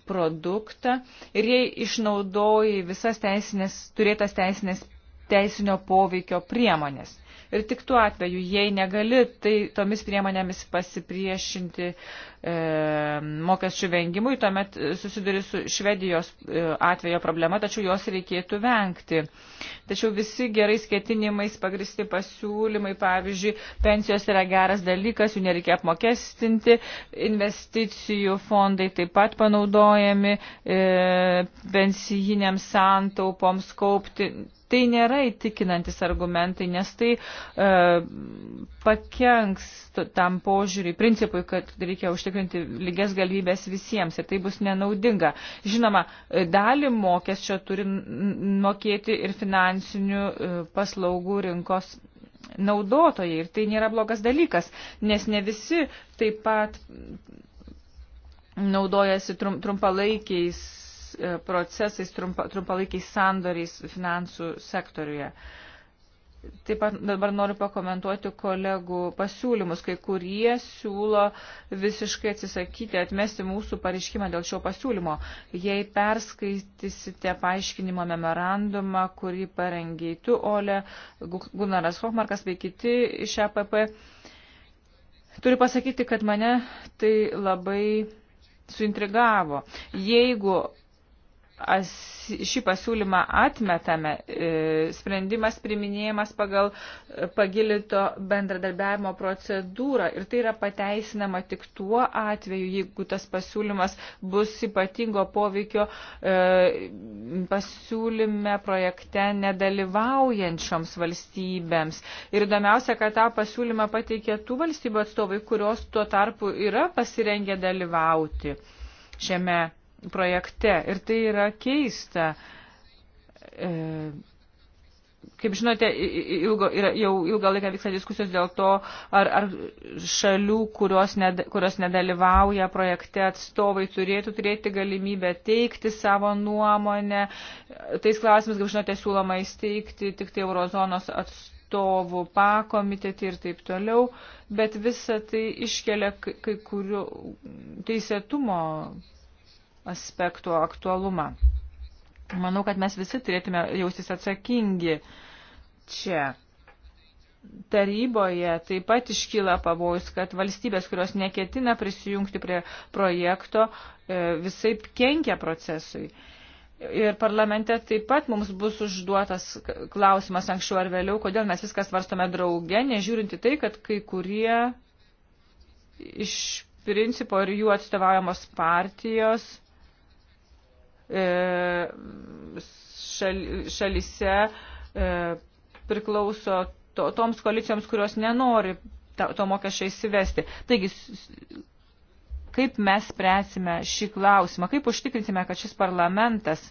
S2: produktą ir jei išnaudoji visas teisinės, turėtas teisinės teisinio poveikio priemonės. Ir tik tuo atveju, jei negali, tai tomis priemonėmis pasipriešinti e, mokesčių vengimui, tuomet susiduri su Švedijos e, atvejo problema, tačiau jos reikėtų vengti. Tačiau visi gerais ketinimais pagristi pasiūlymai, pavyzdžiui, pensijos yra geras dalykas, jų nereikia apmokestinti, investicijų fondai taip pat panaudojami e, pensijiniams santaupoms kaupti Tai nėra įtikinantis argumentai, nes tai e, pakenks tam požiūriui, principui, kad reikia užtikrinti lygias galimybės visiems ir tai bus nenaudinga. Žinoma, e, dalį mokesčio turi mokėti ir finansinių e, paslaugų rinkos naudotojai ir tai nėra blogas dalykas, nes ne visi taip pat naudojasi trum, trumpalaikiais E, procesais, trumpa, trumpalaikiais sandoriais finansų sektoriuje. Taip pat dabar noriu pakomentuoti kolegų pasiūlymus, kai kurie siūlo visiškai atsisakyti, atmesti mūsų pareiškimą dėl šio pasiūlymo. Jei perskaitysite paaiškinimo memorandumą, kurį parengė tu, Ole, Gunaras Hochmarkas bei kiti iš APP, turiu pasakyti, kad mane tai labai suintrigavo. Jeigu as, šį pasiūlymą atmetame. E, sprendimas priminėjimas pagal e, pagilito bendradarbiavimo procedūrą ir tai yra pateisinama tik tuo atveju, jeigu tas pasiūlymas bus ypatingo poveikio e, pasiūlyme projekte nedalyvaujančioms valstybėms. Ir įdomiausia, kad tą pasiūlymą pateikė tų valstybių atstovai, kurios tuo tarpu yra pasirengę dalyvauti šiame projekte. Ir tai yra keista. E, kaip žinote, ilgo, yra, jau ilgą laiką vyksta diskusijos dėl to, ar, ar šalių, kurios, ned, kurios nedalyvauja projekte, atstovai turėtų turėti galimybę teikti savo nuomonę. Tais klausimais, kaip žinote, siūloma įsteigti tik tai eurozonos atstovų pakomitetį ir taip toliau, bet visa tai iškelia kai kurių teisėtumo aspektų aktualumą. Manau, kad mes visi turėtume jaustis atsakingi čia. Taryboje taip pat iškyla pavojus, kad valstybės, kurios neketina prisijungti prie projekto, e, visai kenkia procesui. Ir parlamente taip pat mums bus užduotas klausimas anksčiau ar vėliau, kodėl mes viskas varstome drauge, nežiūrinti tai, kad kai kurie iš principo ir jų atstovaujamos partijos E, šal, šalise e, priklauso to, toms koalicijoms, kurios nenori to, to mokesčio įsivesti. Taigi, kaip mes spręsime šį klausimą, kaip užtikrinsime, kad šis parlamentas,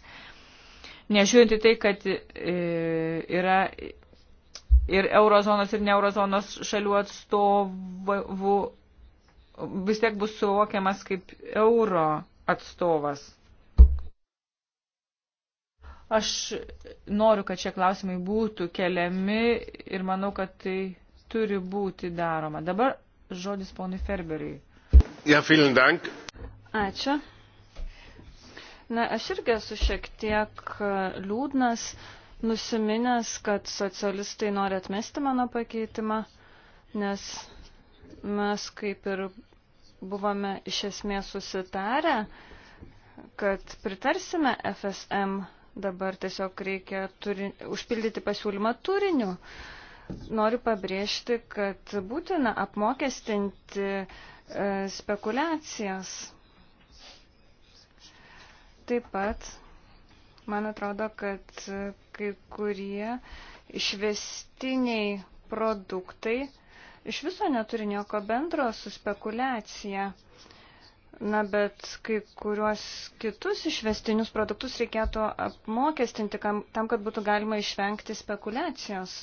S2: nežiūrint į tai, kad e, yra ir eurozonos, ir ne eurozonos šalių atstovų, vis tiek bus suvokiamas kaip euro atstovas. Aš noriu, kad šie klausimai būtų keliami ir manau, kad tai turi būti daroma. Dabar žodis ponui Ferberiui.
S3: Ja, dank.
S4: Ačiū. Na, aš irgi esu šiek tiek liūdnas, nusiminęs, kad socialistai nori atmesti mano pakeitimą, nes mes kaip ir buvome iš esmės susitarę, kad pritarsime FSM Dabar tiesiog reikia turi, užpildyti pasiūlymą turiniu. Noriu pabrėžti, kad būtina apmokestinti e, spekulacijas. Taip pat, man atrodo, kad kai kurie išvestiniai produktai iš viso neturi nieko bendro su spekulacija. E, Na, bet kai kuriuos kitus išvestinius produktus reikėtų apmokestinti kam, tam, kad būtų galima išvengti spekulacijos.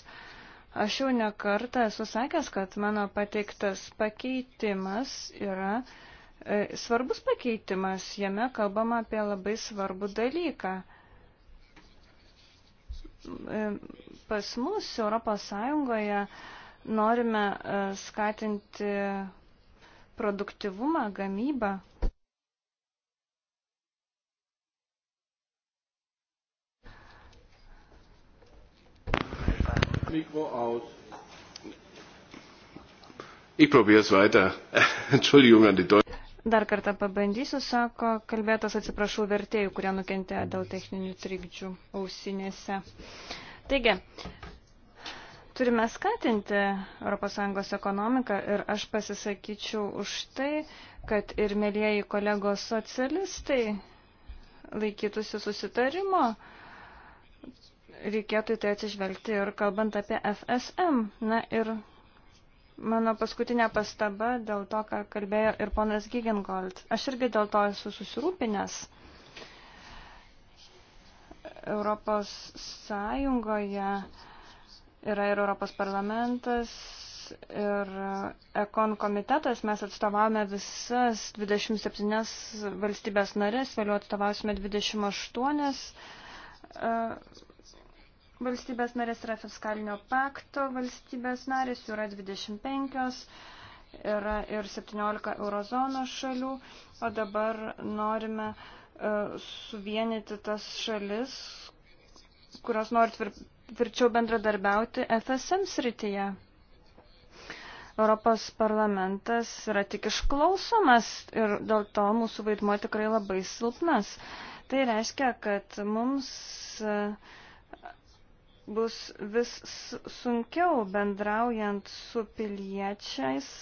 S4: Aš jau nekartą esu sakęs, kad mano pateiktas pakeitimas yra e, svarbus pakeitimas. Jame kalbama apie labai svarbų dalyką. E, pas mus Europos Sąjungoje norime e, skatinti produktivumą, gamybą.
S1: Mikro aus.
S4: Ich probiere es weiter. <laughs> Entschuldigung an die Deutschen. Dar kartą pabandysiu, sako kalbėtas, atsiprašau vertėjų, kurie nukentėjo dėl techninių trikdžių ausinėse. Taigi, Turime skatinti ES ekonomiką ir aš pasisakyčiau už tai, kad ir mėlyjeji kolegos socialistai laikytųsi susitarimo. Reikėtų į tai atsižvelgti ir kalbant apie FSM. Na ir mano paskutinė pastaba dėl to, ką kalbėjo ir ponas Gigengold. Aš irgi dėl to esu susirūpinęs. Europos Sąjungoje Yra ir Europos parlamentas, ir Ekon komitetas. Mes atstovavome visas 27 valstybės narės, vėliau atstovausime 28 e, valstybės narės yra fiskalinio pakto valstybės narės, jų yra 25, yra ir 17 eurozono šalių, o dabar norime uh, suvienyti tas šalis, kurios nori tvirčiau bendradarbiauti FSM srityje. Europos parlamentas yra tik išklausomas ir dėl to mūsų vaidmuo tikrai labai silpnas. Tai reiškia, kad mums e, bus vis sunkiau bendraujant su piliečiais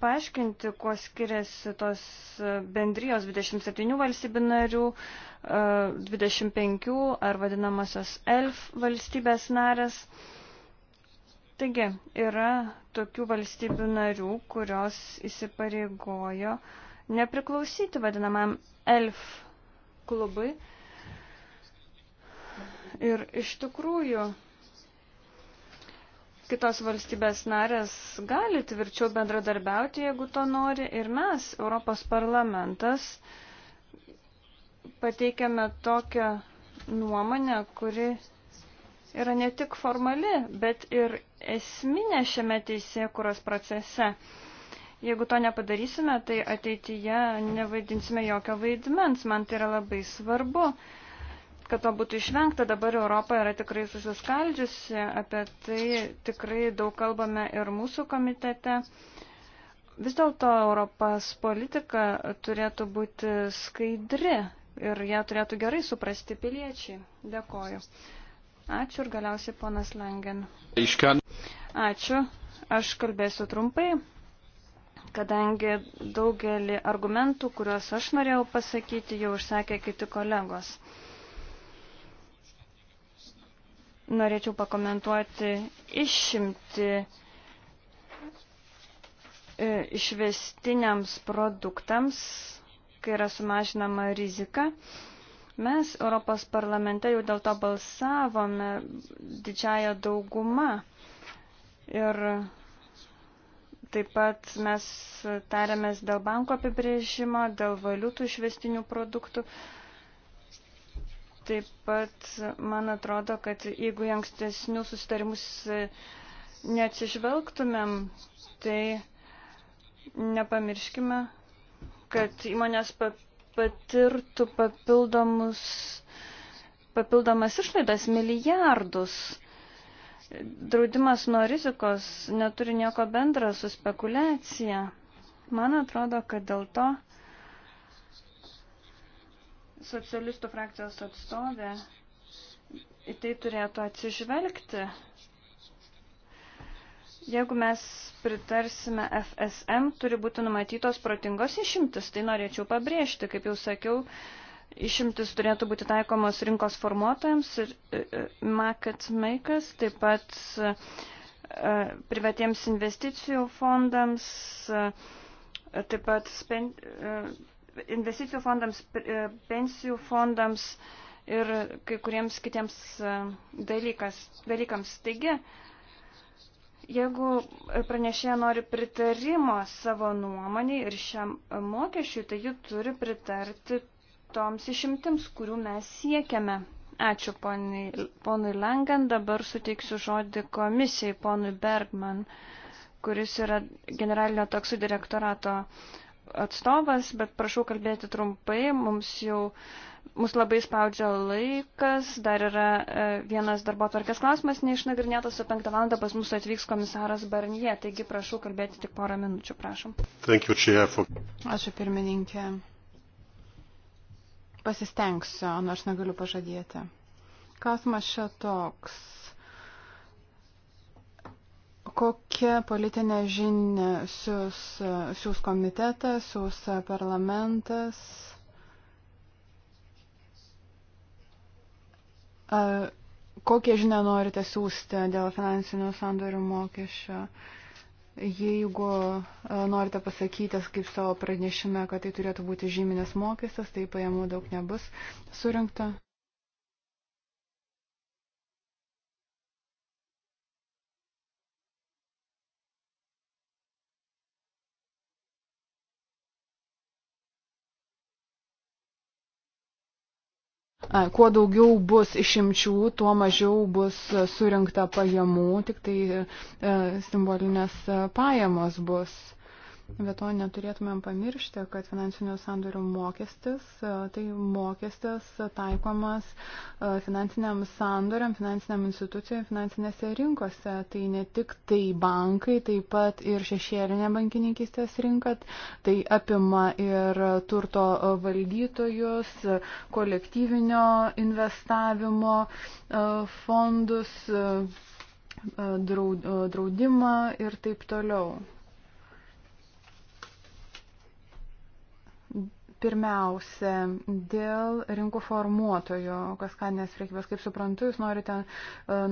S4: paaiškinti, kuo skiriasi tos e, bendrijos 27 valstybių narių, 25 e, ar vadinamosios ELF valstybės narės. Taigi, yra tokių valstybių narių, kurios įsipareigojo nepriklausyti vadinamam ELF klubui. Ir iš tikrųjų, kitos valstybės narės gali tvirčiau bendradarbiauti, jeigu to nori. Ir mes, Europos parlamentas, pateikiame tokią nuomonę, kuri yra ne tik formali, bet ir esminė šiame teisėkuros procese. Jeigu to nepadarysime, tai ateityje nevaidinsime jokio vaidmens. Man tai yra labai svarbu. Kad to būtų išvengta, dabar Europa yra tikrai susiskaldžiusi, apie tai tikrai daug kalbame ir mūsų komitete. Vis dėlto Europos politika turėtų būti skaidri ir ją turėtų gerai suprasti piliečiai. Dėkoju. Ačiū ir galiausiai ponas Langen. Ačiū. Aš kalbėsiu trumpai, kadangi daugelį argumentų, kuriuos aš norėjau pasakyti, jau užsakė kiti kolegos norėčiau pakomentuoti išimti e, išvestiniams produktams, kai yra sumažinama rizika. Mes Europos parlamente jau dėl to balsavome didžiąją daugumą ir taip pat mes tarėmės dėl banko apibrėžimo, dėl valiutų išvestinių produktų. Uh, Taip pat man atrodo, kad jeigu į ankstesnių susitarimus neatsižvelgtumėm, tai nepamirškime, kad įmonės patirtų papildomus, papildomas išlaidas milijardus. Draudimas nuo rizikos neturi nieko bendra su spekulacija. Man atrodo, kad dėl to socialistų frakcijos atstovė į tai turėtų atsižvelgti. Jeigu mes pritarsime FSM, turi būti numatytos protingos išimtis, tai norėčiau pabrėžti, kaip jau sakiau, išimtis turėtų būti taikomos rinkos formuotojams ir e, e, market makers, taip pat e, privatiems investicijų fondams, taip pat investicijų fondams, e, pensijų fondams ir kai kuriems kitiems e, dalykas, dalykams. Taigi, jeigu pranešėja nori pritarimo savo nuomonį ir šiam mokesčiui, tai ji turi pritarti toms išimtims, kurių mes siekiame. Ačiū ponui, ponui Langan, dabar suteiksiu žodį komisijai ponui Bergman, kuris yra generalinio taksų direktorato atstovas, bet prašau kalbėti trumpai, mums jau, mus labai spaudžia laikas, dar yra e, vienas darbo tvarkės klausimas neišnagrinėtas, o penktą valandą pas mus atvyks komisaras Barnie, taigi prašau kalbėti tik porą minučių, prašom.
S1: Thank you, Chair, for...
S3: Ačiū pirmininkė. Pasistengsiu, nors negaliu pažadėti. Klausimas čia toks. Kokia politinė žinia siūs, siūs komitetas, siūs parlamentas? Kokią žinę norite siūsti dėl finansinių sandorių mokesčio? Jeigu norite pasakyti, kaip savo pranešime, kad tai turėtų būti žyminis mokestis, tai pajamų daug nebus surinkta. Kuo daugiau bus išimčių, tuo mažiau bus surinkta pajamų, tik tai simbolinės pajamos bus. Be to neturėtumėm pamiršti, kad finansinių sandorių mokestis, tai mokestis taikomas finansiniam sandoriam, finansiniam institucijom, finansinėse rinkose. Tai ne tik tai bankai, taip pat ir šešėlinė bankininkistės rinka, tai apima ir turto valdytojus, kolektyvinio investavimo fondus, draudimą ir taip toliau. Pirmiausia, dėl rinkų formuotojų, kaskaninės priekybės, kaip suprantu, jūs norite e,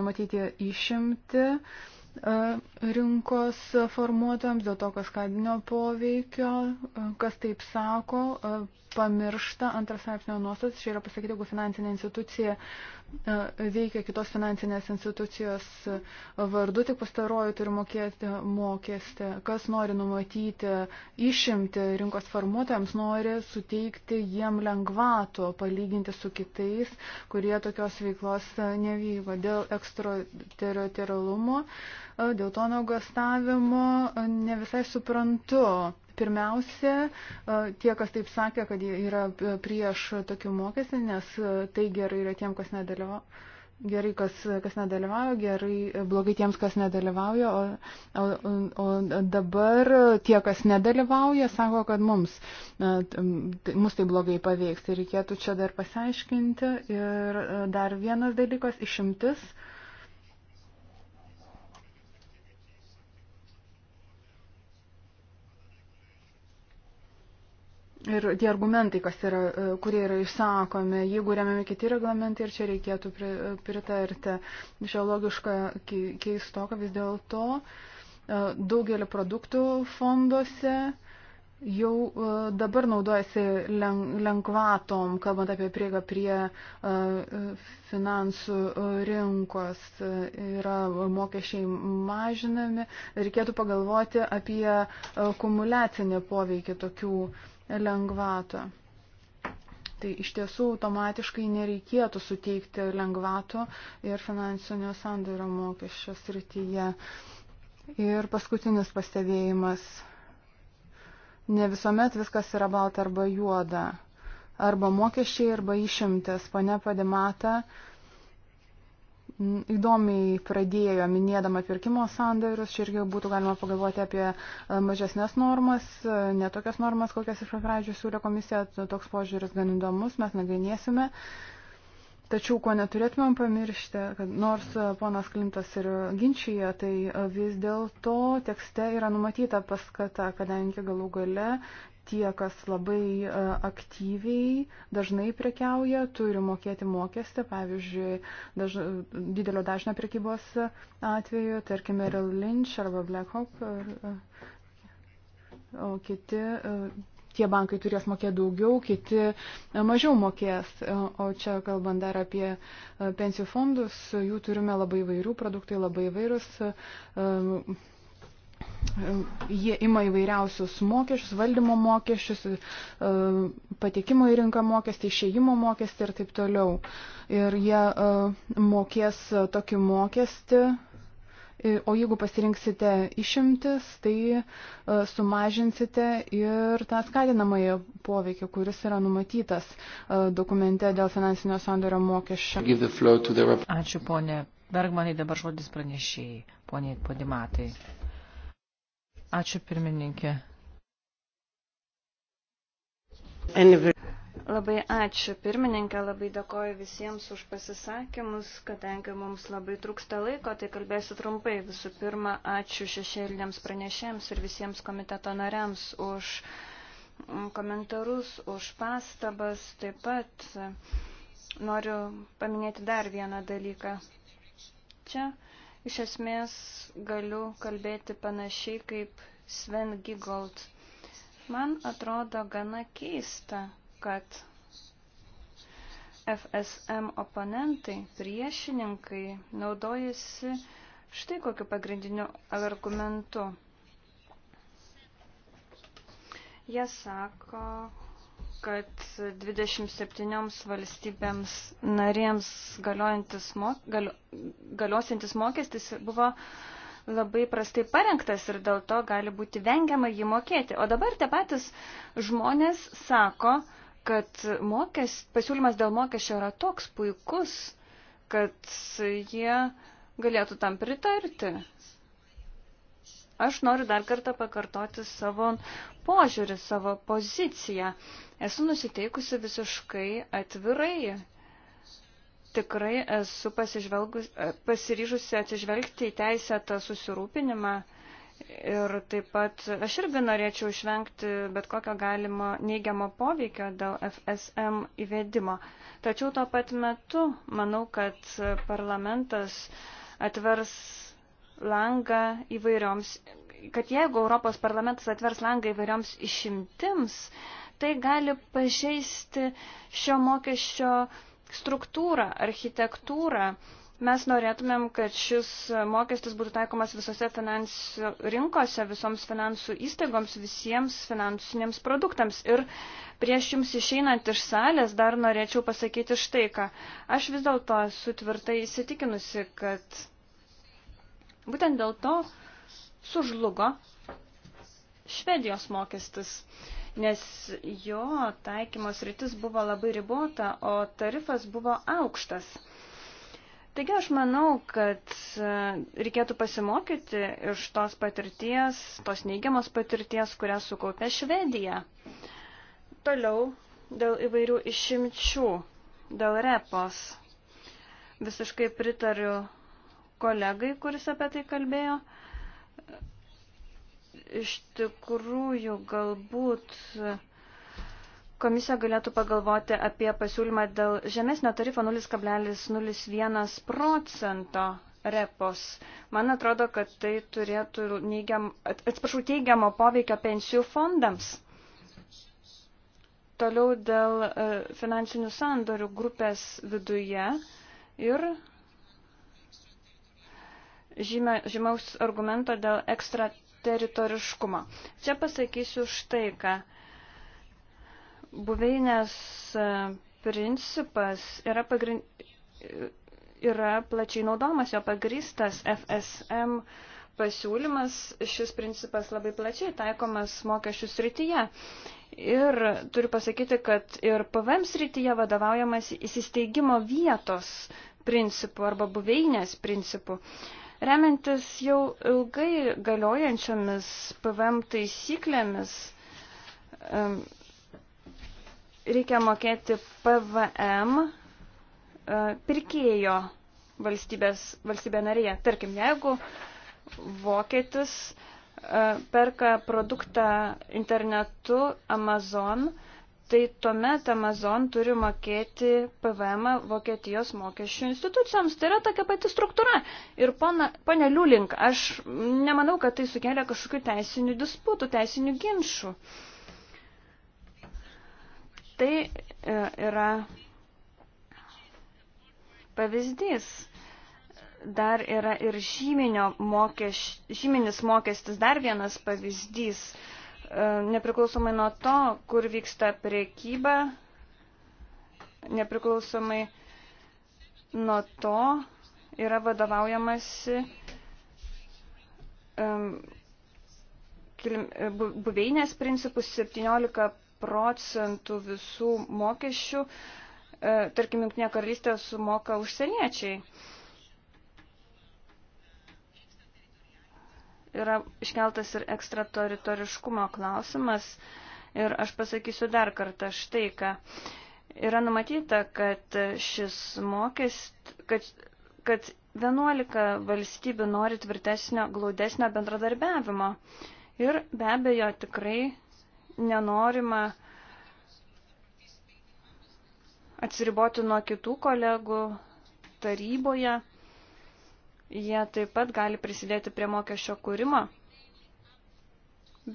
S3: numatyti išimti e, rinkos formuotojams dėl to kaskadinio poveikio, e, kas taip sako, pamiršta antras straipsnio nuostatas, čia yra pasakyti, jeigu finansinė institucija e, veikia kitos finansinės institucijos e, vardu, tik pastaroju turi mokėti mokestį. Kas nori numatyti išimti rinkos formuotojams, nori suteikti jiem lengvatų palyginti su kitais, kurie tokios veiklos e, nevyko. Dėl ekstrateritorialumo, dėl to nuogastavimo ne visai suprantu Pirmiausia, e, tie, kas taip sakė, kad yra prieš tokių mokestį, nes e, tai gerai yra tiem, kas nedalyvauja. Gerai, kas, kas nedalyvauja, gerai, e, blogai tiems, kas nedalyvauja, o, o, o dabar tie, kas nedalyvauja, sako, kad mums, mus tai blogai paveiks. Tai reikėtų čia dar pasiaiškinti. Ir dar vienas dalykas, išimtis. Uh, ir tie argumentai, yra, e, kurie yra išsakomi, jeigu remiami kiti reglamentai ir čia reikėtų e, pritarti. Šia logiška keistoka vis dėlto e, daugelį produktų fonduose jau dabar naudojasi lengvatom, kalbant apie prieigą prie finansų rinkos, yra mokesčiai mažinami, reikėtų pagalvoti apie kumulacinį poveikį tokių lengvatą. Tai iš tiesų automatiškai nereikėtų suteikti lengvatų ir finansinio sandario mokesčio srityje. Ir paskutinis pastebėjimas. Ne visuomet viskas yra balta arba juoda. Arba mokesčiai, arba išimtis. Pane Padimata, uh, įdomiai pradėjo minėdama pirkimo sandarius, čia irgi būtų galima pagalvoti apie e, mažesnės normas, e, ne tokias normas, kokias iš pradžių siūlė komisija, toks požiūris gan įdomus, mes nagrinėsime. Tačiau, ko neturėtumėm pamiršti, kad nors e, ponas Klintas ir ginčyje, tai vis dėlto tekste yra numatyta paskata, kadangi galų gale tie, kas labai e, aktyviai dažnai prekiauja, turi mokėti mokestį, pavyzdžiui, daž... didelio dažnio prekybos atveju, tarkime, Merrill Lynch arba BlackRock, ar... E, o kiti, e, tie bankai turės mokėti daugiau, kiti mažiau mokės. O čia kalbant dar apie pensijų fondus, jų turime labai vairių, produktai labai vairūs Jie ima įvairiausius mokesčius, valdymo mokesčius, e, patekimo į rinką mokestį, išėjimo mokestį ir taip toliau. Ir jie e, mokės tokį mokestį, e, o jeigu pasirinksite išimtis, tai sumažinsite ir tą skatinamąjį poveikį, kuris yra numatytas dokumente dėl finansinio sandorio mokesčio.
S2: Ačiū, ponė Bergmanai, dabar žodis pranešėjai, ponė Podimatai. Ačiū pirmininkė.
S4: Labai ačiū pirmininkė, labai dėkoju visiems už pasisakymus, kadangi mums labai trūksta laiko, tai kalbėsiu trumpai. Visų pirma, ačiū šešėliniams pranešėms ir visiems komiteto nariams už mm, komentarus, už pastabas. Taip pat noriu paminėti dar vieną dalyką. Čia Iš esmės galiu kalbėti panašiai kaip Sven Gigold. Man atrodo gana keista, kad FSM oponentai, priešininkai naudojasi štai kokiu pagrindiniu argumentu. Jie sako, kad 27 valstybėms narėms mok, gal, galiosintis mokestis buvo labai prastai parengtas ir dėl to gali būti vengiama jį mokėti. O dabar tie patys žmonės sako, kad mokes, pasiūlymas dėl mokesčio yra toks puikus, kad jie galėtų tam pritarti. Aš noriu dar kartą pakartoti savo požiūrį, savo poziciją. Esu nusiteikusi visiškai atvirai. Tikrai esu e, pasiryžusi atsižvelgti į teisėtą susirūpinimą. Ir taip pat aš irgi norėčiau išvengti bet kokio galimo neigiamo poveikio dėl FSM įvedimo. Tačiau tuo pat metu manau, kad parlamentas atvers langą įvairioms, kad jeigu Europos parlamentas atvers langą įvairioms išimtims, tai gali pažeisti šio mokesčio struktūrą, architektūrą. Mes norėtumėm, kad šis mokestis būtų taikomas visose finansų rinkose, visoms finansų įstaigoms, visiems finansiniams produktams. Ir prieš jums išeinant iš salės dar norėčiau pasakyti štai ką. Aš vis dėlto esu tvirtai įsitikinusi, kad Būtent dėl to sužlugo Švedijos mokestis, nes jo taikymos rytis buvo labai ribota, o tarifas buvo aukštas. Taigi aš manau, kad e, reikėtų pasimokyti iš tos patirties, tos neigiamos patirties, kurią sukaupė Švedija. Toliau dėl įvairių išimčių, dėl repos. Visiškai pritariu kolegai, kuris apie tai kalbėjo. Iš tikrųjų, galbūt komisija galėtų pagalvoti apie pasiūlymą dėl žemesnio tarifo 0,01 procento repos. Man atrodo, kad tai turėtų neigiam, atsiprašau, teigiamo poveikio pensijų fondams. Toliau dėl e, finansinių sandorių grupės viduje ir žymia, žymaus argumento dėl ekstrateritoriškumo. Čia pasakysiu štai ką. Buveinės e, principas yra, pagrin... yra plačiai naudomas, jo pagrystas FSM pasiūlymas, šis principas labai plačiai taikomas mokesčių srityje. Ir turiu pasakyti, kad ir PVM srityje vadovaujamas įsisteigimo vietos principų arba buveinės principų. Uh, Remiantis jau ilgai galiojančiomis PVM taisyklėmis, reikia mokėti PVM e, pirkėjo valstybės, valstybė narėje. Tarkim, jeigu vokietis e, perka produktą internetu Amazon, tai tuomet Amazon turi mokėti PVM Vokietijos mokesčių institucijoms. Tai yra tokia pati struktūra. Ir ponė Liulink, aš nemanau, kad tai sukelia kažkokių teisinių disputų, teisinių ginčių. Tai e, yra pavyzdys. Dar yra ir žyminio mokeš, žyminis mokestis, dar vienas pavyzdys. Uh, E, nepriklausomai nuo to, kur vyksta priekyba, nepriklausomai nuo to yra vadovaujamasi e, buveinės principus 17 procentų visų mokesčių, e, tarkim, Junktinė karalystė sumoka užsieniečiai. yra iškeltas ir ekstratoritoriškumo klausimas. Ir aš pasakysiu dar kartą štai ką. Yra numatyta, kad šis mokest, kad, kad 11 valstybių nori tvirtesnio, glaudesnio bendradarbiavimo. Ir be abejo tikrai nenorima atsiriboti nuo kitų kolegų taryboje. Jie taip pat gali prisidėti prie mokesčio kūrimo.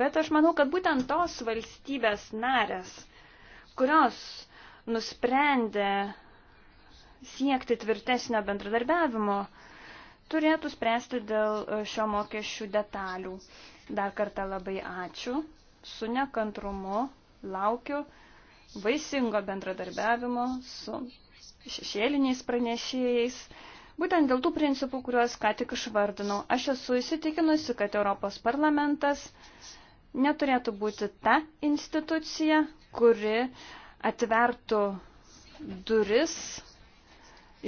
S4: Bet aš manau, kad būtent tos valstybės narės, kurios nusprendė siekti tvirtesnio bendradarbiavimo, turėtų spręsti dėl e, šio mokesčių detalių. Dar kartą labai ačiū, su nekantrumu laukiu vaisingo bendradarbiavimo su šešėliniais pranešėjais. Būtent dėl tų principų, kuriuos ką tik išvardinau, aš esu įsitikinusi, kad Europos parlamentas neturėtų būti ta institucija, kuri atvertų duris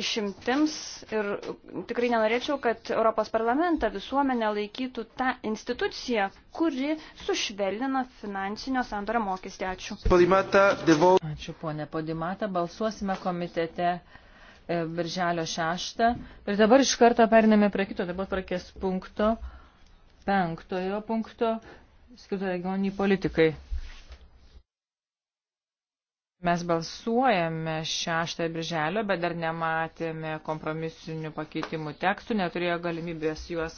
S4: išimtims ir tikrai nenorėčiau, kad Europos parlamentą visuomenė laikytų tą instituciją, kuri sušvelnina finansinio sandorio mokestį. Ačiū. Ačiū,
S2: ponė Podimata. Balsuosime komitete E, birželio 6. Ir dabar iš karto periname prie kito darbo tvarkės punkto, penktojo punkto, skirto regioniniai politikai. Mes balsuojame 6 birželio, bet dar nematėme kompromisinių pakeitimų tekstų, neturėjo galimybės juos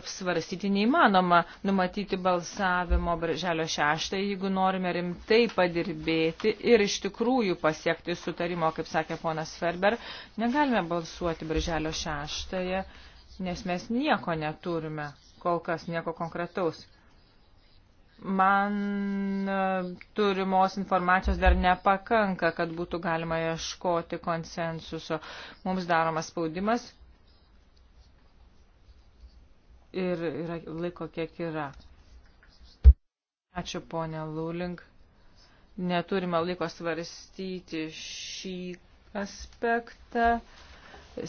S2: apsvarstyti. Neįmanoma numatyti balsavimo birželio 6, jeigu norime rimtai padirbėti ir iš tikrųjų pasiekti sutarimo, kaip sakė ponas Ferber, negalime balsuoti birželio 6, nes mes nieko neturime, kol kas nieko konkretaus man e, turimos informacijos dar nepakanka, kad būtų galima ieškoti konsensuso. Mums daromas spaudimas ir yra laiko kiek yra. Ačiū ponė Lūling. Neturime laiko svarstyti šį aspektą.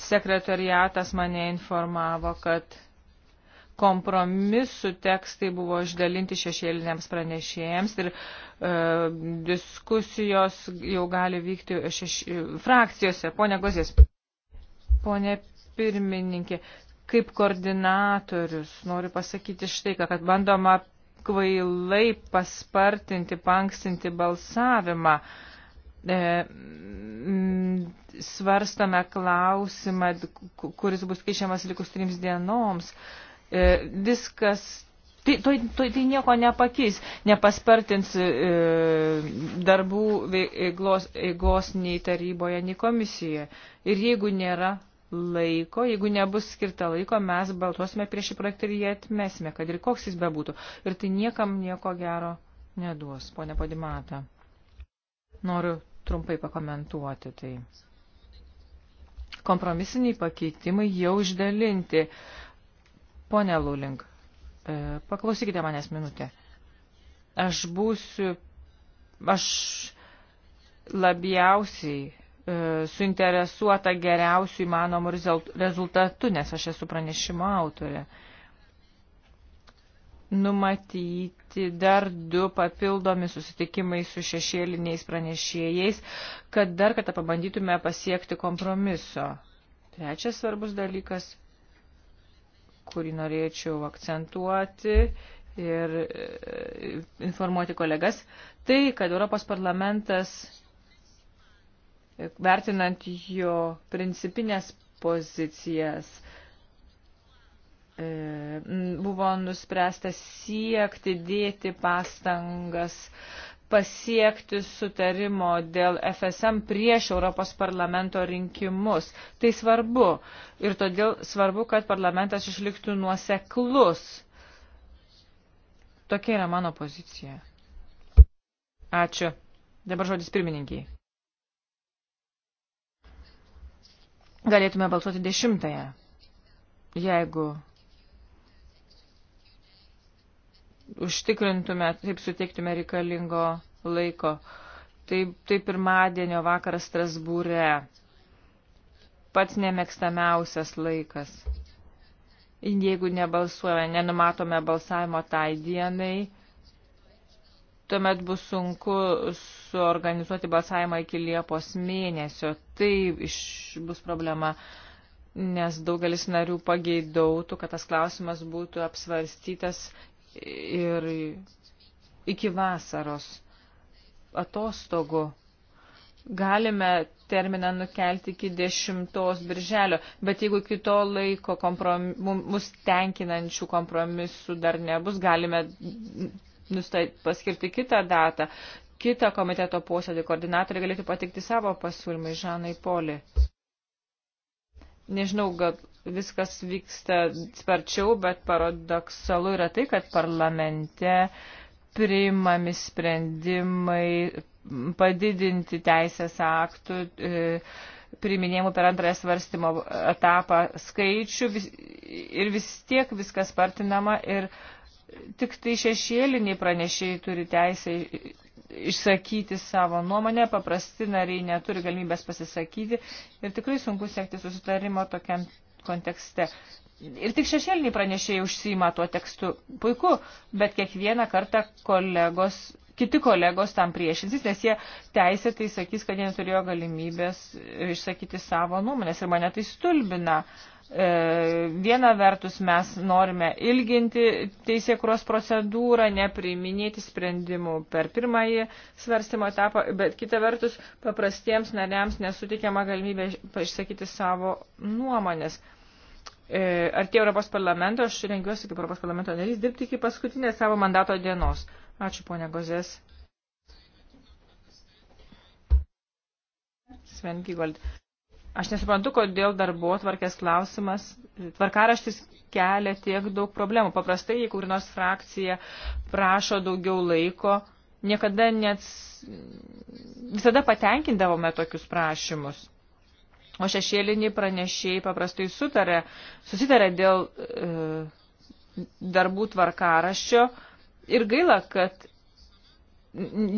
S2: Sekretariatas mane informavo, kad kompromisų tekstai buvo išdalinti šešėliniams pranešėjams ir e, diskusijos jau gali vykti šeš, e, frakcijose. Pone Gozės, pone pirmininkė, kaip koordinatorius noriu pasakyti štai, kad bandoma kvailai paspartinti, pankstinti balsavimą. E, svarstame klausimą, kuris bus keičiamas likus trims dienoms. E, E, viskas Tai, tai, tai, tai nieko nepakeis, nepaspartins e, darbų veiklos eigos nei taryboje, nei komisijoje. Ir jeigu nėra laiko, jeigu nebus skirta laiko, mes baltuosime prieš šį projektą ir jį atmesime, kad ir koks jis bebūtų. Ir tai niekam nieko gero neduos, ponė Padimata. Noriu trumpai pakomentuoti tai. Kompromisiniai pakeitimai jau išdalinti. Pone Lulink, e, paklausykite manęs minutę. Aš būsiu, aš labiausiai e, suinteresuota geriausių įmanomų rezultatų, nes aš esu pranešimo autorė. Numatyti dar du papildomi susitikimai su šešėliniais pranešėjais, kad dar kartą pabandytume pasiekti kompromiso. Trečias svarbus dalykas kurį norėčiau akcentuoti ir e, informuoti kolegas, tai, kad Europos parlamentas, e, vertinant jo principinės pozicijas, e, buvo nuspręsta siekti dėti pastangas pasiekti sutarimo dėl FSM prieš Europos parlamento rinkimus. Tai svarbu ir todėl svarbu, kad parlamentas išliktų nuoseklus. Tokia yra mano pozicija. Ačiū. Dabar žodis pirmininkiai. Galėtume balsuoti dešimtąją, jeigu užtikrintume, taip suteiktume reikalingo laiko. Taip, taip pirmadienio vakaras Strasbūre. Pats nemėgstamiausias laikas. Jeigu nebalsuojame, nenumatome balsavimo tai dienai, tuomet bus sunku suorganizuoti balsavimą iki Liepos mėnesio. Tai iš, bus problema, nes daugelis narių pageidautų, kad tas klausimas būtų apsvarstytas ir iki vasaros atostogų galime terminą nukelti iki 10 birželio, bet jeigu iki to laiko komprom, mus tenkinančių kompromisų dar nebus, galime nustai, paskirti kitą datą. Kita komiteto posėdį koordinatoriai galėtų patikti savo pasiūlymai Žanai Poli. Nežinau, gal viskas vyksta sparčiau, bet paradoksalu yra tai, kad parlamente priimami sprendimai padidinti teisės aktų e, priminėjimų per antrąją svarstymo etapą skaičių ir vis tiek viskas spartinama ir tik tai šešėliniai pranešėjai turi teisę išsakyti savo nuomonę, paprasti nariai neturi galimybės pasisakyti ir tikrai sunku siekti susitarimo tokiam kontekste. Ir tik šešėliniai pranešėjai užsima tuo tekstu. Puiku, bet kiekvieną kartą kolegos, kiti kolegos tam priešinsis, nes jie teisėtai sakys, kad jie neturėjo galimybės išsakyti savo nuomonės ir mane tai stulbina. Uh, E, viena vertus mes norime ilginti teisėkuros procedūrą, nepriiminėti sprendimų per pirmąjį svarstymo etapą, bet kita vertus paprastiems nariams nesutikiama galimybė išsakyti savo nuomonės. E, Ar tie Europos parlamento, aš rengiuosi kaip Europos parlamento narys dirbti iki paskutinės savo mandato dienos. Ačiū, ponė Gozės. Sven Gigold. Aš nesuprantu, kodėl darbo tvarkės klausimas, tvarkaraštis kelia tiek daug problemų. Paprastai, jeigu kur nors frakcija prašo daugiau laiko, niekada net visada patenkindavome tokius prašymus. O šešėliniai pranešėjai paprastai sutarė, susitarė dėl e, darbų tvarkaraščio ir gaila, kad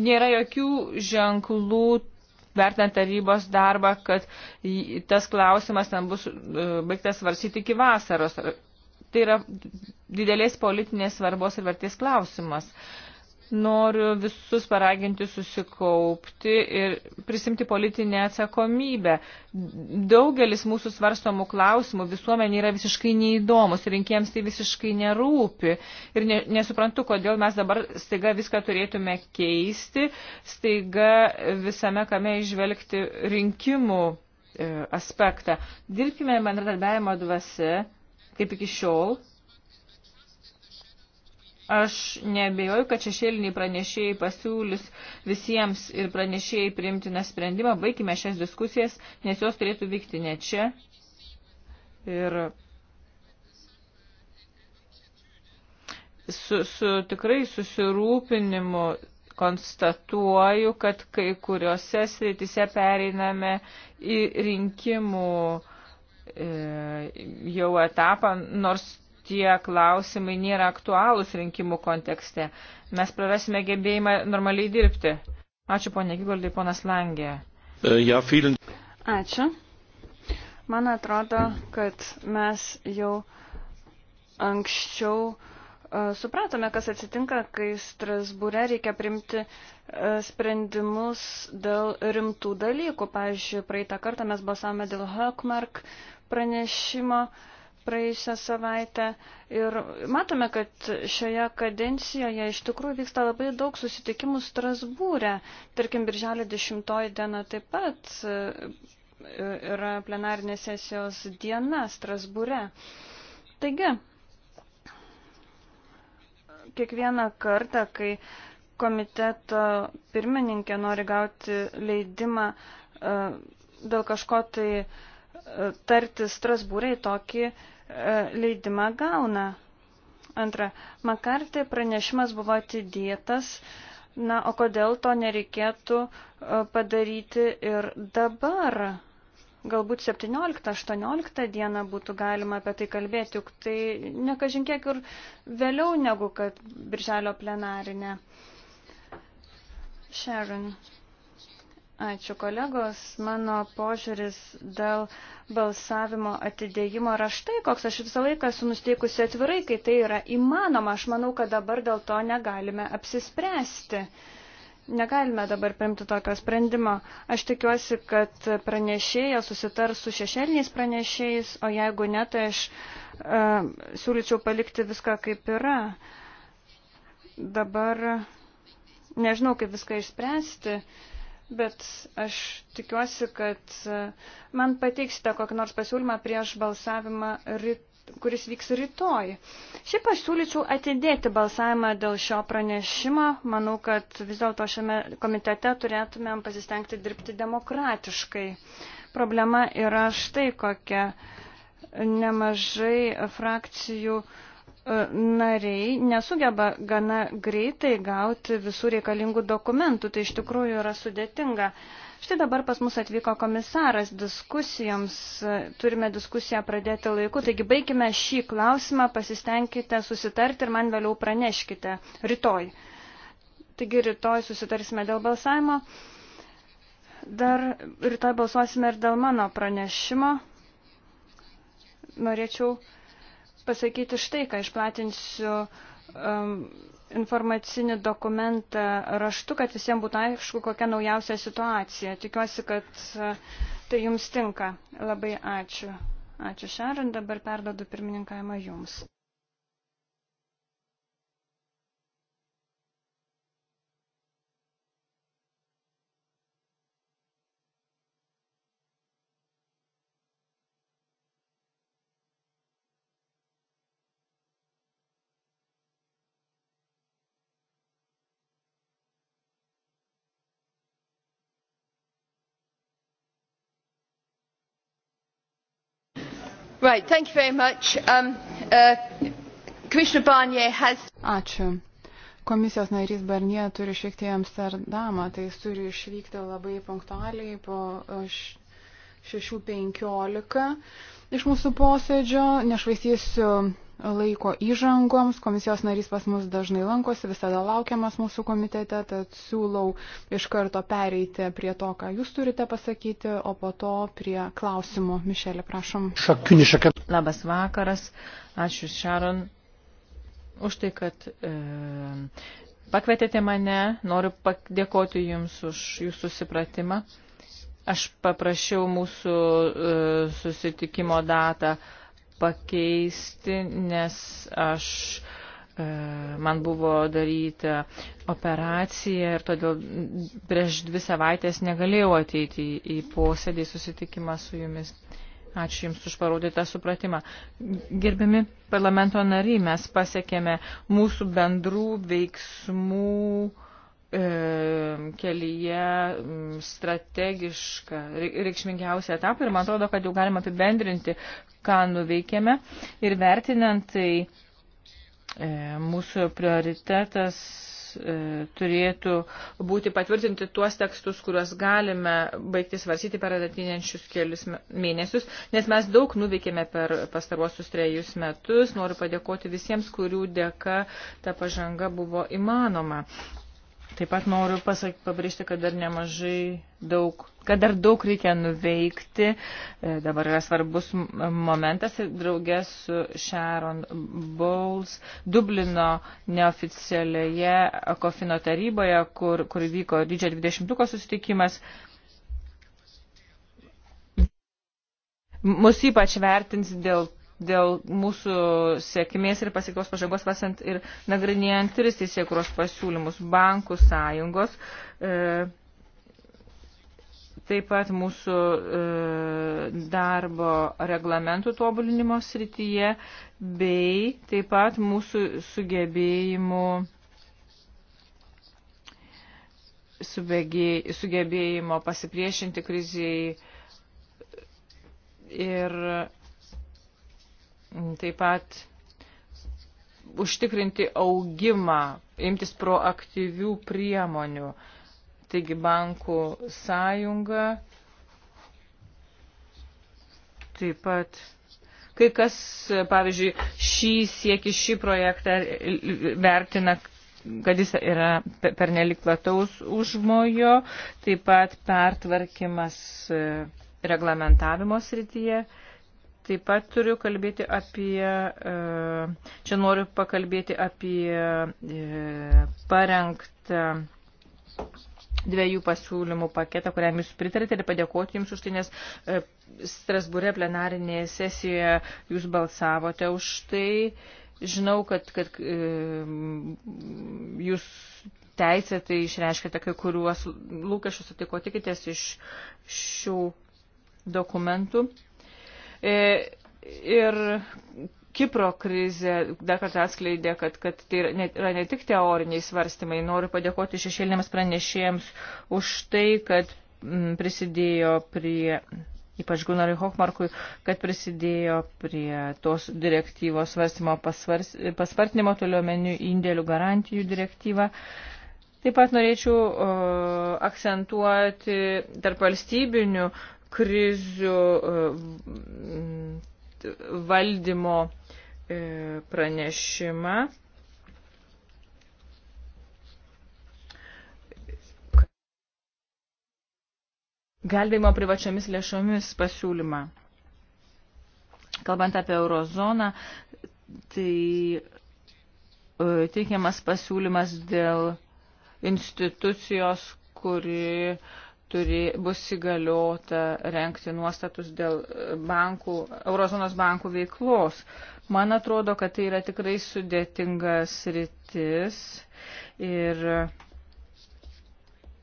S2: nėra jokių ženklų vertinant tarybos darbą, kad tas klausimas ten bus e, baigtas svarsyti iki vasaros. Tai yra didelės politinės svarbos ir vertės klausimas. Noriu visus paraginti susikaupti ir prisimti politinę atsakomybę. Daugelis mūsų svarstomų klausimų visuomenė yra visiškai neįdomus, rinkėjams tai visiškai nerūpi. Ir ne, nesuprantu, kodėl mes dabar staiga viską turėtume keisti, staiga visame kame išvelgti rinkimų e, aspektą. Dirbkime bendradarbiavimo dvasia, kaip iki šiol, Aš nebejoju, kad šešėliniai pranešėjai pasiūlys visiems ir pranešėjai priimtiną sprendimą. Baigime šias diskusijas, nes jos turėtų vykti ne čia. Ir su, su tikrai susirūpinimu konstatuoju, kad kai kuriuose sritise pereiname į rinkimų e, jau etapą, nors tie klausimai nėra aktualūs rinkimų kontekste. Mes prarasime gebėjimą normaliai dirbti. Ačiū, ponė Gigoldai, ponas Langė.
S4: E, ja, vielen... Ačiū. Man atrodo, kad mes jau anksčiau e, supratome, kas atsitinka, kai Strasbūre reikia primti e, sprendimus dėl rimtų dalykų. Pavyzdžiui, praeitą kartą mes balsavome dėl Hökmark pranešimo. Uh, praėjusią savaitę. Ir matome, kad šioje kadencijoje iš tikrųjų vyksta labai daug susitikimų Strasbūrė. Tarkim, birželio 10 diena taip pat e, yra plenarinės sesijos diena Strasbūrė. Taigi, kiekvieną kartą, kai komiteto pirmininkė nori gauti leidimą e, dėl kažko tai uh, tarti Strasbūrai tokį e, leidimą gauna. Antra, Makartė pranešimas buvo atidėtas, na, o kodėl to nereikėtų e, padaryti ir dabar? Galbūt 17-18 dieną būtų galima apie tai kalbėti, juk tai nekažin kiek ir vėliau negu kad birželio plenarinė. Sharon. Ačiū kolegos, mano požiūris dėl balsavimo atidėjimo yra štai koks. Aš visą laiką esu nusteikusi atvirai, kai tai yra įmanoma. Aš manau, kad dabar dėl to negalime apsispręsti. Negalime dabar priimti tokio sprendimo. Aš tikiuosi, kad pranešėja susitars su šešėliniais pranešėjais, o jeigu ne, tai aš uh, siūlyčiau palikti viską kaip yra. Dabar nežinau, kaip viską išspręsti. Uh, bet aš tikiuosi, kad e, man pateiksite kokį nors pasiūlymą prieš balsavimą, kuris vyks rytoj. Šiaip aš siūlyčiau atidėti balsavimą dėl šio pranešimo. Manau, kad vis dėlto šiame komitete turėtumėm pasistengti dirbti demokratiškai. Problema yra štai kokia. Nemažai frakcijų uh, E, nariai nesugeba gana greitai gauti visų reikalingų dokumentų. Tai iš tikrųjų yra sudėtinga. Štai dabar pas mus atvyko komisaras diskusijoms, e, turime diskusiją pradėti laiku, taigi baigime šį klausimą, pasistengkite susitarti ir man vėliau praneškite rytoj. Taigi rytoj susitarsime dėl balsavimo. Dar rytoj balsuosime ir dėl mano pranešimo. Norėčiau pasakyti štai, ką išplatinsiu um, informacinį dokumentą raštu, kad visiems būtų aišku, kokia naujausia situacija. Tikiuosi, kad uh, tai jums tinka. Labai ačiū. Ačiū Šaron, dabar perdodu pirmininkavimą jums.
S3: Right, thank you very much. Um, uh, Commissioner Barnier has... Ačiū. Komisijos narys Barnie turi šiek tiek Amsterdamą, tai jis turi išvykti labai punktualiai po 6.15 uh, iš mūsų posėdžio. Nešvaistysiu um, laiko įžangoms. Komisijos narys pas mus dažnai lankosi, visada laukiamas mūsų komitete, tad siūlau iš karto pereiti prie to, ką jūs turite pasakyti, o po to prie klausimų. Mišelė, prašom.
S1: Šakinį šakę. Labas
S3: vakaras, ačiū Šaron
S2: už tai, kad e, pakvietėte mane, noriu padėkoti Jums už Jūsų supratimą. Aš paprašiau mūsų e, susitikimo datą. E, pakeisti, nes aš e, man buvo daryta operacija ir todėl prieš dvi savaitės negalėjau ateiti į posėdį susitikimą su jumis. Ačiū Jums už parodytą supratimą. Gerbiami parlamento nariai, mes pasiekėme mūsų bendrų veiksmų uh, E, kelyje strategišką, reikšmingiausią etapą ir man atrodo, kad jau galima apibendrinti, ką nuveikėme ir vertinant, tai e, mūsų prioritetas e, turėtų būti patvirtinti tuos tekstus, kuriuos galime baigti svarsyti per adatinėčius kelius mėnesius, nes mes daug nuveikėme per pastaruosius trejus metus. Noriu padėkoti visiems, kurių dėka ta pažanga buvo įmanoma. Taip pat noriu pasak, pabrėžti, kad dar nemažai daug, kad dar daug reikia nuveikti. E, dabar yra svarbus momentas ir draugė su Sharon Bowles Dublino neoficialioje kofino taryboje, kur, kur vyko didžio 20-ko susitikimas. Mus ypač vertins dėl dėl mūsų sėkmės ir pasiektos pažangos vasant ir nagrinėjant tris teisėkuros pasiūlymus - bankų sąjungos, e, taip pat mūsų e, darbo reglamentų tobulinimo srityje, bei taip pat mūsų sugebėjimų sugebėjimo pasipriešinti kriziai ir Taip pat užtikrinti augimą, imtis proaktyvių priemonių. Taigi bankų sąjunga, taip pat kai kas, pavyzdžiui, šį siekį, šį projektą vertina, kad jis yra pernelik plataus užmojo, taip pat pertvarkimas e, reglamentavimo srityje. Taip pat turiu kalbėti apie, e, čia noriu pakalbėti apie e, parengtą dviejų pasiūlymų paketą, kuriam jūs pritarėte ir padėkoti jums už tai, nes e, Strasbūre plenarinėje sesijoje jūs balsavote už tai. Žinau, kad, kad jūs teisė tai išreiškite kai kuriuos lūkesčius, tai ko tikitės iš šių dokumentų. E, ir Kipro krizė dar kartą atskleidė, kad, kad tai yra ne, yra ne tik teoriniai svarstymai. Noriu padėkoti šešėlėms pranešėjams už tai, kad m, mm, prisidėjo prie, ypač Gunarui Hochmarkui, kad prisidėjo prie tos direktyvos svarstymo pasvars, paspartinimo toliuomenių indėlių garantijų direktyvą. Taip pat norėčiau uh, akcentuoti tarp valstybinių krizių e, valdymo e, pranešimą. Gelbėjimo privačiomis lėšomis pasiūlymą. Kalbant apie eurozoną, tai e, teikiamas pasiūlymas dėl institucijos, kuri uh, turi, bus įgaliota renkti nuostatus dėl bankų, eurozonos bankų veiklos. Man atrodo, kad tai yra tikrai sudėtingas rytis ir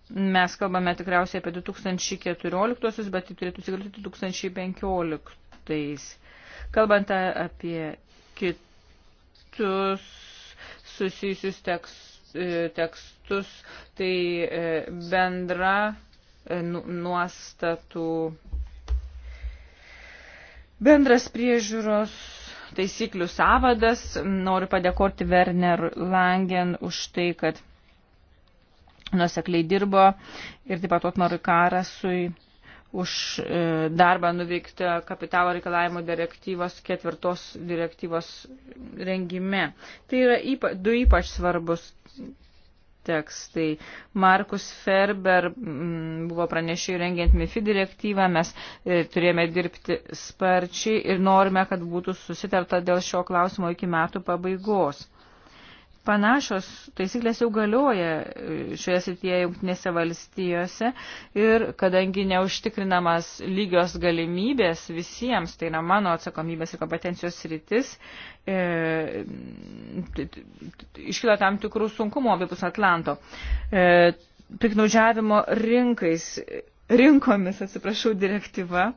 S2: mes kalbame tikriausiai apie 2014, bet tai turėtų įsigalioti 2015. Kalbant apie kitus susijusius tekstus, e, tekstus, tai e, bendra E, nu, nuostatų, bendras priežiūros taisyklių savadas. Noriu padėkoti Werner Langen už tai, kad nusekliai dirbo ir taip pat Otmarui Karasui už e, darbą nuveiktą kapitalo reikalavimo direktyvos, ketvirtos direktyvos rengime. Tai yra ypa, du ypač svarbus tekstai. Markus Ferber mm, buvo pranešėjai rengiant MIFI direktyvą, mes e, turėjome dirbti sparčiai ir norime, kad būtų susitarta dėl šio klausimo iki metų pabaigos. Panašios taisyklės jau galioja e, šioje srityje jungtinėse valstijose ir kadangi neužtikrinamas lygios galimybės visiems, tai yra mano atsakomybės ir kompetencijos sritis, e, iškyla tam tikrų sunkumų abipus Atlanto. E, piknaudžiavimo rinkais e, rinkomis, atsiprašau, direktyva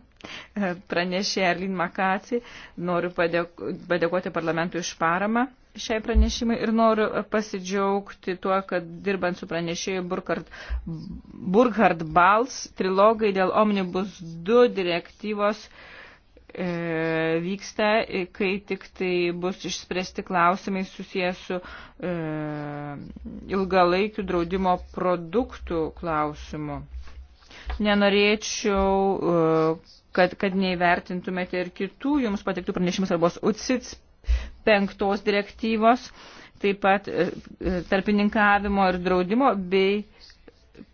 S2: pranešė Erlin Makaci. Noriu padėkoti parlamentui iš paramą šiai pranešimai ir noriu pasidžiaugti tuo, kad dirbant su pranešėju Burkhard, Burkhard Bals trilogai dėl Omnibus 2 direktyvos e, vyksta, e, kai tik tai bus išspręsti klausimai susijęs su e, ilgalaikiu draudimo produktų klausimu. Nenorėčiau e, kad, kad neįvertintumėte ir kitų jums patiktų pranešimų svarbos UCITS penktos direktyvos, taip pat e, e, tarpininkavimo ir draudimo bei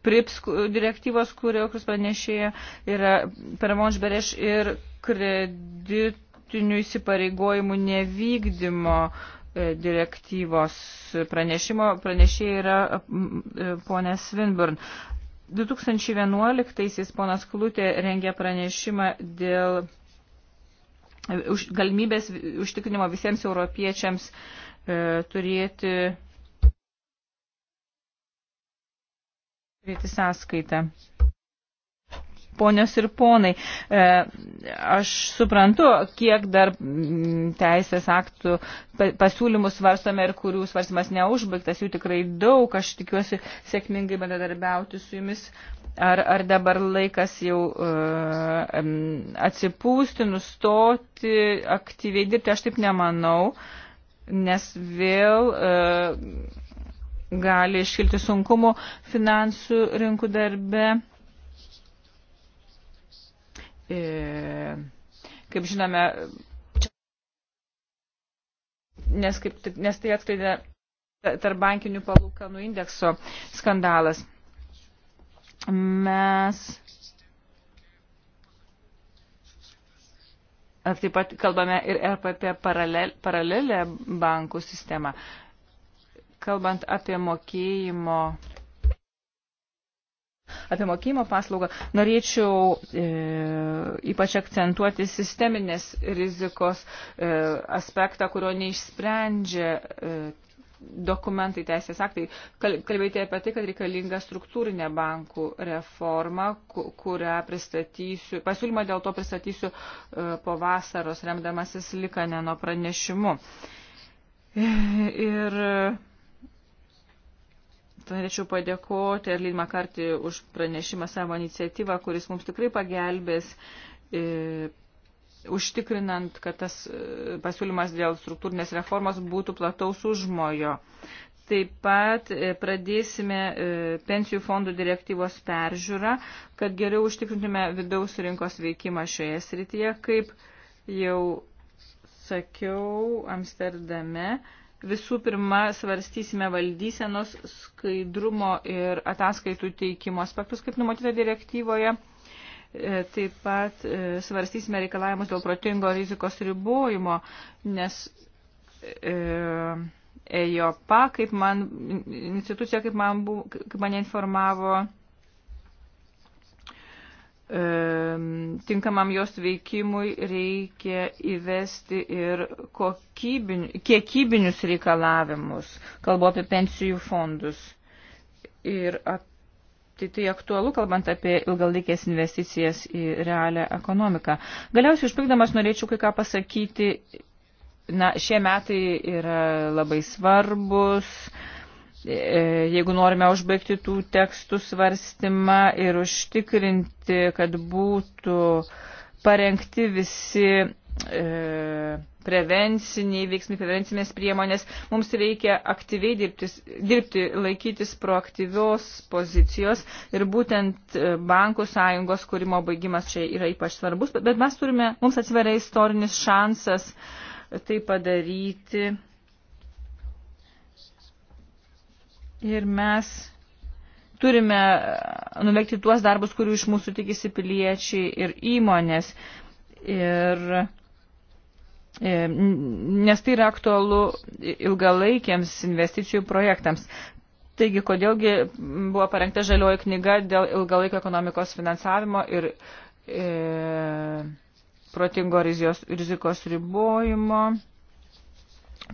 S2: PRIPS direktyvos, kurios pranešėja yra Permonš Bereš ir kreditinių įsipareigojimų nevykdymo e, direktyvos pranešimo pranešėja yra ponė Svinburn. 2011-aisiais ponas Klutė rengė pranešimą dėl e, už, galimybės užtikrinimo visiems europiečiams e, turėti, turėti sąskaitą. Ponios ir ponai, e, aš suprantu, kiek dar mm, teisės aktų pasiūlymų svarstame ir kurių svarstymas neužbaigtas, jų tikrai daug, aš tikiuosi sėkmingai bendradarbiauti su jumis. Ar, ar dabar laikas jau uh, atsipūsti, nustoti, aktyviai dirbti, aš taip nemanau, nes vėl. Uh, gali iškilti sunkumų finansų rinkų darbe. E, kaip žinome, nes, kaip, nes tai atskleidė tarbankinių palūkanų indekso skandalas. Mes taip pat kalbame ir apie paralelę bankų sistemą. Kalbant apie mokėjimo apie mokymo paslaugą, norėčiau e, ypač akcentuoti sisteminės rizikos e, aspektą, kurio neišsprendžia e, dokumentai, teisės aktai. Kalbėjote apie tai, kad reikalinga struktūrinė bankų reforma, kurią pristatysiu, pasiūlymą dėl to pristatysiu e, po vasaros, remdamasis Likaneno pranešimu. E, ir norėčiau padėkoti Erlin Makartį už pranešimą savo iniciatyvą, kuris mums tikrai pagelbės. E, užtikrinant, kad tas e, pasiūlymas dėl struktūrinės reformos būtų plataus užmojo. Taip pat e, pradėsime e, pensijų fondų direktyvos peržiūrą, kad geriau užtikrintume vidaus rinkos veikimą šioje srityje, kaip jau sakiau Amsterdame. Visų pirma, svarstysime valdysenos skaidrumo ir ataskaitų teikimo aspektus, kaip numatyta direktyvoje. E, taip pat e, svarstysime reikalavimus dėl protingo rizikos ribojimo, nes e, EJOPA, kaip man institucija, kaip, man buvo, kaip mane informavo, tinkamam jos veikimui reikia įvesti ir kiekybinius reikalavimus, kalbu apie pensijų fondus. Ir tai, tai aktualu, kalbant apie ilgalaikės investicijas į realią ekonomiką. Galiausiai užpildamas norėčiau kai ką pasakyti. Na, šie metai yra labai svarbus. Uh, E, jeigu norime užbaigti tų tekstų svarstymą ir užtikrinti, kad būtų parengti visi e, prevenciniai veiksmai, prevencinės priemonės, mums reikia aktyviai dirbti, dirbti, laikytis proaktyvios pozicijos ir būtent e, bankų sąjungos kūrimo baigimas čia yra ypač svarbus, bet mes turime, mums atsveria istorinis šansas tai padaryti Ir mes turime nuveikti tuos darbus, kurių iš mūsų tikisi piliečiai ir įmonės. Ir, e, nes tai yra aktualu ilgalaikiams investicijų projektams. Taigi, kodėlgi buvo parengta žalioji knyga dėl ilgalaikio ekonomikos finansavimo ir e, protingo rizijos, rizikos ribojimo.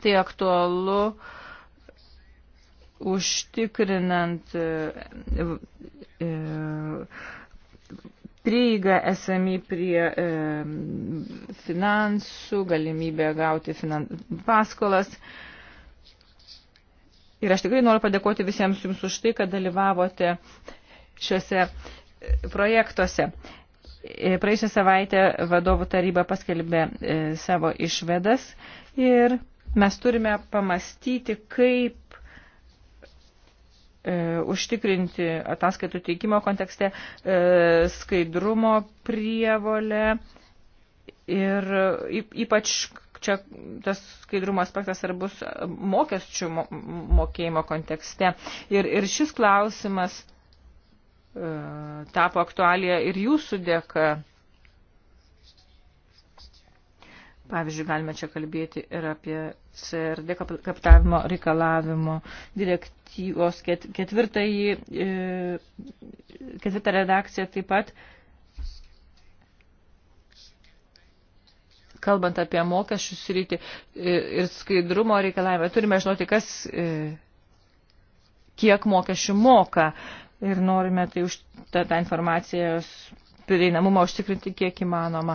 S2: Tai aktualu e, užtikrinant e, e, prieigą esami prie e, finansų, galimybę gauti finan... paskolas. Ir aš tikrai noriu padėkoti visiems jums už tai, kad dalyvavote šiuose projektuose. Praėjusią savaitę vadovų taryba paskelbė savo išvedas ir mes turime pamastyti, kaip E, užtikrinti ataskaitų teikimo kontekste e, skaidrumo prievolę ir ypač čia tas skaidrumo aspektas ar bus mokesčių mokėjimo kontekste. Ir, ir šis klausimas e, tapo aktualija ir jūsų dėka. Pavyzdžiui, galime čia kalbėti ir apie CRD kapitavimo reikalavimo direktyvos ketvirtąjį, e, ketvirtą redakciją taip pat. Kalbant apie mokesčių sritį e, ir skaidrumo reikalavimą, turime žinoti, kas e, kiek mokesčių moka ir norime tai už tą, tą informaciją prieinamumą užtikrinti kiek įmanoma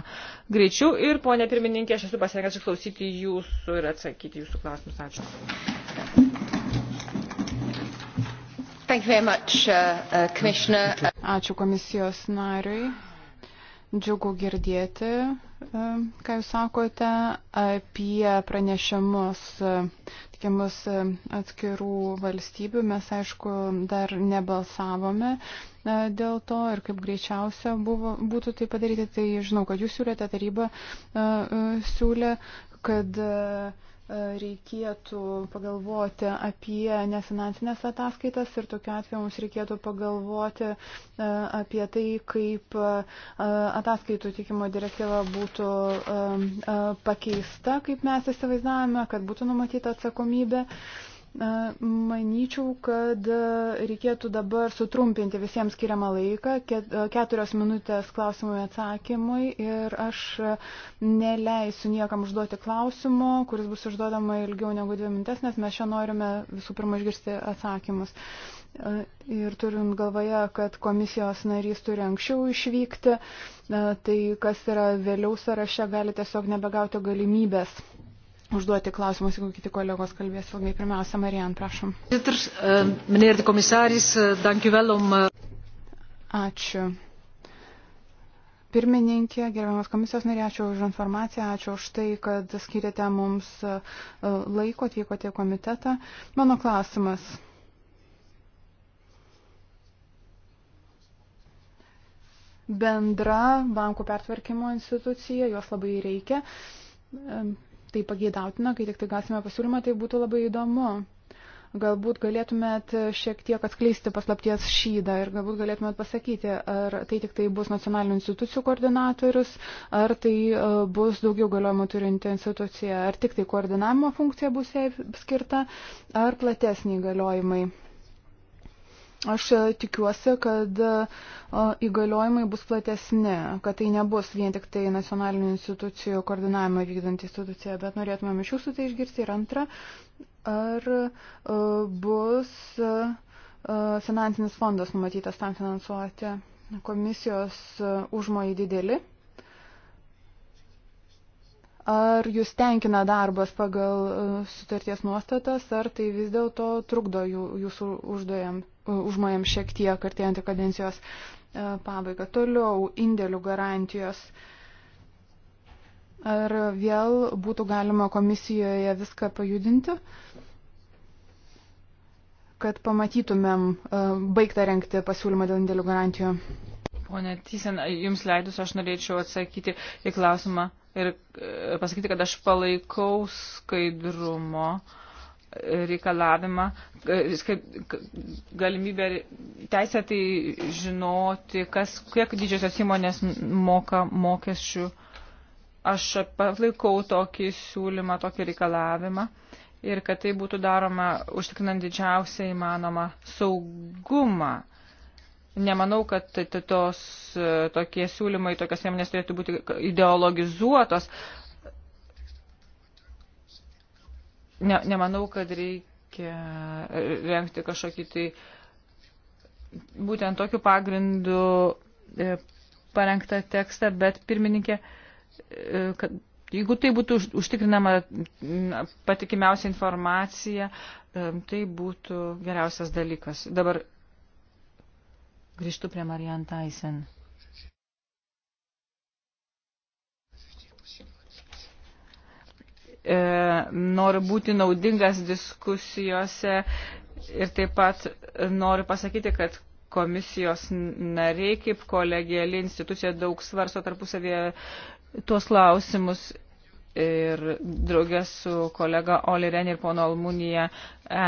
S2: greičiau. Ir, ponė pirmininkė, aš esu pasirengęs išklausyti jūsų ir atsakyti jūsų klausimus. Ačiū.
S3: Thank you very much, uh, uh, Commissioner. Ačiū komisijos nariui. Džiugu girdėti, e, ką Jūs sakote apie pranešimus e, tikimus e, atskirų valstybių. Mes, aišku, dar nebalsavome dėl to ir kaip greičiausia buvo, būtų tai padaryti. Tai žinau, kad Jūs siūlėte, taryba siūlė, kad reikėtų pagalvoti apie nefinansinės ataskaitas ir tokiu atveju mums reikėtų pagalvoti e, apie tai, kaip e, ataskaitų tikimo direktyva būtų e, pakeista, kaip mes įsivaizdavome, kad būtų numatyta atsakomybė. Uh, Manyčiau, kad e, reikėtų dabar sutrumpinti visiems skiriamą laiką, e, keturios minutės klausimui atsakymui ir aš e, neleisiu niekam užduoti klausimo, kuris bus užduodama ilgiau negu dvi minutės, nes mes čia norime visų pirma išgirsti atsakymus. Ir turint galvoje, kad komisijos narys turi anksčiau išvykti, tai kas yra vėliau sąraše, gali tiesiog nebegauti galimybės užduoti klausimus, jeigu kiti kolegos kalbės ilgai. Pirmiausia, Marijan, prašom. E, e, e- ačiū. Pirmininkė, gerbiamas komisijos narė, ačiū už informaciją, ačiū už tai, kad skirėte mums laiko, atvykote į komitetą. Mano klausimas. Bendra bankų pertvarkymo institucija, jos labai reikia tai pageidautina, kai tik tai gausime pasiūlymą, tai būtų labai įdomu. Galbūt galėtumėt šiek tiek atskleisti paslapties šydą ir galbūt galėtumėt pasakyti, ar tai tik tai bus nacionalinių institucijų koordinatorius, ar tai e, bus daugiau galiojimų turinti institucija, ar tik tai koordinavimo funkcija bus jai skirta, ar platesniai galiojimai. Aš e, tikiuosi, kad e, įgaliojimai bus platesni, kad tai nebus vien tik tai nacionalinių institucijų koordinavimą vykdant instituciją, bet norėtumėm iš jūsų tai išgirsti ir antrą, ar e, bus finansinis fondas numatytas tam finansuoti komisijos užmojai dideli ar jūs tenkina darbas pagal uh, sutarties nuostatas, ar tai vis dėlto trukdo jūsų uždojam, uh, užmojam šiek tiek artėjantį kadencijos uh, pabaigą. Toliau indėlių garantijos. Ar vėl būtų galima komisijoje viską pajudinti, kad pamatytumėm baigtą renkti pasiūlymą dėl indėlių garantijų?
S2: Pone Tysen, jums leidus aš norėčiau atsakyti į klausimą ir e, pasakyti, kad aš palaikau skaidrumo reikalavimą, e, galimybę teisę tai žinoti, kas, kiek didžiosios įmonės moka mokesčių. Aš palaikau tokį siūlymą, tokį reikalavimą ir kad tai būtų daroma užtikrinant didžiausią įmanomą saugumą Nemanau, kad tos e, tokie siūlymai, tokios priemonės turėtų būti ideologizuotos. Ne, nemanau, kad reikia e, rengti kažkokį tai būtent tokiu pagrindu e, parengtą tekstą, bet pirmininkė, kad jeigu tai būtų užtikrinama patikimiausia informacija, tai būtų geriausias dalykas. Dabar Grįžtu prie Marian Tyson. E, noriu būti naudingas diskusijose ir taip pat noriu pasakyti, kad komisijos nariai kaip kolegėlė institucija daug svarsto tarpusavėje tuos klausimus ir draugė su kolega Oli Ren ir pono Almunija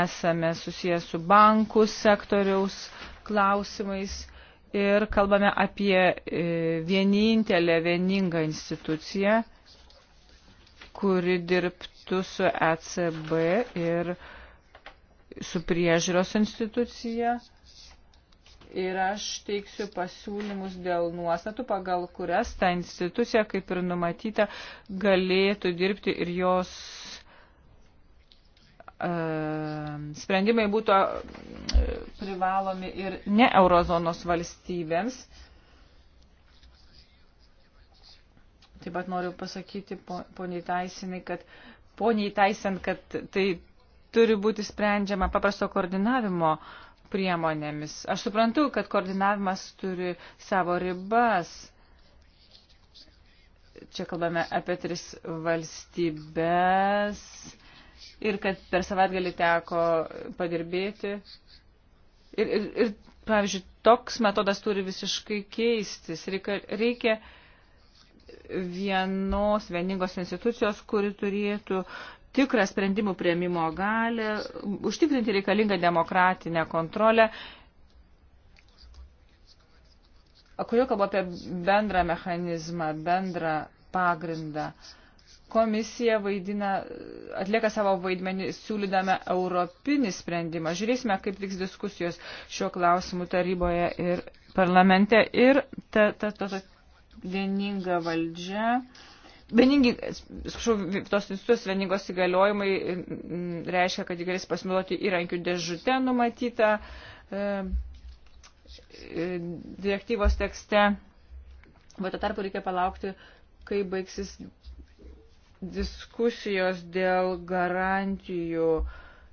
S2: esame susijęs su bankų sektoriaus uh, klausimais ir kalbame apie e, vienintelę vieningą instituciją, kuri dirbtų su ECB ir su priežiūros institucija. Ir aš teiksiu pasiūlymus dėl nuostatų, pagal kurias ta institucija, kaip ir numatyta, galėtų dirbti ir jos E, sprendimai būtų e, privalomi ir ne eurozonos valstybėms. Taip pat noriu pasakyti poniai Taisinai, kad poniai Taisint, kad tai turi būti sprendžiama paprasto koordinavimo priemonėmis. Aš suprantu, kad koordinavimas turi savo ribas. Čia kalbame apie tris valstybės ir kad per savaitgalį teko padirbėti. Ir, ir, ir pavyzdžiui, toks metodas turi visiškai keistis. Reikia, reikia vienos vieningos institucijos, kuri turėtų tikrą sprendimų prieimimo galę, užtikrinti reikalingą demokratinę kontrolę. Kodėl kalbu apie bendrą mechanizmą, bendrą pagrindą? Uh, Komisija vaidina, atlieka savo vaidmenį, siūlydame europinį sprendimą. Žiūrėsime, kaip vyks diskusijos šiuo klausimu taryboje ir parlamente. Ir ta, ta, ta, ta vieninga valdžia vieningi, skušau, tos institucijos vieningos įgaliojimai reiškia, kad jį galės pasinaudoti įrankių dėžute numatytą e, e direktyvos tekste. Bet tarpu reikia palaukti, kai baigsis diskusijos dėl garantijų,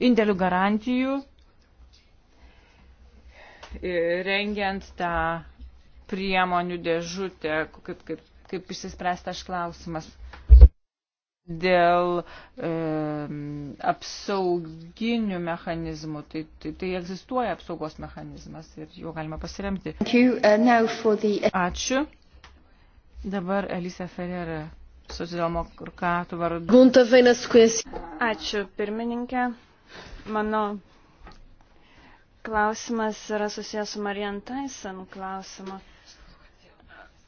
S2: indėlių garantijų, rengiant tą priemonių dėžutę, kaip, kaip, kaip išsispręstas klausimas dėl e, apsauginių mechanizmų. Tai, tai, tai egzistuoja apsaugos mechanizmas ir juo galima pasiremti. Uh, Ačiū. Dabar Elisa Ferrera socialdemokratų vardu.
S4: Ačiū, pirmininkė. Mano klausimas yra susijęs su Marian Tyson klausimu.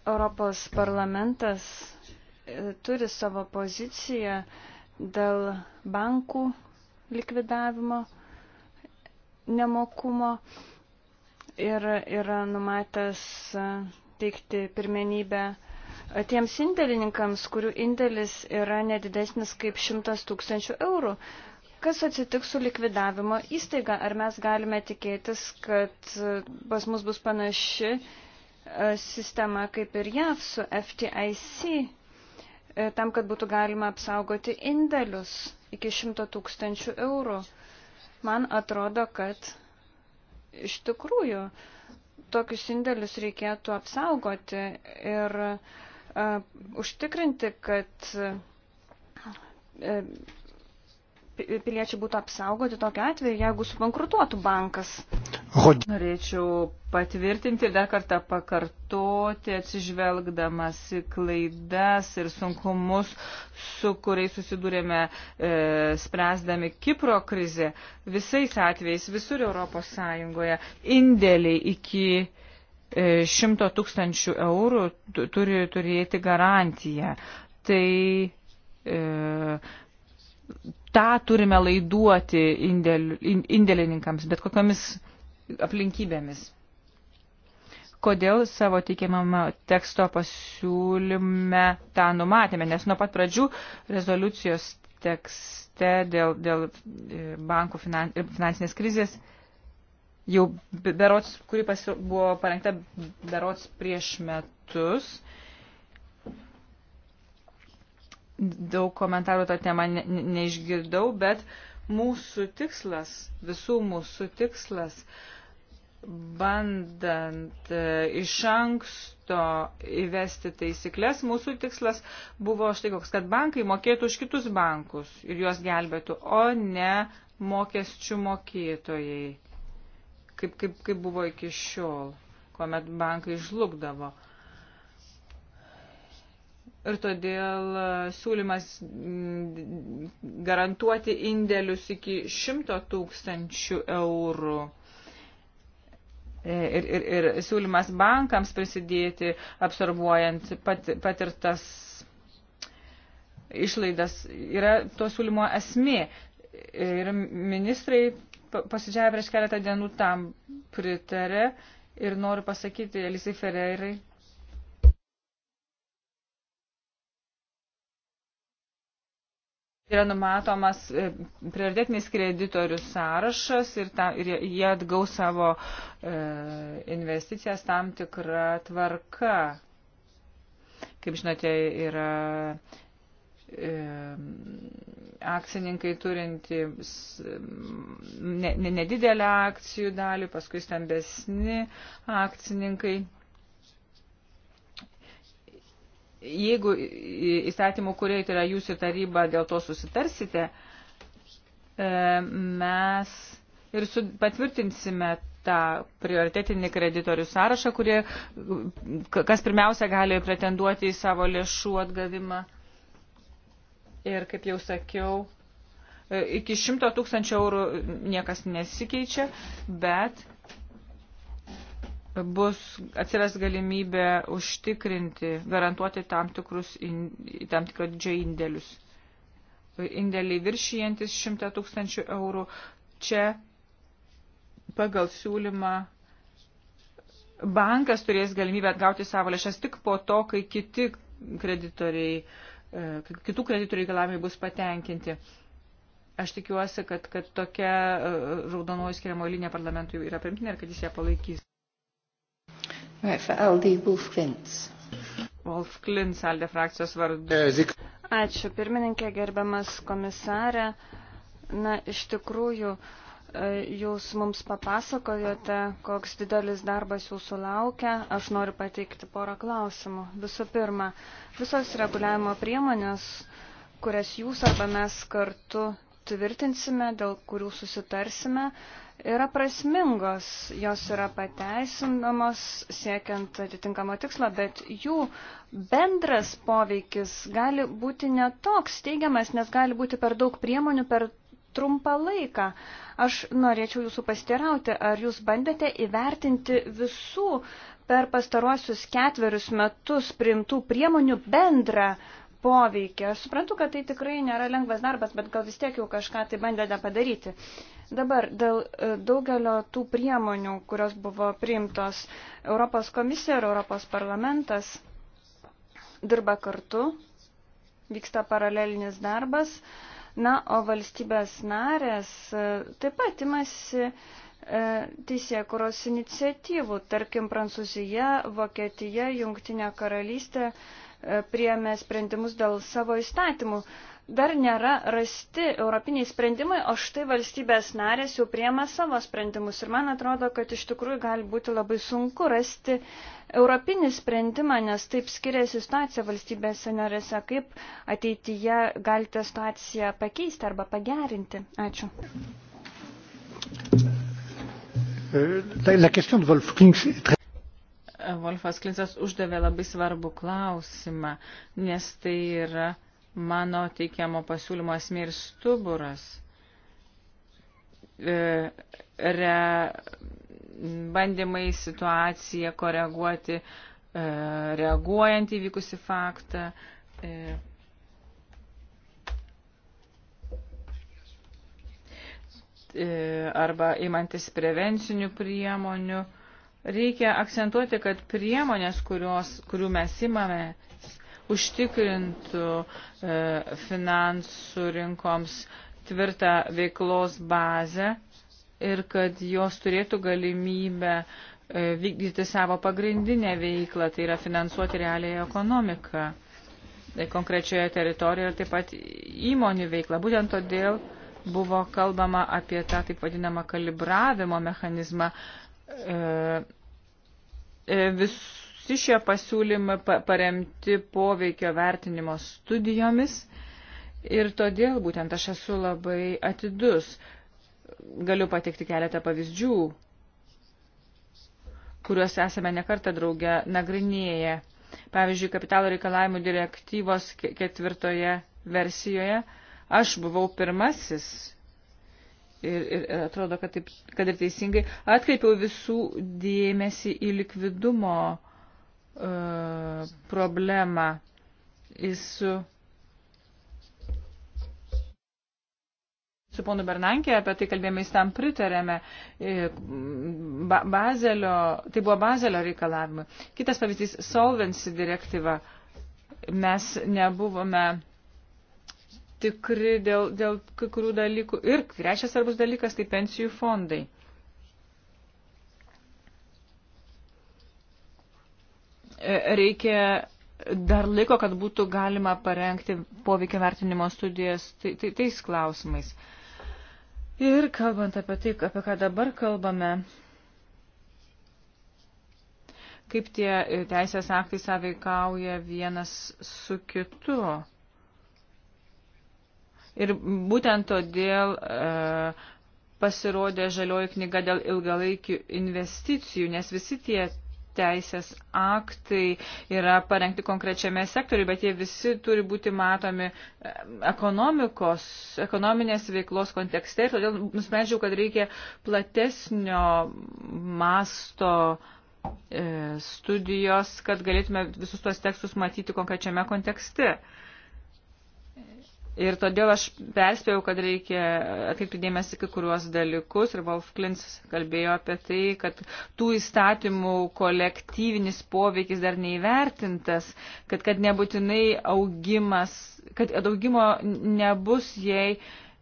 S4: Europos parlamentas e, turi savo poziciją dėl bankų likvidavimo, nemokumo ir yra numatęs e, teikti pirmenybę uh, tiems indėlininkams, kurių indėlis yra nedidesnis kaip 100 tūkstančių eurų. Kas atsitiks su likvidavimo įstaiga? Ar mes galime tikėtis, kad e, pas mus bus panaši e, sistema kaip ir JAV su FTIC, e, tam, kad būtų galima apsaugoti indėlius iki 100 tūkstančių eurų? Man atrodo, kad iš tikrųjų tokius indėlius reikėtų apsaugoti ir uh, užtikrinti, kad e, piliečiai būtų apsaugoti tokiu atveju, jeigu subankrutuotų bankas.
S2: Norėčiau patvirtinti ir dar kartą pakartoti, atsižvelgdamas į klaidas ir sunkumus, su kuriais susidūrėme e, spręsdami Kipro krizę. Visais atvejais, visur Europos Sąjungoje, indėliai iki 100 e, tūkstančių eurų turi turėti garantiją. Tai e, tą turime laiduoti indėl, indėlininkams, bet kokiamis aplinkybėmis. Kodėl savo teikiamame teksto pasiūlyme tą numatėme, nes nuo pat pradžių rezoliucijos tekste dėl, dėl e, bankų finan, finansinės krizės e, jau berots, kuri pasir... buvo parengta berots prieš metus. Daug komentarų tą temą ne, neišgirdau, bet mūsų tikslas, visų mūsų tikslas, bandant e, iš anksto įvesti taisyklės, mūsų tikslas buvo štai koks, kad bankai mokėtų už kitus bankus ir juos gelbėtų, o ne mokesčių mokėtojai kaip, kaip, kaip buvo iki šiol, kuomet bankai žlugdavo. Ir todėl e, siūlymas garantuoti indėlius iki 100 tūkstančių eurų. E, ir, ir, ir siūlymas bankams prisidėti, absorbuojant pat, patirtas išlaidas, yra to siūlymo esmė. Ir ministrai posėdžiaja prieš keletą dienų tam pritarė ir noriu pasakyti Elisai Ferreirai. Yra numatomas e, prioritetinis kreditorių sąrašas ir, ta, ir jie atgaus savo e, investicijas tam tikrą tvarką. Kaip žinote, yra e, akcininkai turintys ne, ne, nedidelę akcijų dalį, paskui stambesni akcininkai. Jeigu įstatymų kuriai, tai yra jūsų taryba, dėl to susitarsite, e, mes ir su, patvirtinsime tą prioritetinį kreditorių sąrašą, kurie, kas pirmiausia gali pretenduoti į savo lėšų atgavimą. Ir kaip jau sakiau, e, iki 100 tūkstančių eurų niekas nesikeičia, bet bus atsiras galimybė užtikrinti, garantuoti tam, tikrus, tam tikro didžio indėlius. Indėliai viršijantis 100 tūkstančių eurų čia pagal siūlymą bankas turės galimybę atgauti savo lėšas tik po to, kai kiti kreditoriai uh, E, kitų kreditų reikalavimai bus patenkinti. Aš tikiuosi, kad, kad tokia e, raudonoji skiriamo linija parlamentui yra primtinė ir kad jis ją palaikys.
S4: Right, for Aldi Wolf Klintz.
S2: Wolf Klintz, Alde frakcijos vardu. Eh,
S4: Ačiū, pirmininkė, gerbiamas komisarė. Na, iš tikrųjų, uh, E, jūs mums papasakojote, koks didelis darbas jūsų laukia. Aš noriu pateikti porą klausimų. Visų pirma, visos reguliavimo priemonės, kurias jūs arba mes kartu tvirtinsime, dėl kurių susitarsime, yra prasmingos. Jos yra pateisinamos siekiant atitinkamo tikslo, bet jų bendras poveikis gali būti netoks teigiamas, nes gali būti per daug priemonių, per trumpą laiką. Aš norėčiau jūsų pastirauti, ar jūs bandėte įvertinti visų per pastaruosius ketverius metus primtų priemonių bendrą poveikį. Aš suprantu, kad tai tikrai nėra lengvas darbas, bet gal vis tiek jau kažką tai bandėte padaryti. Dabar dėl e, daugelio tų priemonių, kurios buvo priimtos Europos komisija ir Europos parlamentas, dirba kartu, vyksta paralelinis darbas. Uh, Na, o valstybės narės e, taip pat imasi e, teisėkuros iniciatyvų. Tarkim, Prancūzija, Vokietija, Jungtinė karalystė e, priemė sprendimus dėl savo įstatymų dar nėra rasti europiniai sprendimai, o štai valstybės narės jau priema savo sprendimus. Ir man atrodo, kad iš tikrųjų gali būti labai sunku rasti europinį sprendimą, nes taip skiriasi situacija valstybėse narėse, kaip ateityje galite situaciją pakeisti arba pagerinti. Ačiū.
S1: Euh, la question de Wolf Klings est très...
S2: Wolfas Klinsas uždavė labai svarbų klausimą, nes tai yra mano teikiamo pasiūlymo esmė ir stuburas. E, re, bandymai situaciją koreguoti, e, reaguojant įvykusi faktą. E, arba imantis prevencinių priemonių. Reikia akcentuoti, kad priemonės, kurios, kurių mes imame, užtikrintų e, finansų rinkoms tvirtą veiklos bazę ir kad jos turėtų galimybę e, vykdyti savo pagrindinę veiklą, tai yra finansuoti realią ekonomiką tai konkrečioje teritorijoje ir taip pat įmonių veiklą. Būtent todėl buvo kalbama apie tą taip vadinamą kalibravimo mechanizmą e, vis Visi šie pasiūlymai paremti poveikio vertinimo studijomis ir todėl būtent aš esu labai atidus. Galiu patikti keletą pavyzdžių, kuriuos esame nekartą draugę nagrinėję. Pavyzdžiui, kapitalo reikalavimų direktyvos ketvirtoje versijoje aš buvau pirmasis ir, ir atrodo, kad, taip, kad ir teisingai atkreipiau visų dėmesį į likvidumo Uh, problemą su, su ponu Bernankė, apie tai kalbėjome, jis tam pritarėme, mm, ba, bazelio, tai buvo bazelio reikalavimai. Kitas pavyzdys - solvency direktyva. Mes nebuvome tikri dėl, dėl kai kurių dalykų. Ir trečias svarbus dalykas - tai pensijų fondai. E, reikia dar laiko, kad būtų galima parengti poveikio vertinimo studijas tai, tai, tais klausimais. Ir kalbant apie tai, apie ką dabar kalbame, kaip tie teisės aktai sąveikauja vienas su kitu. Ir būtent todėl e, pasirodė žalioji knyga dėl ilgalaikių investicijų, nes visi tie teisės aktai yra parengti konkrečiame sektoriu, bet jie visi turi būti matomi ekonomikos, ekonominės veiklos kontekste ir todėl nusprendžiau, kad reikia platesnio masto e, studijos, kad galėtume visus tuos tekstus matyti konkrečiame kontekste. E, Ir todėl aš perspėjau, kad reikia atkreipti dėmesį kai kuriuos dalykus ir Wolf Klins kalbėjo apie tai, kad tų įstatymų kolektyvinis poveikis dar neįvertintas, kad, kad nebūtinai augimas, kad augimo nebus, jei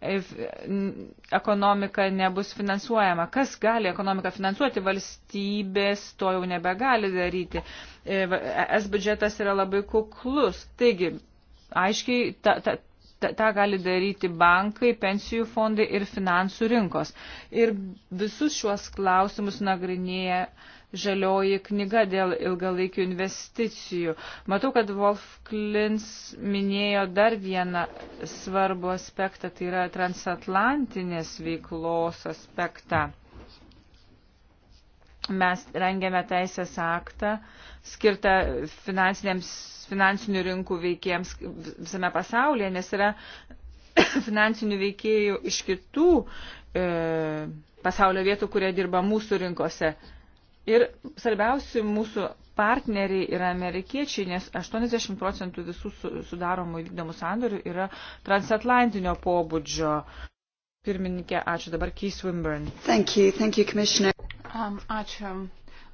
S2: ekonomika nebus finansuojama. Kas gali ekonomiką finansuoti? Valstybės to jau nebegali daryti. Es e biudžetas yra labai kuklus. Taigi, aiškiai ta, ta, tą gali daryti bankai, pensijų fondai ir finansų rinkos. Ir visus šiuos klausimus nagrinėja žalioji knyga dėl ilgalaikių investicijų. Matau, kad Wolf Klins minėjo dar vieną svarbų aspektą, tai yra transatlantinės veiklos aspektą. Mes rengėme teisės aktą skirtą finansinių rinkų veikėjams visame pasaulyje, nes yra <coughs> finansinių veikėjų iš kitų e, pasaulio vietų, kurie dirba mūsų rinkose. Ir svarbiausi mūsų partneriai yra amerikiečiai, nes 80 procentų visų sudaromų vykdomų sandorių yra transatlantinio pobūdžio. Pirmininkė, ačiū dabar Keith Swinburne.
S3: Thank you, thank you, Commissioner. Ačiū.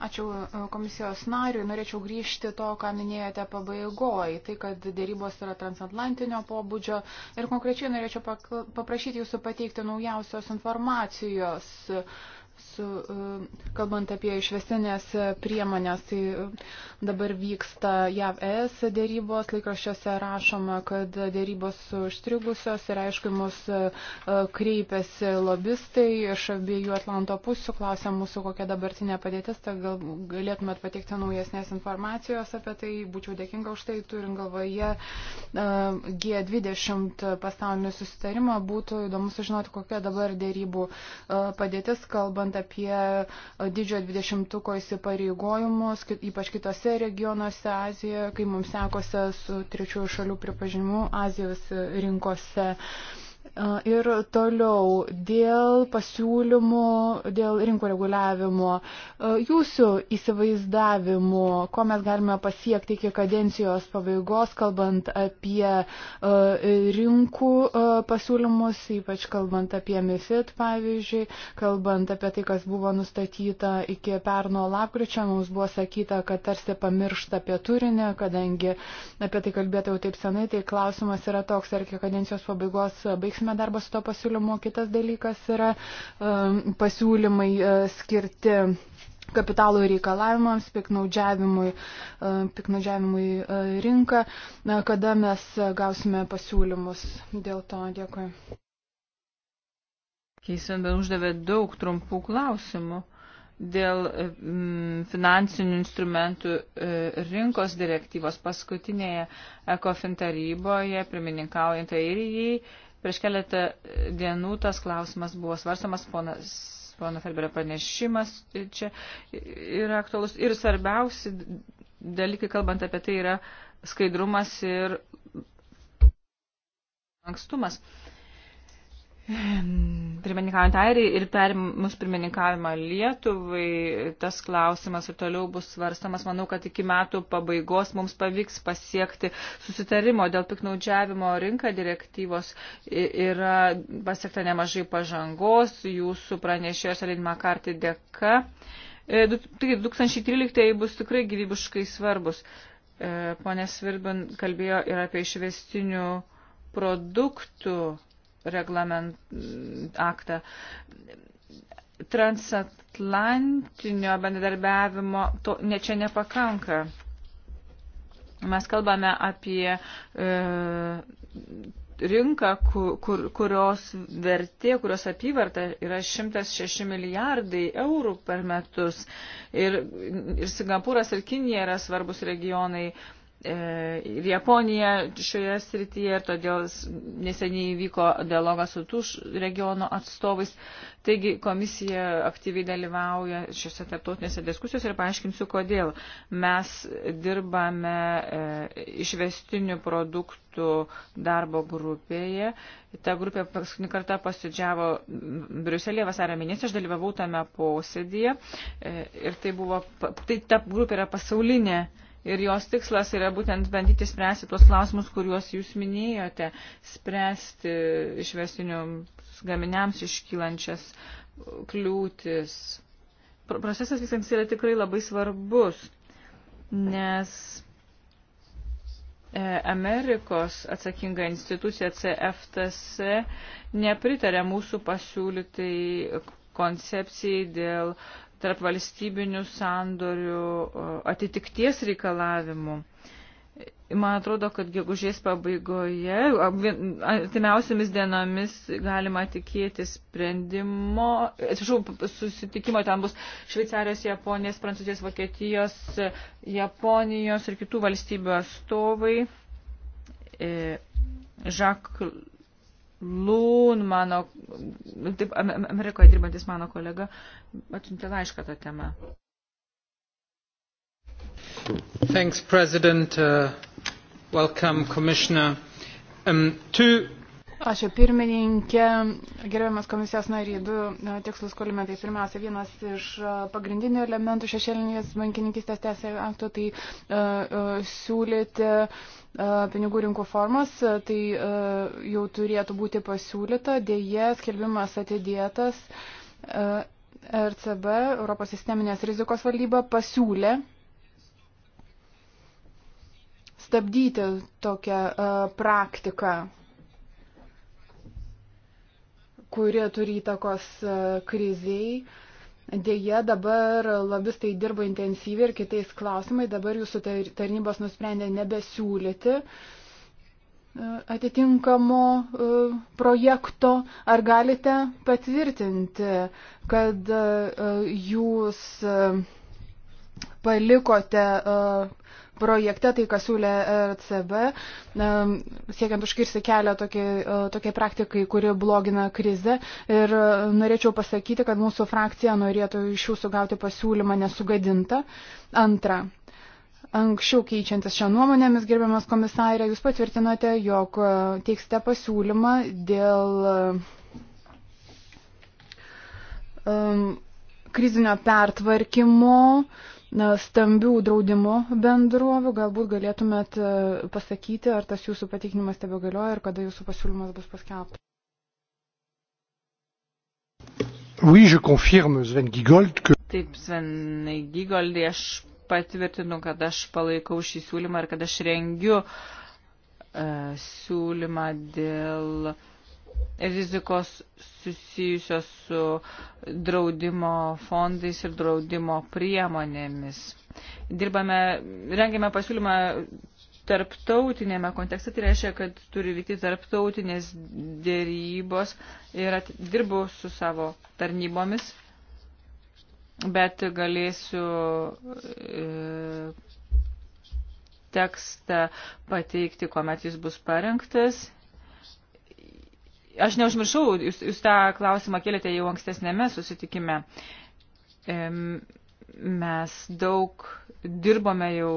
S3: Ačiū e, komisijos nariui. Norėčiau grįžti to, ką minėjote pabaigoje, tai kad dėrybos yra transatlantinio pobūdžio. Ir konkrečiai norėčiau paprašyti jūsų pateikti naujausios informacijos su, e, kalbant apie išvestinės priemonės, tai e, dabar vyksta JAV ES dėrybos, laikraščiuose rašoma, kad dėrybos užstrigusios ir aišku, mus e, kreipiasi lobistai iš abiejų Atlanto pusių, klausia mūsų, kokia dabartinė padėtis, tai gal galėtumėt pateikti naujasnės informacijos apie tai, būčiau dėkinga už tai, turint galvoje G20 pasaulinį susitarimą, būtų įdomu sužinoti, kokia dabar dėrybų padėtis, kalbant kalbant apie didžiojo dvidešimtuko įsipareigojimus, ypač kitose regionuose Azijoje, kai mums sekose su trečiųjų šalių pripažinimu Azijos e, rinkose. Uh, Ir toliau dėl pasiūlymų, dėl rinkų reguliavimo, jūsų įsivaizdavimu, ko mes galime pasiekti iki kadencijos pabaigos, kalbant apie rinkų pasiūlymus, ypač kalbant apie MIFID, pavyzdžiui, kalbant apie tai, kas buvo nustatyta iki perno lapkričio, mums buvo sakyta, kad tarsi pamiršta apie turinę, kadangi apie tai kalbėta jau taip senai, tai klausimas yra toks, ar iki kadencijos pabaigos baigs baigsime darbą su to pasiūlymu. Kitas dalykas yra um, pasiūlymai uh, skirti kapitalo reikalavimams, piknaudžiavimui, uh, piknaudžiavimui uh, rinką, kada mes gausime pasiūlymus. Dėl to dėkui.
S2: Keisim, bet uždavė daug trumpų klausimų dėl mm, finansinių instrumentų e, rinkos direktyvos paskutinėje ECOFIN taryboje, pirmininkaujant airijai, Prieš keletą dienų tas klausimas buvo svarstamas ponas. Pono Ferberio pranešimas čia yra aktualus. Ir svarbiausi dalykai, kalbant apie tai, yra skaidrumas ir ankstumas. Uh,
S3: Pirmininkaujant
S2: Airijai ir perimus pirmininkavimą Lietuvai, tas klausimas ir toliau bus svarstamas. Manau, kad iki metų pabaigos mums pavyks pasiekti susitarimo dėl piknaudžiavimo rinką direktyvos. Yra pasiekta nemažai pažangos jūsų pranešėjos Alinma Kartį dėka. E, taigi 2013 bus tikrai gyvybiškai svarbus. E, Pone Svirbin kalbėjo ir apie išvestinių produktų reglament mm, aktą. Transatlantinio bendradarbiavimo to, ne čia nepakanka. Mes kalbame apie e, rinką, kur, kur, kurios vertė, kurios apyvarta yra 106 milijardai eurų per metus. Ir, ir Singapūras ir Kinija yra svarbus regionai E, ir Japonija šioje srityje ir todėl neseniai įvyko dialogas su tų regiono atstovais. Taigi komisija aktyviai dalyvauja šiuose tarptautinėse diskusijose ir paaiškinsiu, kodėl mes dirbame e, išvestinių produktų darbo grupėje. Ta grupė paskutinį kartą pasidžiavo Briuselėje vasario mėnesį, aš dalyvavau tame posėdėje e, ir tai buvo, tai ta grupė yra pasaulinė ir jos tikslas yra būtent bandyti spręsti tuos klausimus, kuriuos jūs minėjote, spręsti išvestinių gaminiams iškylančias kliūtis. Procesas visiems yra tikrai labai svarbus, nes e, Amerikos atsakinga institucija CFTC nepritarė mūsų pasiūlytai koncepcijai dėl uh, tarp valstybinių sandorių atitikties reikalavimų. Man atrodo, kad gegužės pabaigoje, artimiausiamis dienomis galima tikėti sprendimo, atsiprašau, susitikimo ten bus Šveicarijos, Japonijos, Prancūzijos, Vokietijos, Japonijos ir kitų valstybių atstovai. Žak e, Lūn, mano, taip, Amerikoje dirbantis mano kolega, atsiuntė laišką tą temą.
S1: Thanks, President. Uh, welcome, Commissioner.
S3: Um, two Ačiū pirmininkė, gerbiamas komisijos nariai, du e, tikslus kolimentai. Pirmiausia, vienas iš e, pagrindinių elementų šešėlinės bankininkistės teisė akto, tai uh, uh, siūlyti uh, pinigų rinkų formas, tai uh, jau turėtų būti pasiūlyta, dėje skelbimas atidėtas. Uh, RCB, Europos sisteminės rizikos valdyba, pasiūlė stabdyti tokią uh, praktiką kurie turi įtakos e, kriziai. Deja, dabar lobistai dirba intensyviai ir kitais klausimais, dabar jūsų tarnybos nusprendė nebesiūlyti e, atitinkamo e, projekto. Ar galite patvirtinti, kad jūs palikote projekte, tai kas siūlė RCB, siekiant užkirsti kelią tokiai, e, tokiai praktikai, kuri blogina krizę. Ir e, norėčiau pasakyti, kad mūsų frakcija norėtų iš jūsų gauti pasiūlymą nesugadintą. Antra. Anksčiau keičiantis šią nuomonėmis, gerbiamas komisarė, jūs patvirtinote, jog e, teiksite pasiūlymą dėl um, krizinio pertvarkymo uh, stambių draudimo bendrovių. Galbūt galėtumėt e, pasakyti, ar tas jūsų patikinimas tebe galioja ir kada jūsų pasiūlymas bus paskelbtas.
S1: Oui, je confirme, Sven Gigold, que...
S3: Taip, Svenai Gigoldai, aš
S2: patvirtinu, kad aš palaikau šį siūlymą ir kad aš rengiu uh, siūlymą dėl uh, rizikos susijusios su draudimo fondais ir draudimo priemonėmis. Dirbame, rengėme pasiūlymą tarptautinėme kontekste, tai reiškia, kad turi vykti tarptautinės dėrybos ir at, dirbu su savo tarnybomis, bet galėsiu e, tekstą pateikti, kuomet jis bus parengtas Aš neužmiršau, jūs, jūs tą klausimą kėlėte jau ankstesnėme susitikime. Mes daug dirbome jau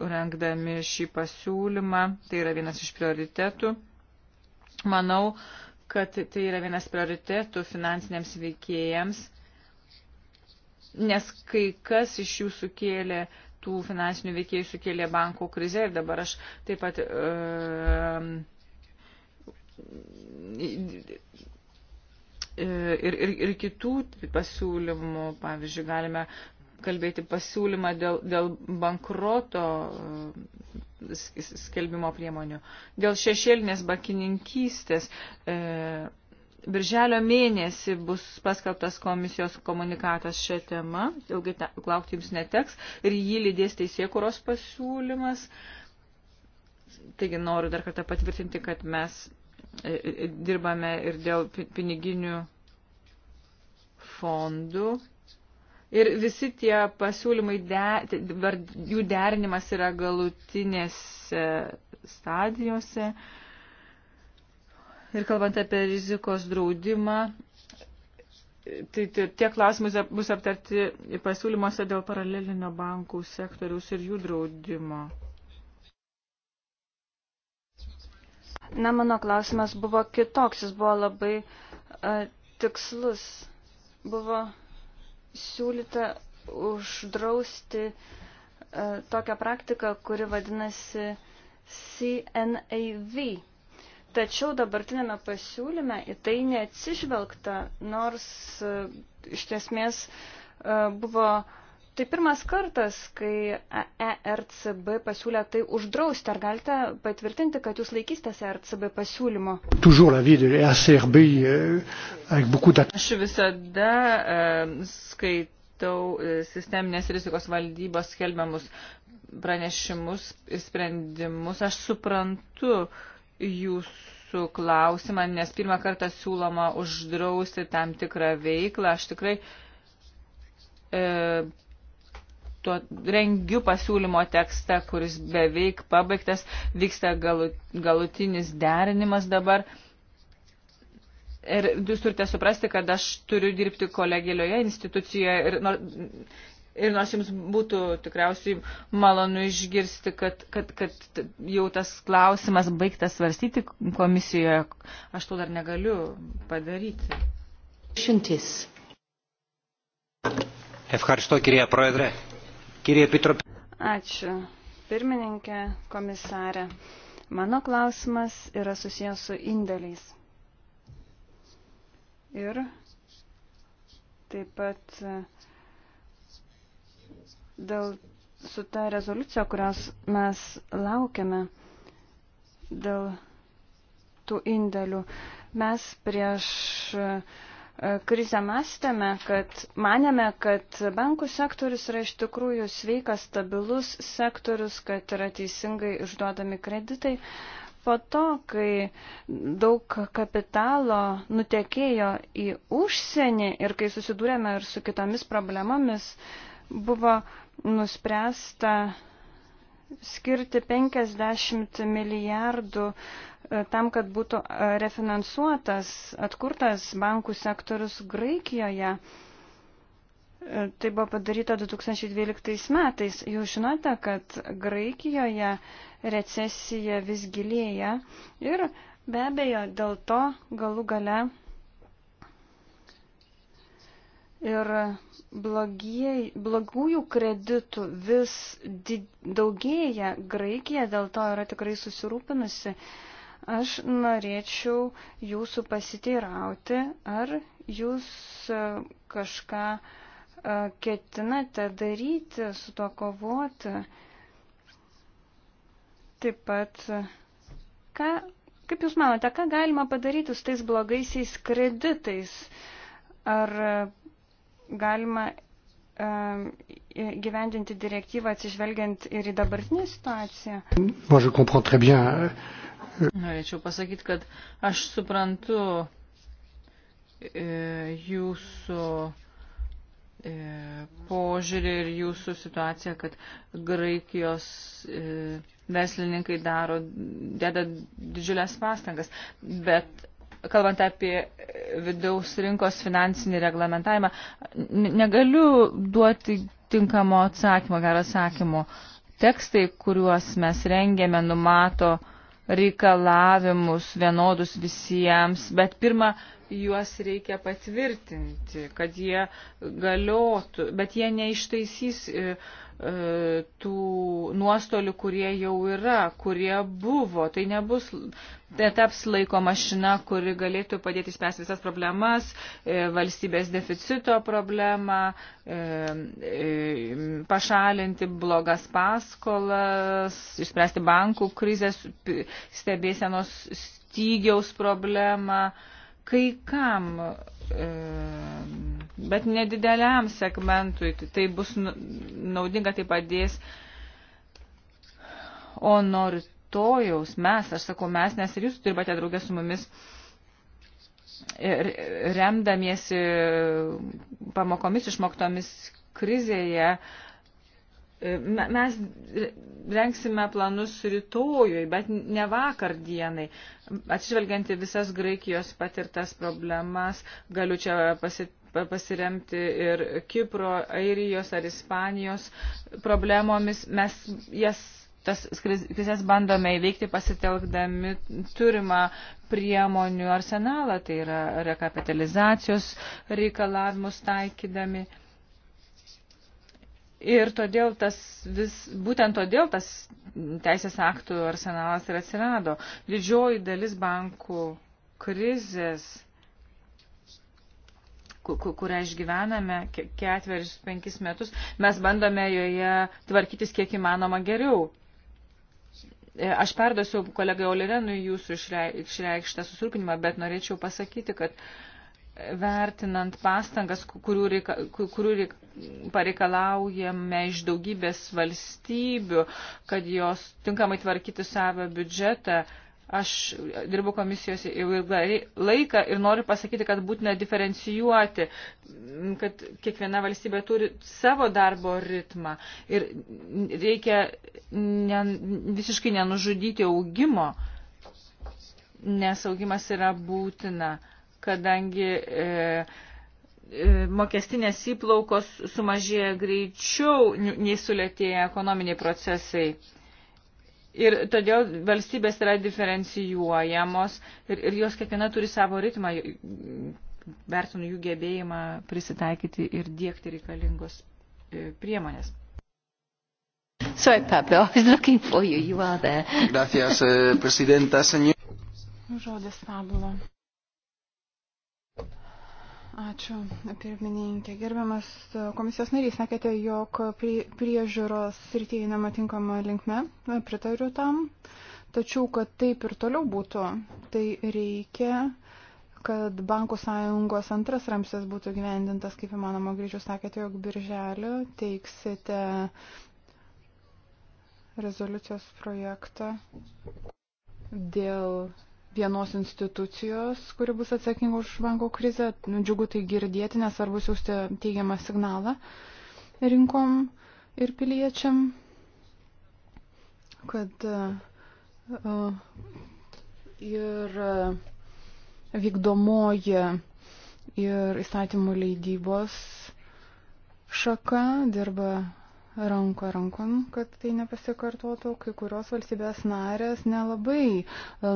S2: rengdami šį pasiūlymą, tai yra vienas iš prioritetų. Manau, kad tai yra vienas prioritetų finansiniams veikėjams, nes kai kas iš jų sukėlė tų finansinių veikėjų sukėlė bankų krizę ir dabar aš taip pat e, ir, ir, ir kitų pasiūlymų, pavyzdžiui, galime kalbėti pasiūlymą dėl, dėl bankroto e, skelbimo priemonių, dėl šešėlinės bankininkystės. E, birželio mėnesį bus paskelbtas komisijos komunikatas šią temą, ilgai te, laukti jums neteks, ir jį lydės teisėkuros pasiūlymas. Taigi noriu dar kartą patvirtinti, kad mes E, e, dirbame ir dėl piniginių fondų. Ir visi tie pasiūlymai, de, jų derinimas yra galutinėse stadijose. Ir kalbant apie rizikos draudimą, tai, tai tie klausimai bus aptarti pasiūlymuose dėl paralelinio bankų sektoriaus ir jų draudimo.
S4: Na, mano klausimas buvo kitoks, jis buvo labai uh, tikslus. Buvo siūlyta uždrausti uh, tokią praktiką, kuri vadinasi CNAV. Tačiau dabartinėme pasiūlyme į tai neatsižvelgta, nors uh, iš tiesmės uh, buvo uh, Tai pirmas kartas, kai ERCB e pasiūlė tai uždrausti. Ar galite patvirtinti, kad jūs laikysitės ERCB e pasiūlymo?
S1: E euh,
S4: Aš
S2: visada euh, skaitau euh, sisteminės rizikos valdybos skelbiamus pranešimus ir sprendimus. Aš suprantu jūsų klausimą, nes pirmą kartą siūloma uždrausti tam tikrą veiklą. Aš tikrai e, tuo rengiu pasiūlymo tekstą, kuris beveik pabaigtas, vyksta galutinis derinimas dabar. Ir jūs turite suprasti, kad aš turiu dirbti kolegėlioje institucijoje ir, ir nors jums būtų tikriausiai malonu išgirsti, kad, kad, kad jau tas klausimas baigtas svarstyti komisijoje, aš to dar negaliu padaryti.
S1: Šimtis. Ευχαριστώ κυρία Πρόεδρε. Kyrie Pitropė.
S4: Ačiū. Pirmininkė, komisarė. Mano klausimas yra susijęs su indėliais. Ir taip pat e, dėl su ta rezoliucija, kurios mes laukiame dėl tų indėlių. Mes prieš uh, krizę mąstėme, kad manėme, kad bankų sektorius yra iš tikrųjų sveikas, stabilus sektorius, kad yra teisingai išduodami kreditai. Po to, kai daug kapitalo nutekėjo į užsienį ir kai susidūrėme ir su kitomis problemomis, buvo nuspręsta skirti 50 milijardų E, tam, kad būtų e, refinansuotas, atkurtas bankų sektorius Graikijoje. E, tai buvo padaryta 2012 metais. Jūs žinote, kad Graikijoje recesija vis gilėja ir be abejo dėl to galų gale ir blogiej, blogųjų kreditų vis did, daugėja. Graikija dėl to yra tikrai susirūpinusi. Uh, Aš norėčiau jūsų pasiteirauti, ar jūs e, kažką e, ketinate daryti, su tuo kovoti. Taip pat, e, ką, kaip Jūs manote, ką galima padaryti su tais blogaisiais kreditais? Ar galima gyvendinti direktyvą atsižvelgiant ir į dabartinę situaciją?
S1: Moi,
S2: Norėčiau pasakyti, kad aš suprantu e, jūsų e, požiūrį ir jūsų situaciją, kad Graikijos e, verslininkai daro, deda didžiulės pastangas. Bet kalbant apie vidaus rinkos finansinį reglamentavimą, negaliu duoti tinkamo atsakymo, gerą atsakymo. Tekstai, kuriuos mes rengėme, numato, reikalavimus vienodus visiems, bet pirmą juos reikia patvirtinti, kad jie galiotų, bet jie neištaisys e, E, tų nuostolių, kurie jau yra, kurie buvo. Tai nebus, tai taps laiko mašina, kuri galėtų padėti spręsti visas problemas, e, valstybės deficito problemą, e, pašalinti blogas paskolas, išspręsti bankų krizės, stebėsenos stygiaus problemą. Kai kam bet nedideliam segmentui tai, tai bus nu, naudinga, tai padės. O nuo rytojaus mes, aš sakau mes, nes ir jūs dirbate draugę su mumis, remdamiesi pamokomis išmoktomis krizėje, Mes rengsime planus rytojui, bet ne vakar dienai. Atsižvelgianti visas Graikijos patirtas problemas, galiu čia pasitikti pasiremti ir Kipro, Airijos ar Ispanijos problemomis. Mes jas tas krizės bandome įveikti pasitelkdami turimą priemonių arsenalą, tai yra rekapitalizacijos reikalavimus taikydami. Ir todėl tas vis, būtent todėl tas teisės aktų arsenalas ir atsirado. Didžioji dalis bankų krizės, kurią išgyvename ketveris, penkis metus, mes bandome joje tvarkytis kiek įmanoma geriau. E, aš perduosiu kolegai Olirenui jūsų išreikštą susirūpinimą, bet norėčiau pasakyti, kad uh, vertinant pastangas, kurių, reika, kurių reika, pareikalaujame iš daugybės valstybių, kad jos tinkamai tvarkyti savo biudžetą. Aš dirbu komisijose ilgą laiką ir noriu pasakyti, kad būtina diferencijuoti, kad kiekviena valstybė turi savo darbo ritmą ir reikia ne, visiškai nenužudyti augimo, nes augimas yra būtina. Uh, kadangi e, e, mokestinės įplaukos sumažėja greičiau nei sulėtėja ekonominiai procesai. Ir todėl valstybės yra diferencijuojamos ir, ir jos kiekviena turi savo ritmą, vertinu jų gebėjimą prisitaikyti ir dėkti reikalingos e, priemonės.
S1: Sorry, Pablo, I was looking for you. You are there. Gracias, eh, presidenta, señor.
S3: Žodis Pablo. Ačiū, pirmininkė. Gerbiamas komisijos narys, sakėte, jog priežiūros srityje nematinkama linkme, pritariu tam, tačiau, kad taip ir toliau būtų, tai reikia, kad bankų sąjungos antras ramsis būtų gyvendintas, kaip įmanoma greičiau, sakėte, jog birželio teiksite rezoliucijos projektą dėl vienos institucijos, kuri bus atsakinga už banko krizę. Nu, džiugu tai girdėti, nes svarbu siūsti teigiamą signalą rinkom ir piliečiam, kad uh, ir e, vykdomoji ir įstatymų leidybos šaka dirba ranko rankom, kad tai nepasikartotų. Kai kurios valstybės narės nelabai e,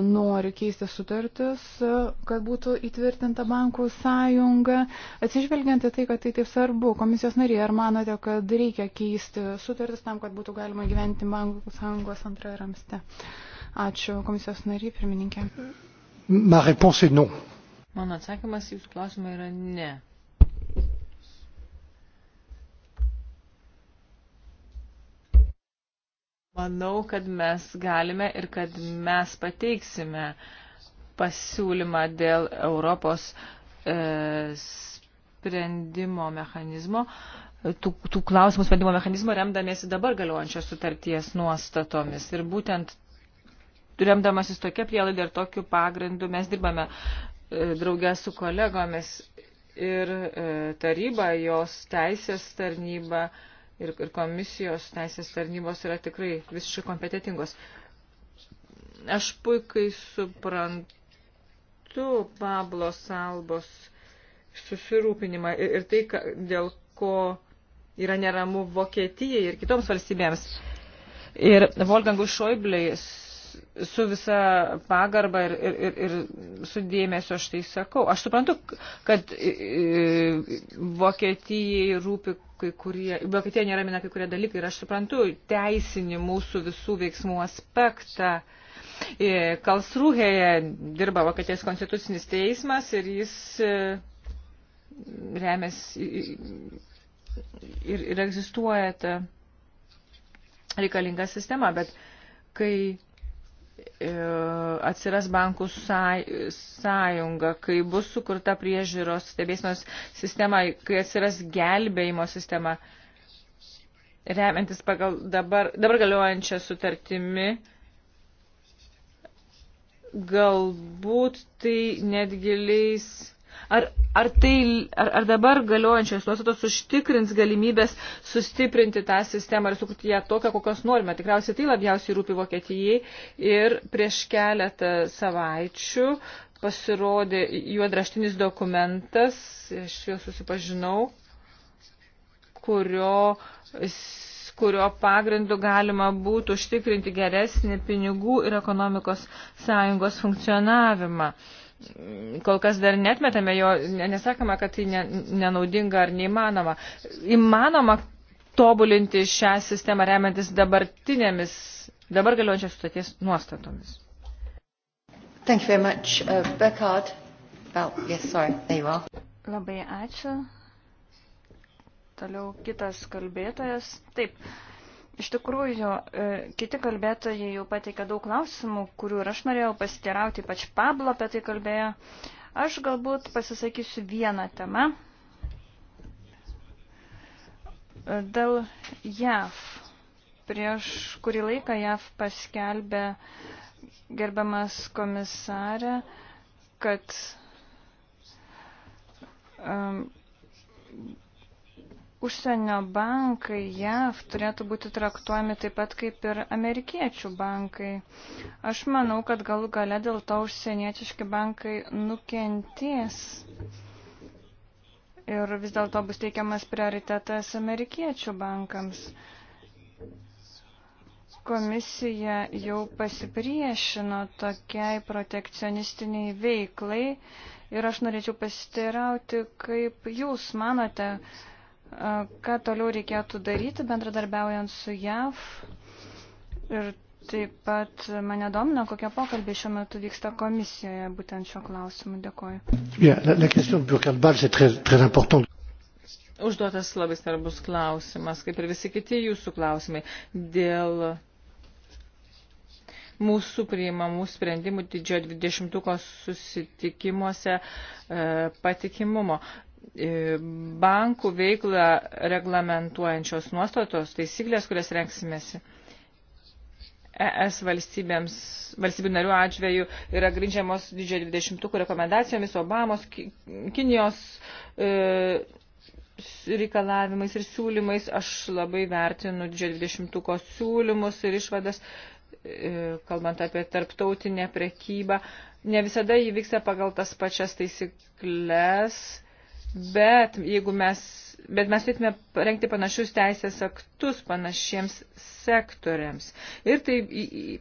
S3: nori keisti sutartis, e, kad būtų įtvirtinta bankų sąjunga. Atsižvelgiant į tai, kad tai taip svarbu, komisijos nariai, ar manote, kad reikia keisti sutartis tam, kad būtų galima gyventi bankų sąjungos antrąją ramstę? Ačiū komisijos nariai, pirmininkė. Mano atsakymas jūsų klausimą yra ne.
S2: Manau, kad mes galime ir kad mes pateiksime pasiūlymą dėl Europos e, sprendimo mechanizmo, tų, tų klausimų sprendimo mechanizmo remdamiesi dabar galiojančios sutarties nuostatomis. Ir būtent remdamasis tokia prielaida ir tokiu pagrindu mes dirbame e, draugę su kolegomis ir e, taryba, jos teisės tarnyba. E, ir, ir komisijos teisės tarnybos yra tikrai visiškai kompetitingos. Aš puikiai suprantu Pablo Salbos susirūpinimą ir, ir tai, ka, dėl ko yra neramu Vokietijai ir kitoms valstybėms. Ir Volgangui Šoibliai su visa pagarba ir, ir, ir, ir su dėmesio aš tai sakau. Aš suprantu, kad e, e, Vokietijai rūpi kai kurie, Vokietija neramina kai kurie dalykai ir aš suprantu teisinį mūsų visų veiksmų aspektą. E, Kalsrūhėje dirba Vokietijos konstitucinis teismas ir jis remės ir, ir egzistuoja ta reikalinga sistema, bet kai E, atsiras bankų sąjunga, kai bus sukurta priežiūros stebėsinos sistema, kai atsiras gelbėjimo sistema, remiantis pagal dabar, dabar galiojančią sutartimi, galbūt tai netgi leis Ar, ar, tai, ar, ar dabar galiojančios nuostatos užtikrins galimybės sustiprinti tą sistemą ir sukurti ją tokią, kokios norime? Tikriausiai tai labiausiai rūpi Vokietijai. Ir prieš keletą savaičių pasirodė juodraštinis dokumentas, aš juos susipažinau, kurio kurio pagrindu galima būtų užtikrinti geresnį pinigų ir ekonomikos sąjungos funkcionavimą. Uh, kol kas dar netmetame jo, nesakome, kad tai nenaudinga ar neįmanoma. Įmanoma tobulinti šią sistemą remiantis dabartinėmis, dabar galiojančios sutarties nuostatomis.
S4: Thank you very much. Uh, Burkhard. Well, oh, yes, sorry, there you are. Labai ačiū. Toliau kitas kalbėtojas. Taip, uh, Iš tikrųjų, e, kiti kalbėtojai jau pateikė daug klausimų, kurių ir aš norėjau pasitėrauti, ypač Pablo apie tai kalbėjo. Aš galbūt pasisakysiu vieną temą e, dėl JAV. Prieš kurį laiką JAV paskelbė gerbiamas komisarė, kad um, užsienio bankai JAV turėtų būti traktuojami taip pat kaip ir amerikiečių bankai. Aš manau, kad galų gale dėl to užsieniečiški bankai nukenties ir vis dėlto bus teikiamas prioritetas amerikiečių bankams. Komisija jau pasipriešino tokiai protekcionistiniai veiklai ir aš norėčiau pasiteirauti, kaip jūs manote, ką toliau reikėtų daryti bendradarbiaujant su JAV. Ir taip pat mane domina, kokie pokalbiai šiuo metu vyksta komisijoje būtent šiuo klausimu. Dėkoju.
S1: Yeah, la, la
S2: Užduotas labai svarbus klausimas, kaip ir visi kiti jūsų klausimai, dėl mūsų priimamų sprendimų didžiojo dvidešimtuko susitikimuose e, patikimumo bankų veiklą reglamentuojančios nuostatos, taisyklės, kurias renksimėsi. ES valstybėms, valstybių narių atžvėjų yra grindžiamos didžiojo 20 rekomendacijomis Obamos, Kinijos e, reikalavimais ir siūlymais. Aš labai vertinu didžiojo 20 siūlymus ir išvadas, e, kalbant apie tarptautinę prekybą. Ne visada jį vyksta pagal tas pačias taisyklės bet jeigu mes, bet mes turėtume parengti panašius teisės aktus panašiems sektoriams. Ir tai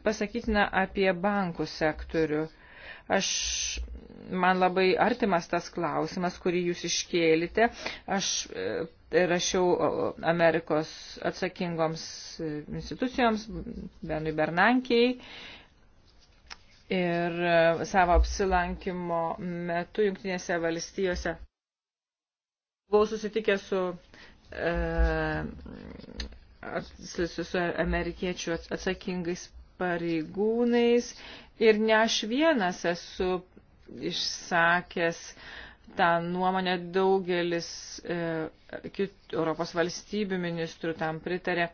S2: pasakytina apie bankų sektorių. Aš, man labai artimas tas klausimas, kurį jūs iškėlite. Aš e, rašiau Amerikos atsakingoms e, institucijoms, Benui Bernankiai, ir e, savo apsilankimo metu Junktinėse valstijose Buvau susitikęs su, e, su, su, su amerikiečių atsakingais pareigūnais ir ne aš vienas esu išsakęs tą nuomonę daugelis e, kit, Europos valstybių ministrų tam pritarė.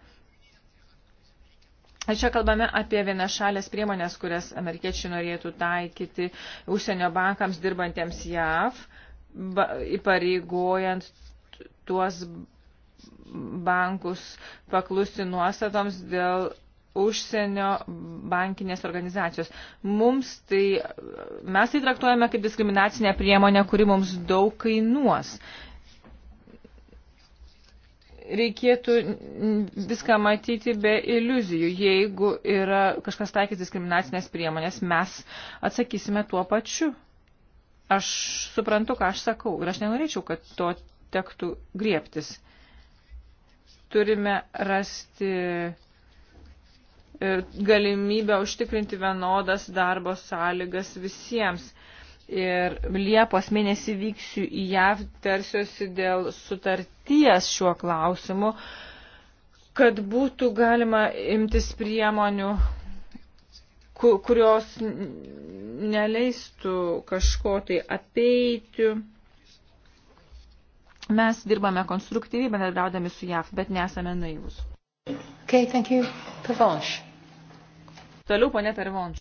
S2: Ir čia kalbame apie vienašalės priemonės, kurias amerikiečiai norėtų taikyti užsienio bankams dirbantiems JAV. E, įpareigojant tuos bankus paklusti nuostatoms dėl užsienio bankinės organizacijos. Mums tai, mes tai traktuojame kaip diskriminacinę priemonę, kuri mums daug kainuos. Reikėtų viską matyti be iliuzijų. Jeigu yra kažkas taikys diskriminacinės priemonės, mes atsakysime tuo pačiu. Aš suprantu, ką aš sakau ir aš nenorėčiau, kad to tektų griebtis. Turime rasti e, galimybę užtikrinti vienodas darbo sąlygas visiems. Ir Liepos mėnesį vyksiu į JAV, tarsiuosi dėl sutarties šiuo klausimu, kad būtų galima imtis priemonių kurios neleistų kažko tai apeiti. Mes dirbame konstruktyviai, bendradraudami su JAF, bet nesame naivus. Okay, thank you. Pervanche. Toliau, ponė Pervanche.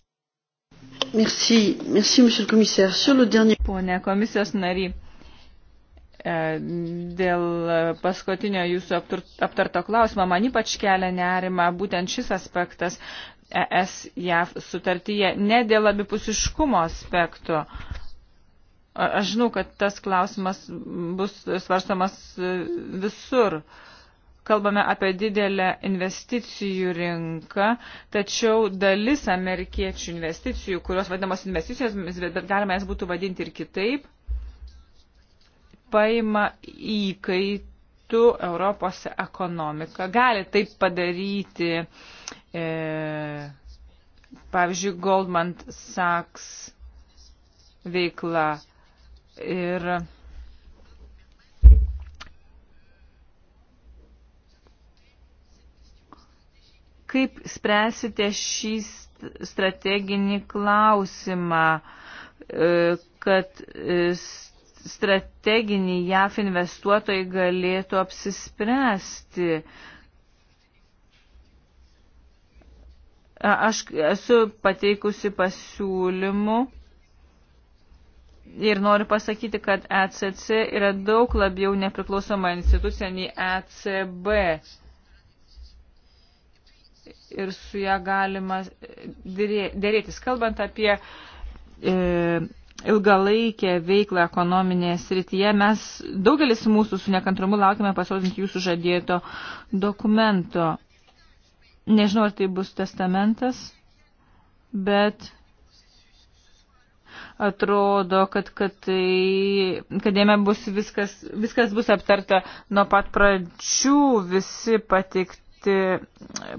S2: Merci, merci, monsieur le commissaire. Sur le dernier... Pone komisijos nary, e, dėl paskutinio jūsų aptarto klausimo, man ypač kelia nerima būtent šis aspektas, ES-JAF sutartyje, ne dėl abipusiškumo aspektų. Aš žinau, kad tas klausimas bus svarstamas visur. Kalbame apie didelę investicijų rinką, tačiau dalis amerikiečių investicijų, kurios vadinamos investicijos, bet galima jas būtų vadinti ir kitaip, paima įkaitų Europos ekonomiką. Gali taip padaryti E, pavyzdžiui, Goldman Sachs veikla ir kaip spręsite šį strateginį klausimą, e, kad e, strateginiai JAF investuotojai galėtų apsispręsti, Aš esu pateikusi pasiūlymų ir noriu pasakyti, kad ECC yra daug labiau nepriklausoma institucija nei ECB. Ir su ją galima e, dėrėtis. Kalbant apie
S1: e,
S2: ilgalaikę veiklą ekonominėje srityje, mes daugelis mūsų su nekantrumu laukime pasodinti jūsų žadėto dokumento. Nežinau, ar tai bus testamentas, bet atrodo, kad, kad, tai, kad jame bus viskas, viskas bus aptarta nuo pat pradžių visi patikti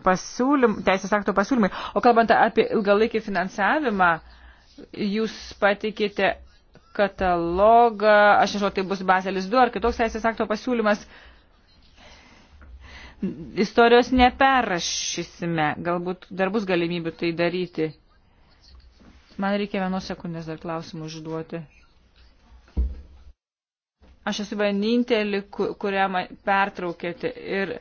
S2: pasiūlym, teisės akto pasiūlymai. O kalbant apie ilgalaikį finansavimą, jūs patikite katalogą, aš nežinau, tai bus Bazelis 2 ar kitoks teisės akto pasiūlymas. Uh, istorijos neperrašysime, galbūt dar bus galimybių tai daryti. Man reikia vienos sekundės dar klausimų užduoti. Aš esu vienintelė, kurią pertraukėte ir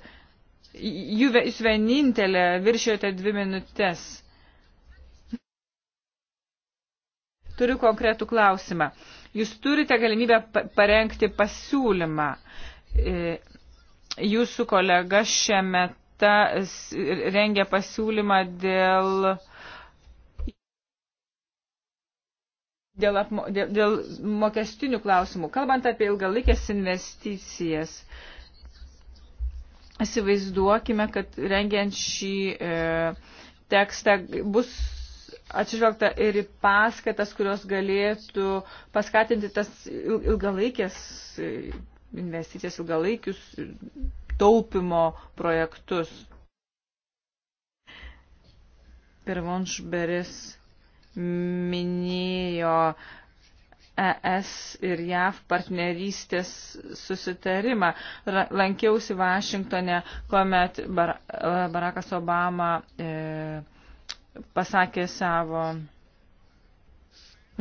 S2: jūs vienintelė viršijote dvi minutės. Turiu konkretų klausimą. Jūs turite galimybę parengti pasiūlymą e, jūsų kolega šiame ta rengia pasiūlymą dėl, dėl, apmo, dėl, dėl mokestinių klausimų. Kalbant apie ilgalaikės investicijas, įsivaizduokime, kad rengiant šį e, tekstą bus atsižvelgta ir į paskatas, kurios galėtų paskatinti tas ilgalaikės investicijas ilgalaikius taupimo projektus. Pirvonšberis minėjo ES ir JAV partnerystės susitarimą. Lankiausi Vašingtone, kuomet Bar e, Barackas Obama e, pasakė savo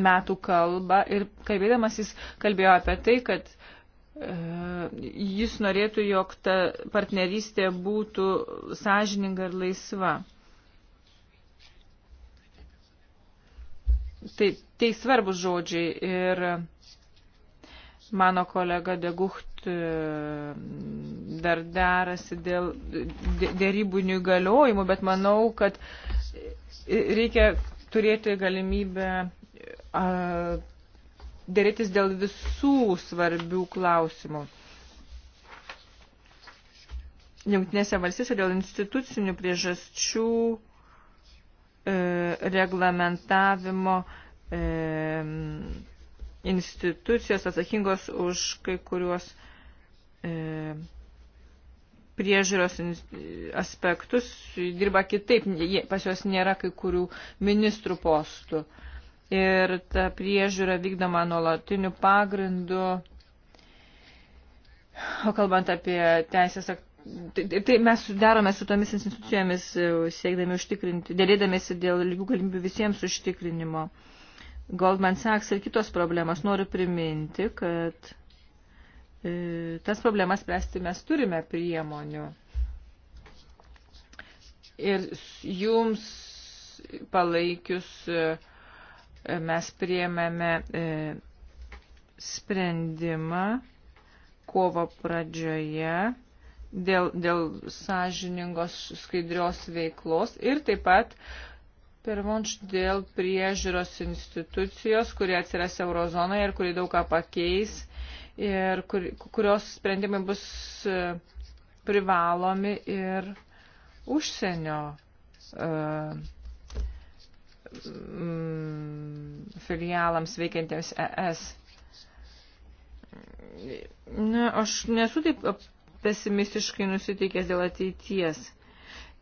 S2: metų kalbą ir kalbėdamas jis kalbėjo apie tai, kad e, E, jis norėtų, jog ta partnerystė būtų sąžininga ir laisva. Tai, tai svarbus žodžiai ir mano kolega Degucht e, dar derasi dėl dėrybinių įgaliojimų, bet manau, kad reikia turėti galimybę dėrėtis dėl visų svarbių klausimų. Jungtinėse valstybėse dėl institucinių priežasčių e, reglamentavimo e, institucijos atsakingos už kai kuriuos e, priežiūros aspektus dirba kitaip, pas juos nėra kai kurių ministrų postų. E, ir ta priežiūra vykdoma nuolatiniu pagrindu. O kalbant apie teisės aktus, tai, tai, tai mes darome su tomis institucijomis, e, siekdami užtikrinti, dėlėdamėsi dėl lygių galimybių visiems užtikrinimo. Goldman Sachs ir kitos problemas noriu priminti, kad e, tas problemas spręsti mes turime priemonių. Ir jums palaikius e, mes priemėme e, sprendimą kovo pradžioje dėl, dėl sąžiningos skaidrios veiklos ir taip pat pirmonč dėl priežiūros institucijos, kurie atsiras eurozonoje ir kuri daug ką pakeis ir kur, kurios sprendimai bus e, privalomi ir užsienio. Uh, Mm, filialams veikiantiems ES. Na, aš nesu taip pesimistiškai nusiteikęs dėl ateities.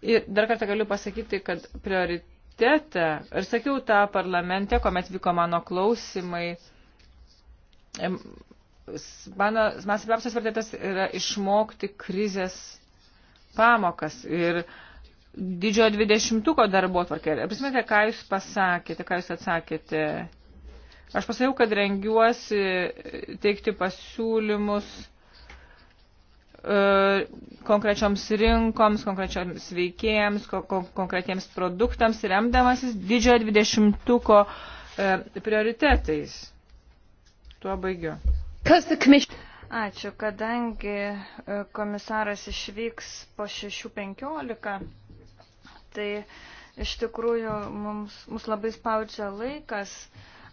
S2: Ir dar kartą galiu pasakyti, kad prioritetą, ir sakiau tą parlamente, kuomet vyko mano klausimai, mano, man svarbiausias prioritetas yra išmokti krizės pamokas. Ir uh, didžiojo dvidešimtuko darbo tvarkė. Prisimėte, ką jūs pasakėte, ką jūs atsakėte? Aš pasakiau, kad rengiuosi e, teikti pasiūlymus e, konkrečioms rinkoms, konkrečioms veikėjams, ko, konkretiems produktams, remdamasis didžiojo dvidešimtuko e, prioritetais. Tuo baigiu.
S4: Ačiū, kadangi e, komisaras išvyks po 6.15 tai iš tikrųjų mums, mums labai spaudžia laikas.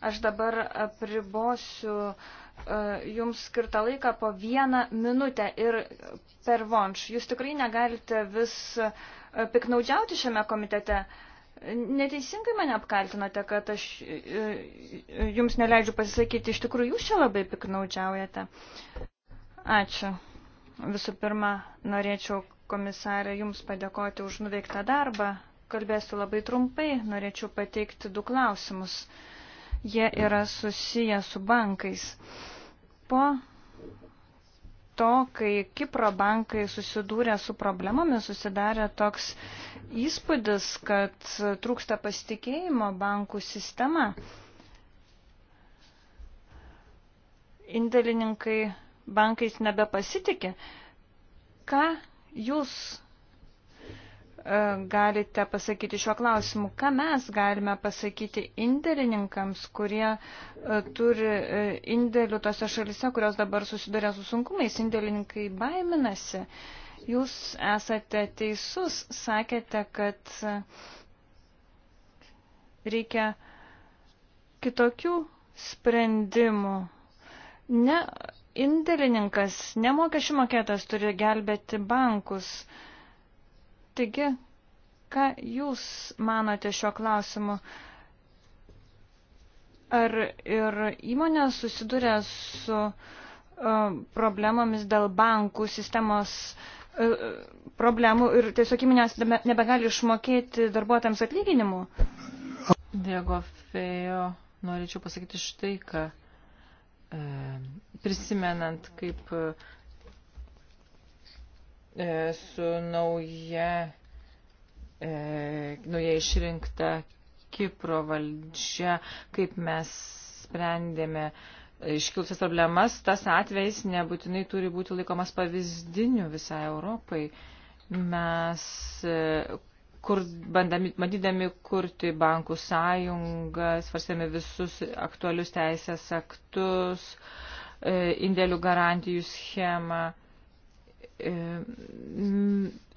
S4: Aš dabar apribosiu uh, jums skirtą laiką po vieną minutę ir per vonš. Jūs tikrai negalite vis e, piknaudžiauti šiame komitete. Neteisingai mane apkaltinote, kad aš e, jums neleidžiu pasisakyti, iš tikrųjų jūs čia labai piknaudžiaujate. Ačiū. Visų pirma, norėčiau komisarė, Jums padėkoti už nuveiktą darbą. Kalbėsiu labai trumpai, norėčiau pateikti du klausimus. Jie yra susiję su bankais. Po to, kai Kipro bankai susidūrė su problemomis, susidarė toks įspūdis, kad trūksta pasitikėjimo bankų sistema. Indėlininkai bankais nebepasitikė. Ką jūs e, galite pasakyti šiuo klausimu, ką mes galime pasakyti indėlininkams, kurie e, turi e, indėlių tose šalise, kurios dabar susiduria su sunkumais, indėlininkai baiminasi. Jūs esate teisus, sakėte, kad reikia kitokių sprendimų. Ne indėlininkas, nemokesčių mokėtas turi gelbėti bankus. Taigi, ką Jūs manote šiuo klausimu? Ar ir įmonės susiduria su uh, problemomis dėl bankų sistemos uh, problemų ir tiesiog įmonės nebegali išmokėti darbuotojams atlyginimų?
S2: Diego Fejo, norėčiau pasakyti štai ką. Uh, E, prisimenant, kaip e, su nauja, e, nauja išrinkta Kipro valdžia, kaip mes sprendėme iškilusias problemas, tas atvejs nebūtinai turi būti laikomas pavyzdiniu visai Europai. Mes kur bandami, bandydami kurti bankų sąjungas, svarstėme visus aktualius teisės aktus, e, indėlių garantijų schemą e,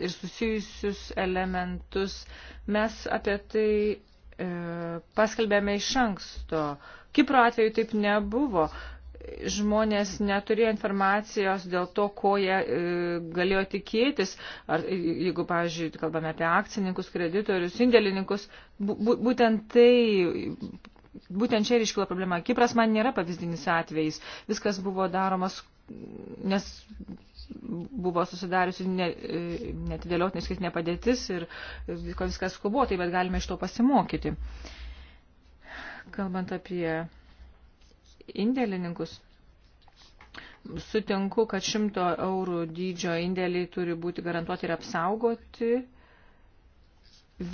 S2: ir susijusius elementus. Mes apie tai e, paskelbėme iš anksto. Kipro atveju taip nebuvo žmonės neturėjo informacijos dėl to, ko jie e, galėjo tikėtis, ar e, jeigu, pavyzdžiui, kalbame apie akcininkus, kreditorius, indėlininkus, bu, būtent tai, būtent čia ir iškilo problema. Kipras man nėra pavyzdinis atvejis, viskas buvo daromas, nes buvo susidariusi ne, e, netidėliotinė skaitinė padėtis ir vyko viskas skubotai, bet galime iš to pasimokyti. Kalbant apie indėlininkus. Sutinku, kad šimto eurų dydžio indėliai turi būti garantuoti ir apsaugoti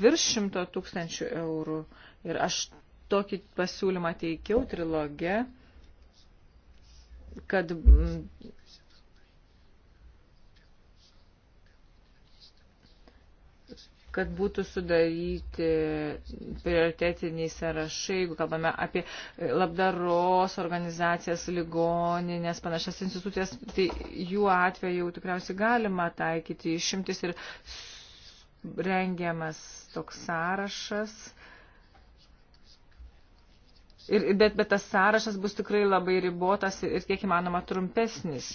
S2: virš šimto tūkstančių eurų. Ir aš tokį pasiūlymą teikiau trilogė, kad kad būtų sudaryti prioritetiniai sąrašai, jeigu kalbame apie labdaros organizacijas, ligoninės, panašias institucijas, tai jų atveju tikriausiai galima taikyti išimtis ir rengiamas toks sąrašas. Ir, bet, bet tas sąrašas bus tikrai labai ribotas ir kiek įmanoma trumpesnis.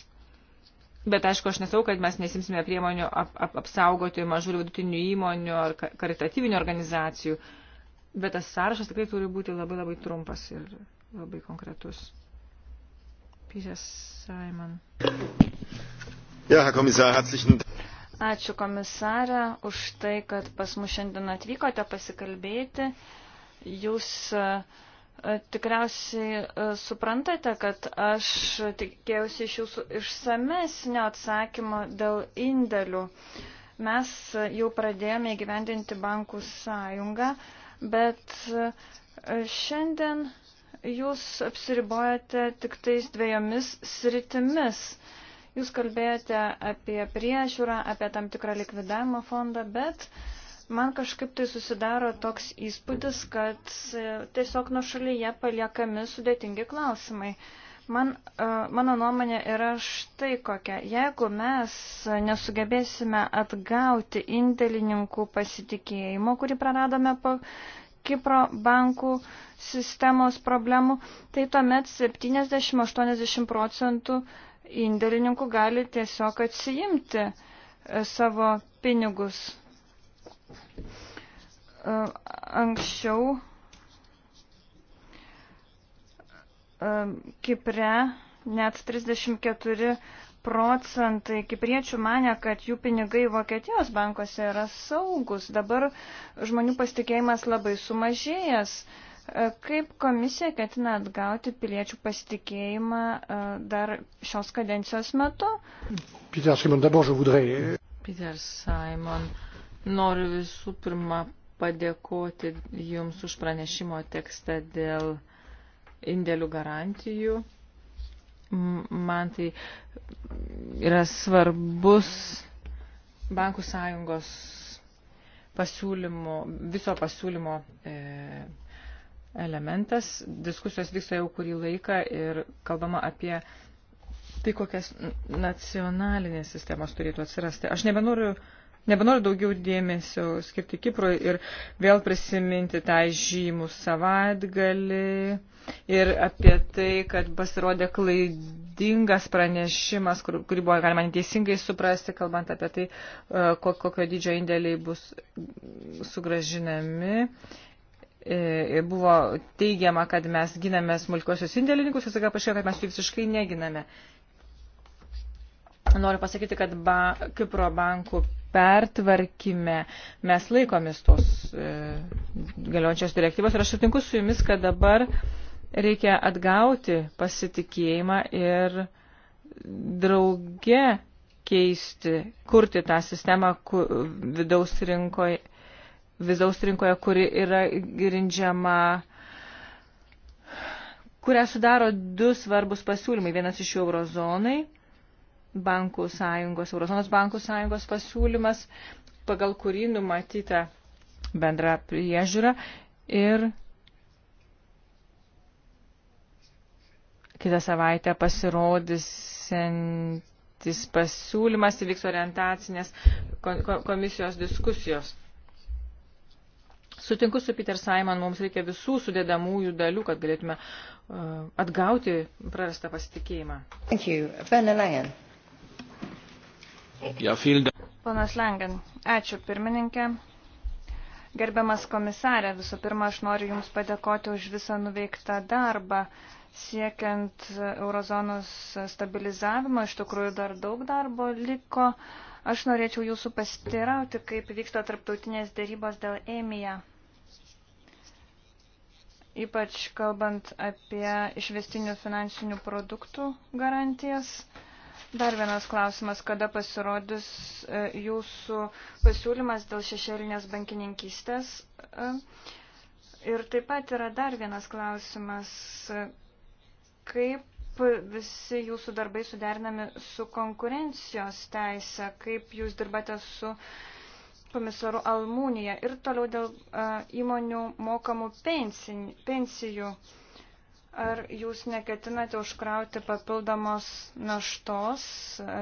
S2: Bet aišku, aš nesau, kad mes nesimsime priemonių ap, ap, apsaugoti mažų ir vidutinių įmonių ar karitatyvinių organizacijų. Bet tas sąrašas tikrai turi būti labai labai trumpas ir
S4: labai konkretus. Pysės Simon. Ja, Herr Kommissar, herzlichen Dank. Ačiū komisarė už tai, kad pas mus šiandien atvykote pasikalbėti. Jūs uh, Tikriausiai e, suprantate, kad aš tikėjausi iš jūsų išsamesnio atsakymo dėl indėlių. Mes jau pradėjome įgyvendinti bankų sąjungą, bet e, šiandien jūs apsiribojate tik tais dviejomis sritimis. Jūs kalbėjote apie priežiūrą, apie tam tikrą likvidavimo fondą, bet uh, Man kažkaip tai susidaro toks įspūdis, kad e, tiesiog nuo šalyje paliekami sudėtingi klausimai. Man, e, mano nuomonė yra štai kokia. Jeigu mes nesugebėsime atgauti indėlininkų pasitikėjimo, kurį praradome po Kipro bankų sistemos problemų, tai tuomet 70-80 procentų indėlininkų gali tiesiog atsijimti e, savo pinigus. E, anksčiau e, Kipre net 34 procentai kipriečių mane, kad jų pinigai Vokietijos bankuose yra saugus. Dabar žmonių pasitikėjimas labai sumažėjęs. E, kaip komisija ketina atgauti piliečių pasitikėjimą dar šios kadencijos metu?
S1: Peter Simon, Peter
S4: Simon. Noriu visų pirma
S2: padėkoti Jums už pranešimo tekstą dėl indėlių garantijų. Man tai yra svarbus bankų sąjungos pasiūlymo, viso pasiūlymo e, elementas. Diskusijos vyksta jau kurį laiką ir kalbama apie tai, kokias nacionalinės sistemos turėtų atsirasti. Aš nebenoriu e, Nebenoriu daugiau dėmesio skirti Kiprui ir vėl prisiminti tą žymų savaitgalį ir apie tai, kad pasirodė klaidingas pranešimas, kurį kur buvo galima neteisingai suprasti, kalbant apie tai, e, kokio dydžio indėliai bus sugražinami e, buvo teigiama, kad mes giname smulkiosius indėlininkus, jis sakė, paaiškėjo, kad mes jų visiškai neginame. Noriu pasakyti, kad ba, Kipro bankų pertvarkime mes laikomės tos e, galiojančios direktyvos ir aš sutinku su jumis, kad dabar reikia atgauti pasitikėjimą ir drauge keisti, kurti tą sistemą ku, vidaus rinkoje, vidaus rinkoje, kuri yra grindžiama kurią sudaro du svarbus pasiūlymai. Vienas iš jų eurozonai bankų sąjungos, Eurozonos bankų sąjungos pasiūlymas, pagal kurį numatyta bendra priežiūra ir kitą savaitę pasirodysiantis pasiūlymas įvyks orientacinės komisijos diskusijos. Sutinku su Peter Simon, mums reikia visų sudėdamųjų dalių, kad galėtume uh, atgauti prarastą pasitikėjimą.
S4: Thank you. Ben Alain. Ja, Panas Lengen, ačiū pirmininkė. Gerbiamas komisarė, visų pirma, aš noriu Jums padėkoti už visą nuveiktą darbą. Siekiant eurozonos stabilizavimo, iš tikrųjų dar daug darbo liko. Aš norėčiau Jūsų pasitirauti, kaip vyksta tarptautinės dėrybos dėl EMIA. Ypač kalbant apie išvestinių finansinių produktų garantijas. Dar vienas klausimas, kada pasirodys e, jūsų pasiūlymas dėl šešėlinės bankininkystės. E, ir taip pat yra dar vienas klausimas, e, kaip visi jūsų darbai suderinami su konkurencijos teise, kaip jūs dirbate su komisaru Almūnija ir toliau dėl įmonių mokamų pensijų. pensijų Ar jūs neketinate užkrauti papildomos naštos e,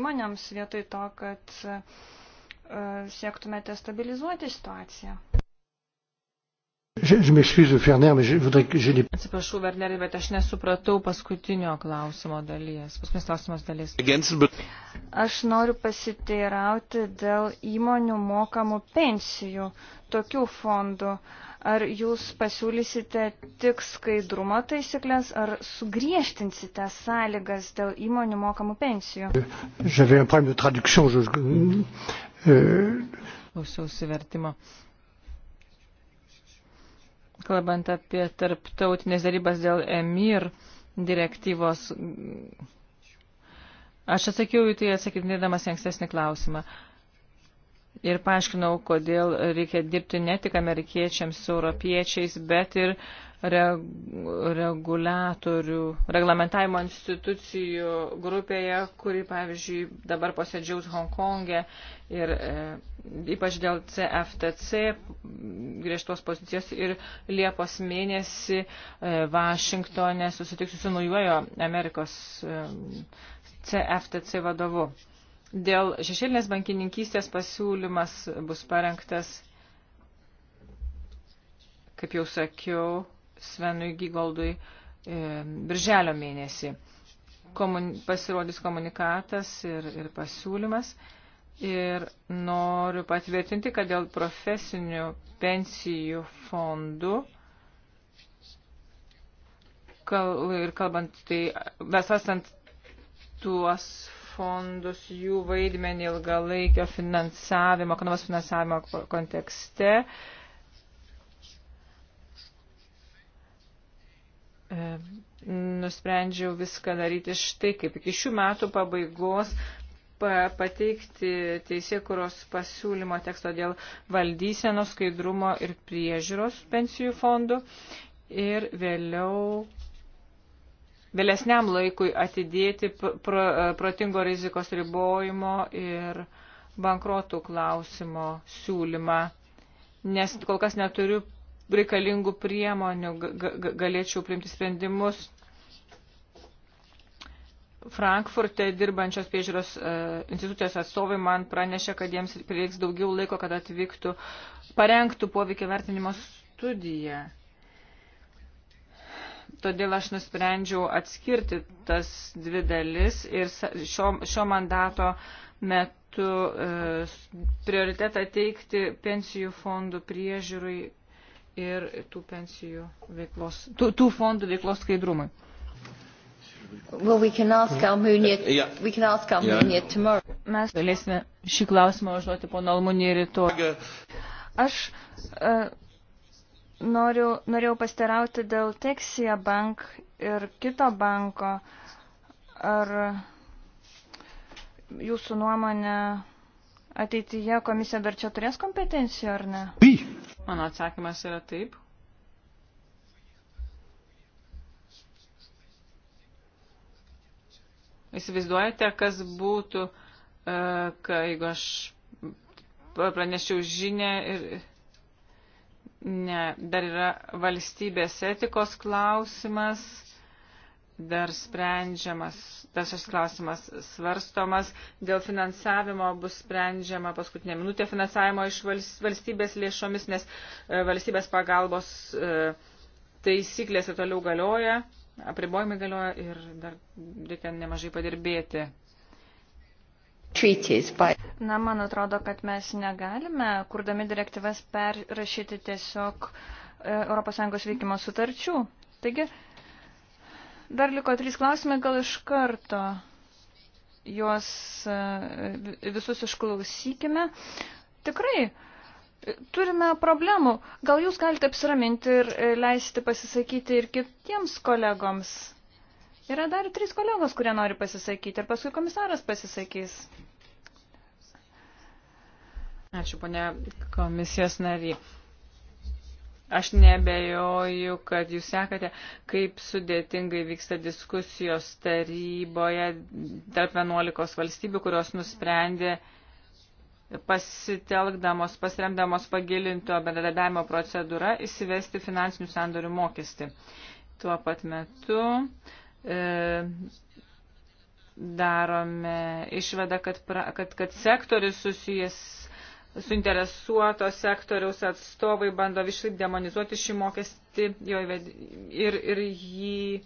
S4: įmonėms vietoj to, kad e, siektumėte stabilizuoti situaciją?
S2: Atsiprašau, Verneri, bet aš nesupratau paskutinio klausimo dalies. Paskutinis klausimas dalies.
S4: Aš noriu pasiteirauti dėl įmonių mokamų pensijų, tokių fondų. Uh, Ar jūs pasiūlysite tik skaidrumo taisyklės, ar sugriežtinsite sąlygas dėl įmonių mokamų pensijų?
S1: Euh,
S2: Klausiausi vertimo. Kalbant apie tarptautinės darybas dėl EMIR direktyvos, aš atsakiau į tai atsakydamas ankstesnį klausimą. Uh, ir paaiškinau, kodėl reikia dirbti ne tik amerikiečiams su europiečiais, bet ir reguliatorių, reglamentavimo institucijų grupėje, kuri, pavyzdžiui, dabar posėdžiaus Hongkongė ir e, ypač dėl CFTC griežtos pozicijos ir Liepos mėnesį e, Vašingtonė susitiksiu su naujojo Amerikos e, CFTC vadovu. E, Dėl šešėlinės bankininkystės pasiūlymas bus parengtas, kaip jau sakiau, Svenui Gygoldui e, birželio mėnesį. Komun, pasirodys komunikatas ir, ir pasiūlymas. Ir noriu patvirtinti, kad dėl profesinių pensijų fondų kal, ir kalbant tai, besastant tuos fondus, jų vaidmenį ilgalaikio finansavimo, ekonomos finansavimo kontekste. E, nusprendžiau viską daryti štai kaip iki šių metų pabaigos pateikti teisėkuros pasiūlymo teksto dėl valdysenos, skaidrumo ir priežiūros pensijų fondų ir vėliau vėlesniam laikui atidėti protingo rizikos ribojimo ir bankrotų klausimo siūlymą, nes kol kas neturiu reikalingų priemonių, galėčiau priimti sprendimus. Frankfurte dirbančios priežiūros e, institucijos atstovai man pranešė, kad jiems prireiks daugiau laiko, kad atvyktų, parengtų poveikio vertinimo studiją Todėl aš nusprendžiau atskirti tas dvi dalis ir šio, šio mandato metu e, prioritetą teikti pensijų fondų priežiūrai ir tų pensijų veiklos, tų, tų fondų veiklos skaidrumui. Well, we can ask hmm. Almunia, yeah. we can ask Almunia yeah. tomorrow. Mes galėsime šį klausimą užduoti pono Almunia rytoj.
S4: Aš uh, e, Noriu, norėjau pasterauti dėl Texia Bank ir kito banko. Ar jūsų nuomonė ateityje komisija dar čia turės kompetencijų ar ne?
S2: Mano atsakymas yra taip. Įsivaizduojate, kas būtų, e, kai jeigu aš pranešiau žinę ir Ne, dar yra valstybės etikos klausimas, dar sprendžiamas, dar šis klausimas svarstomas, dėl finansavimo bus sprendžiama paskutinė minutė finansavimo iš valstybės lėšomis, nes e, valstybės pagalbos e, taisyklės ir toliau galioja, apribojimai galioja ir dar reikia nemažai padirbėti.
S4: Na, man atrodo, kad mes negalime, kurdami direktyvas, perrašyti tiesiog ES veikimo sutarčių. Taigi, dar liko trys klausimai, gal iš karto juos e, visus išklausykime. Tikrai, e, turime problemų. Gal jūs galite apsiraminti ir e, leisti pasisakyti ir kitiems kolegoms? Yra dar trys kolegos, kurie nori pasisakyti ir paskui komisaras pasisakys.
S2: Ačiū, ponė komisijos nary. Aš nebejoju, kad jūs sekate, kaip sudėtingai vyksta diskusijos taryboje tarp 11 valstybių, kurios nusprendė pasitelkdamos, pasiremdamos pagilinto bendradarbiavimo procedūrą įsivesti finansinių sandorių mokestį. Tuo pat metu E, darome išvadą, kad, pra, kad, kad sektorius susijęs suinteresuoto sektoriaus atstovai bando išlaik demonizuoti šį mokestį jo ir, ir jį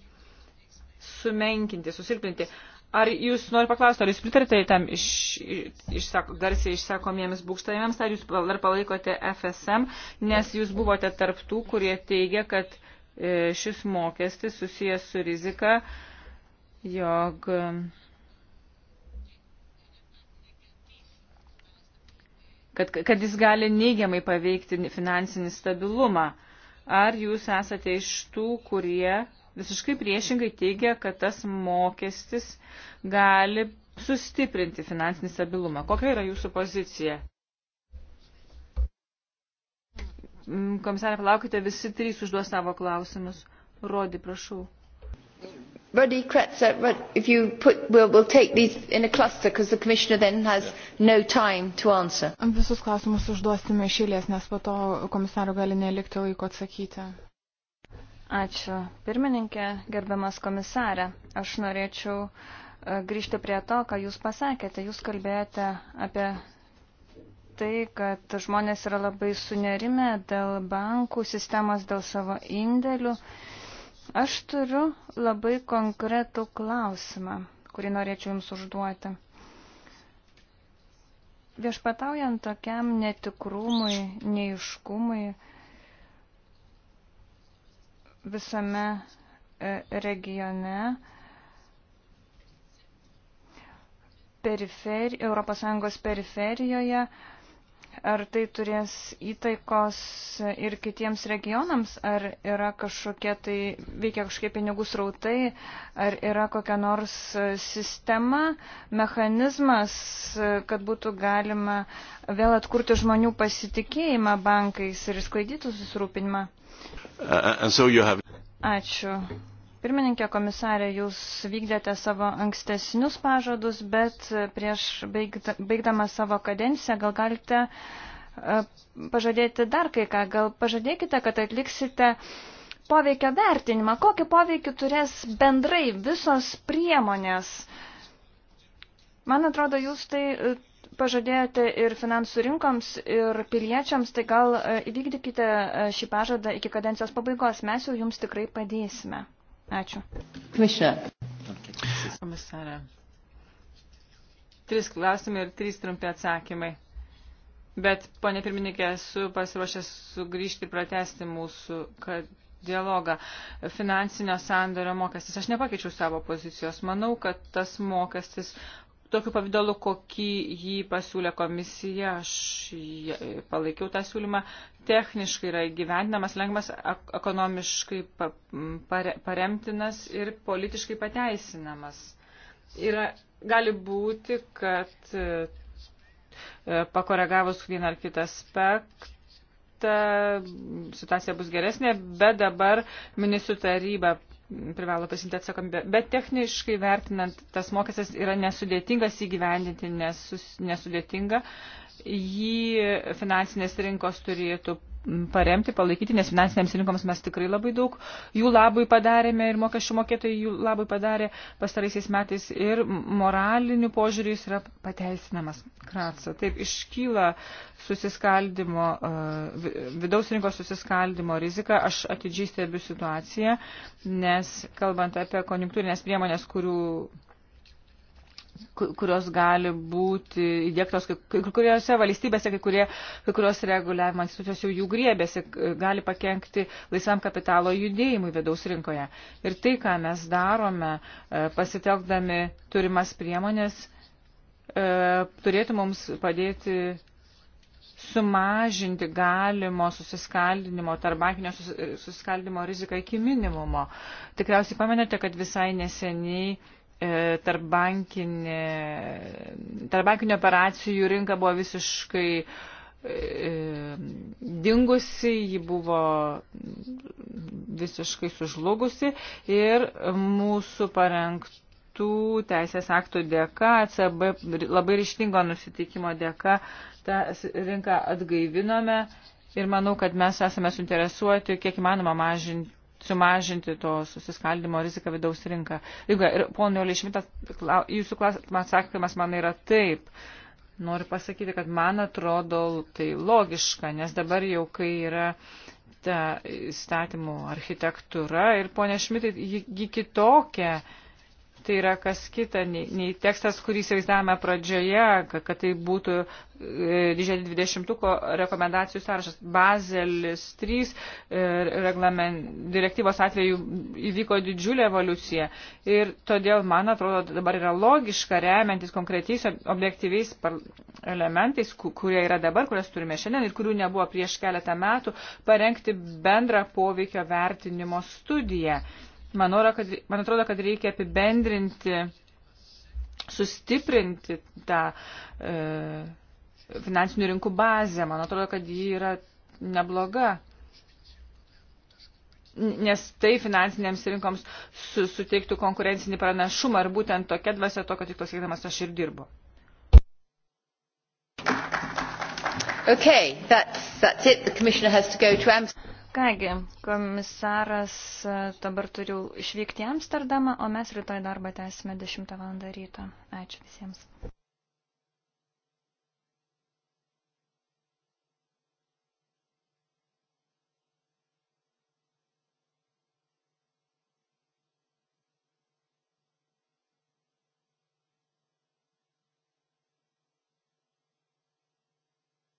S2: sumenkinti, susilpninti. Ar jūs noriu paklausti, ar jūs pritarite tam iš, išsako, garsiai išsakomiems būkštajams, ar jūs dar palaikote FSM, nes jūs buvote tarptų, kurie teigia, kad uh, E, šis mokestis susijęs su rizika, jog kad, kad jis gali neigiamai paveikti finansinį stabilumą. Ar jūs esate iš tų, kurie visiškai priešingai teigia, kad tas mokestis gali sustiprinti finansinį stabilumą? Kokia yra jūsų pozicija? Mm, komisarė, palaukite, visi trys užduos savo klausimus. Rodi, prašau.
S3: Rodi Kretzer, if you put, we'll, we'll take these in a cluster because the commissioner then has no time to answer. Visus klausimus užduosime iš eilės, nes po to komisaro gali nelikti laiko atsakyti. Ačiū.
S4: Pirmininkė, gerbiamas komisarė, aš norėčiau e, grįžti prie to, ką jūs pasakėte. Jūs kalbėjote apie tai, kad žmonės yra labai sunerime dėl bankų sistemos, dėl savo indėlių. Aš turiu labai konkretų klausimą, kurį norėčiau Jums užduoti. Viešpataujant tokiam netikrumui, neiškumui visame e, regione, periferi, ES periferijoje Ar tai turės įtaikos ir kitiems regionams, ar yra kažkokie tai, veikia kažkokie pinigų srautai, ar yra kokia nors sistema, mechanizmas, kad būtų galima vėl atkurti žmonių pasitikėjimą bankais ir sklaidytų susirūpinimą.
S2: Uh, uh so have...
S4: Ačiū pirmininkė, komisarė, jūs vykdėte savo ankstesnius pažadus, bet prieš baigdama savo kadenciją gal galite e, pažadėti dar kai ką. Gal pažadėkite, kad atliksite poveikio vertinimą. Kokį poveikį turės bendrai visos priemonės? Man atrodo, jūs tai e, pažadėjote ir finansų rinkoms, ir piliečiams, tai gal e, įvykdykite šį pažadą iki kadencijos pabaigos. Mes jau jums tikrai padėsime. Ačiū. Kvišė.
S2: Komisarė. Tris klausimai ir trys trumpi atsakymai. Bet, ponė pirmininkė, esu pasiruošęs sugrįžti ir pratesti mūsų kad dialogą. Finansinio sandorio mokestis. Aš nepakeičiau savo pozicijos. Manau, kad tas mokestis tokiu pavydalu, kokį jį pasiūlė komisija. Aš e, palaikiau tą siūlymą. Techniškai yra gyvendinamas, lengvas, ekonomiškai paremtinas ir politiškai pateisinamas. Yra, gali būti, kad e, e, pakoregavus vieną ar kitą aspektą situacija bus geresnė, bet dabar ministrų taryba privalo prisimti atsakomybę. Bet techniškai vertinant, tas mokestis yra nesudėtingas įgyvendinti, nesus, nesudėtinga. Jį finansinės rinkos turėtų paremti, palaikyti, nes finansinėms rinkoms mes tikrai labai daug jų labui padarėme ir mokesčių mokėtojai jų labui padarė pastaraisiais metais ir moraliniu požiūriu jis yra pateisinamas. Kratsa. Taip iškyla susiskaldimo, uh, vidaus rinkos susiskaldimo rizika. Aš atidžiai stebiu situaciją, nes kalbant apie konjunktūrinės priemonės, kurių kurios gali būti įdėktos kai kuriuose valstybėse, kai, kurie, kai kurios reguliavimo institucijos jau jų griebėsi, gali pakengti laisvam kapitalo judėjimui vidaus rinkoje. Ir tai, ką mes darome, e, pasitelkdami turimas priemonės, e, turėtų mums padėti sumažinti galimo susiskaldinimo, tarbankinio susiskaldinimo riziką iki minimumo. Tikriausiai pamenate, kad visai neseniai E, tarpbankinė, tarpbankinio operacijų rinka buvo visiškai e, dingusi, ji buvo visiškai sužlugusi ir mūsų parengtų teisės aktų dėka, ECB labai ryštingo nusiteikimo dėka tą rinką atgaivinome ir manau, kad mes esame suinteresuoti kiek įmanoma mažinti sumažinti to susiskaldimo riziką vidaus rinką. Jeigu, ir ponio Lišmitas, jūsų klausimas atsakymas man yra taip. Noriu pasakyti, kad man atrodo tai logiška, nes dabar jau kai yra ta įstatymų architektūra ir ponia Šmitai, ji kitokia tai yra kas kita nei, nei tekstas, kurį įsivaizdavome pradžioje, kad, kad tai būtų e, didžiai 20 rekomendacijų sąrašas. Bazelis 3 e, reglament, direktyvos atveju įvyko didžiulė evoliucija ir todėl, man atrodo, dabar yra logiška remiantis konkretiais objektyviais elementais, kurie yra dabar, kurias turime šiandien ir kurių nebuvo prieš keletą metų, parengti bendrą poveikio vertinimo studiją. Man, ora, kad, man atrodo, kad reikia apibendrinti, sustiprinti tą e, finansinių rinkų bazę. Man atrodo, kad ji yra nebloga nes tai finansinėms rinkoms su, suteiktų konkurencinį pranašumą ir būtent tokia dvasia to, kad tik to siekdamas aš ir dirbu.
S3: Okay, that's, that's
S4: it. The commissioner has to go to Amsterdam. Kągi, komisaras e, dabar turiu išvykti į Amsterdamą, o mes rytoj darbą tęsime 10 val. ryto. Ačiū visiems.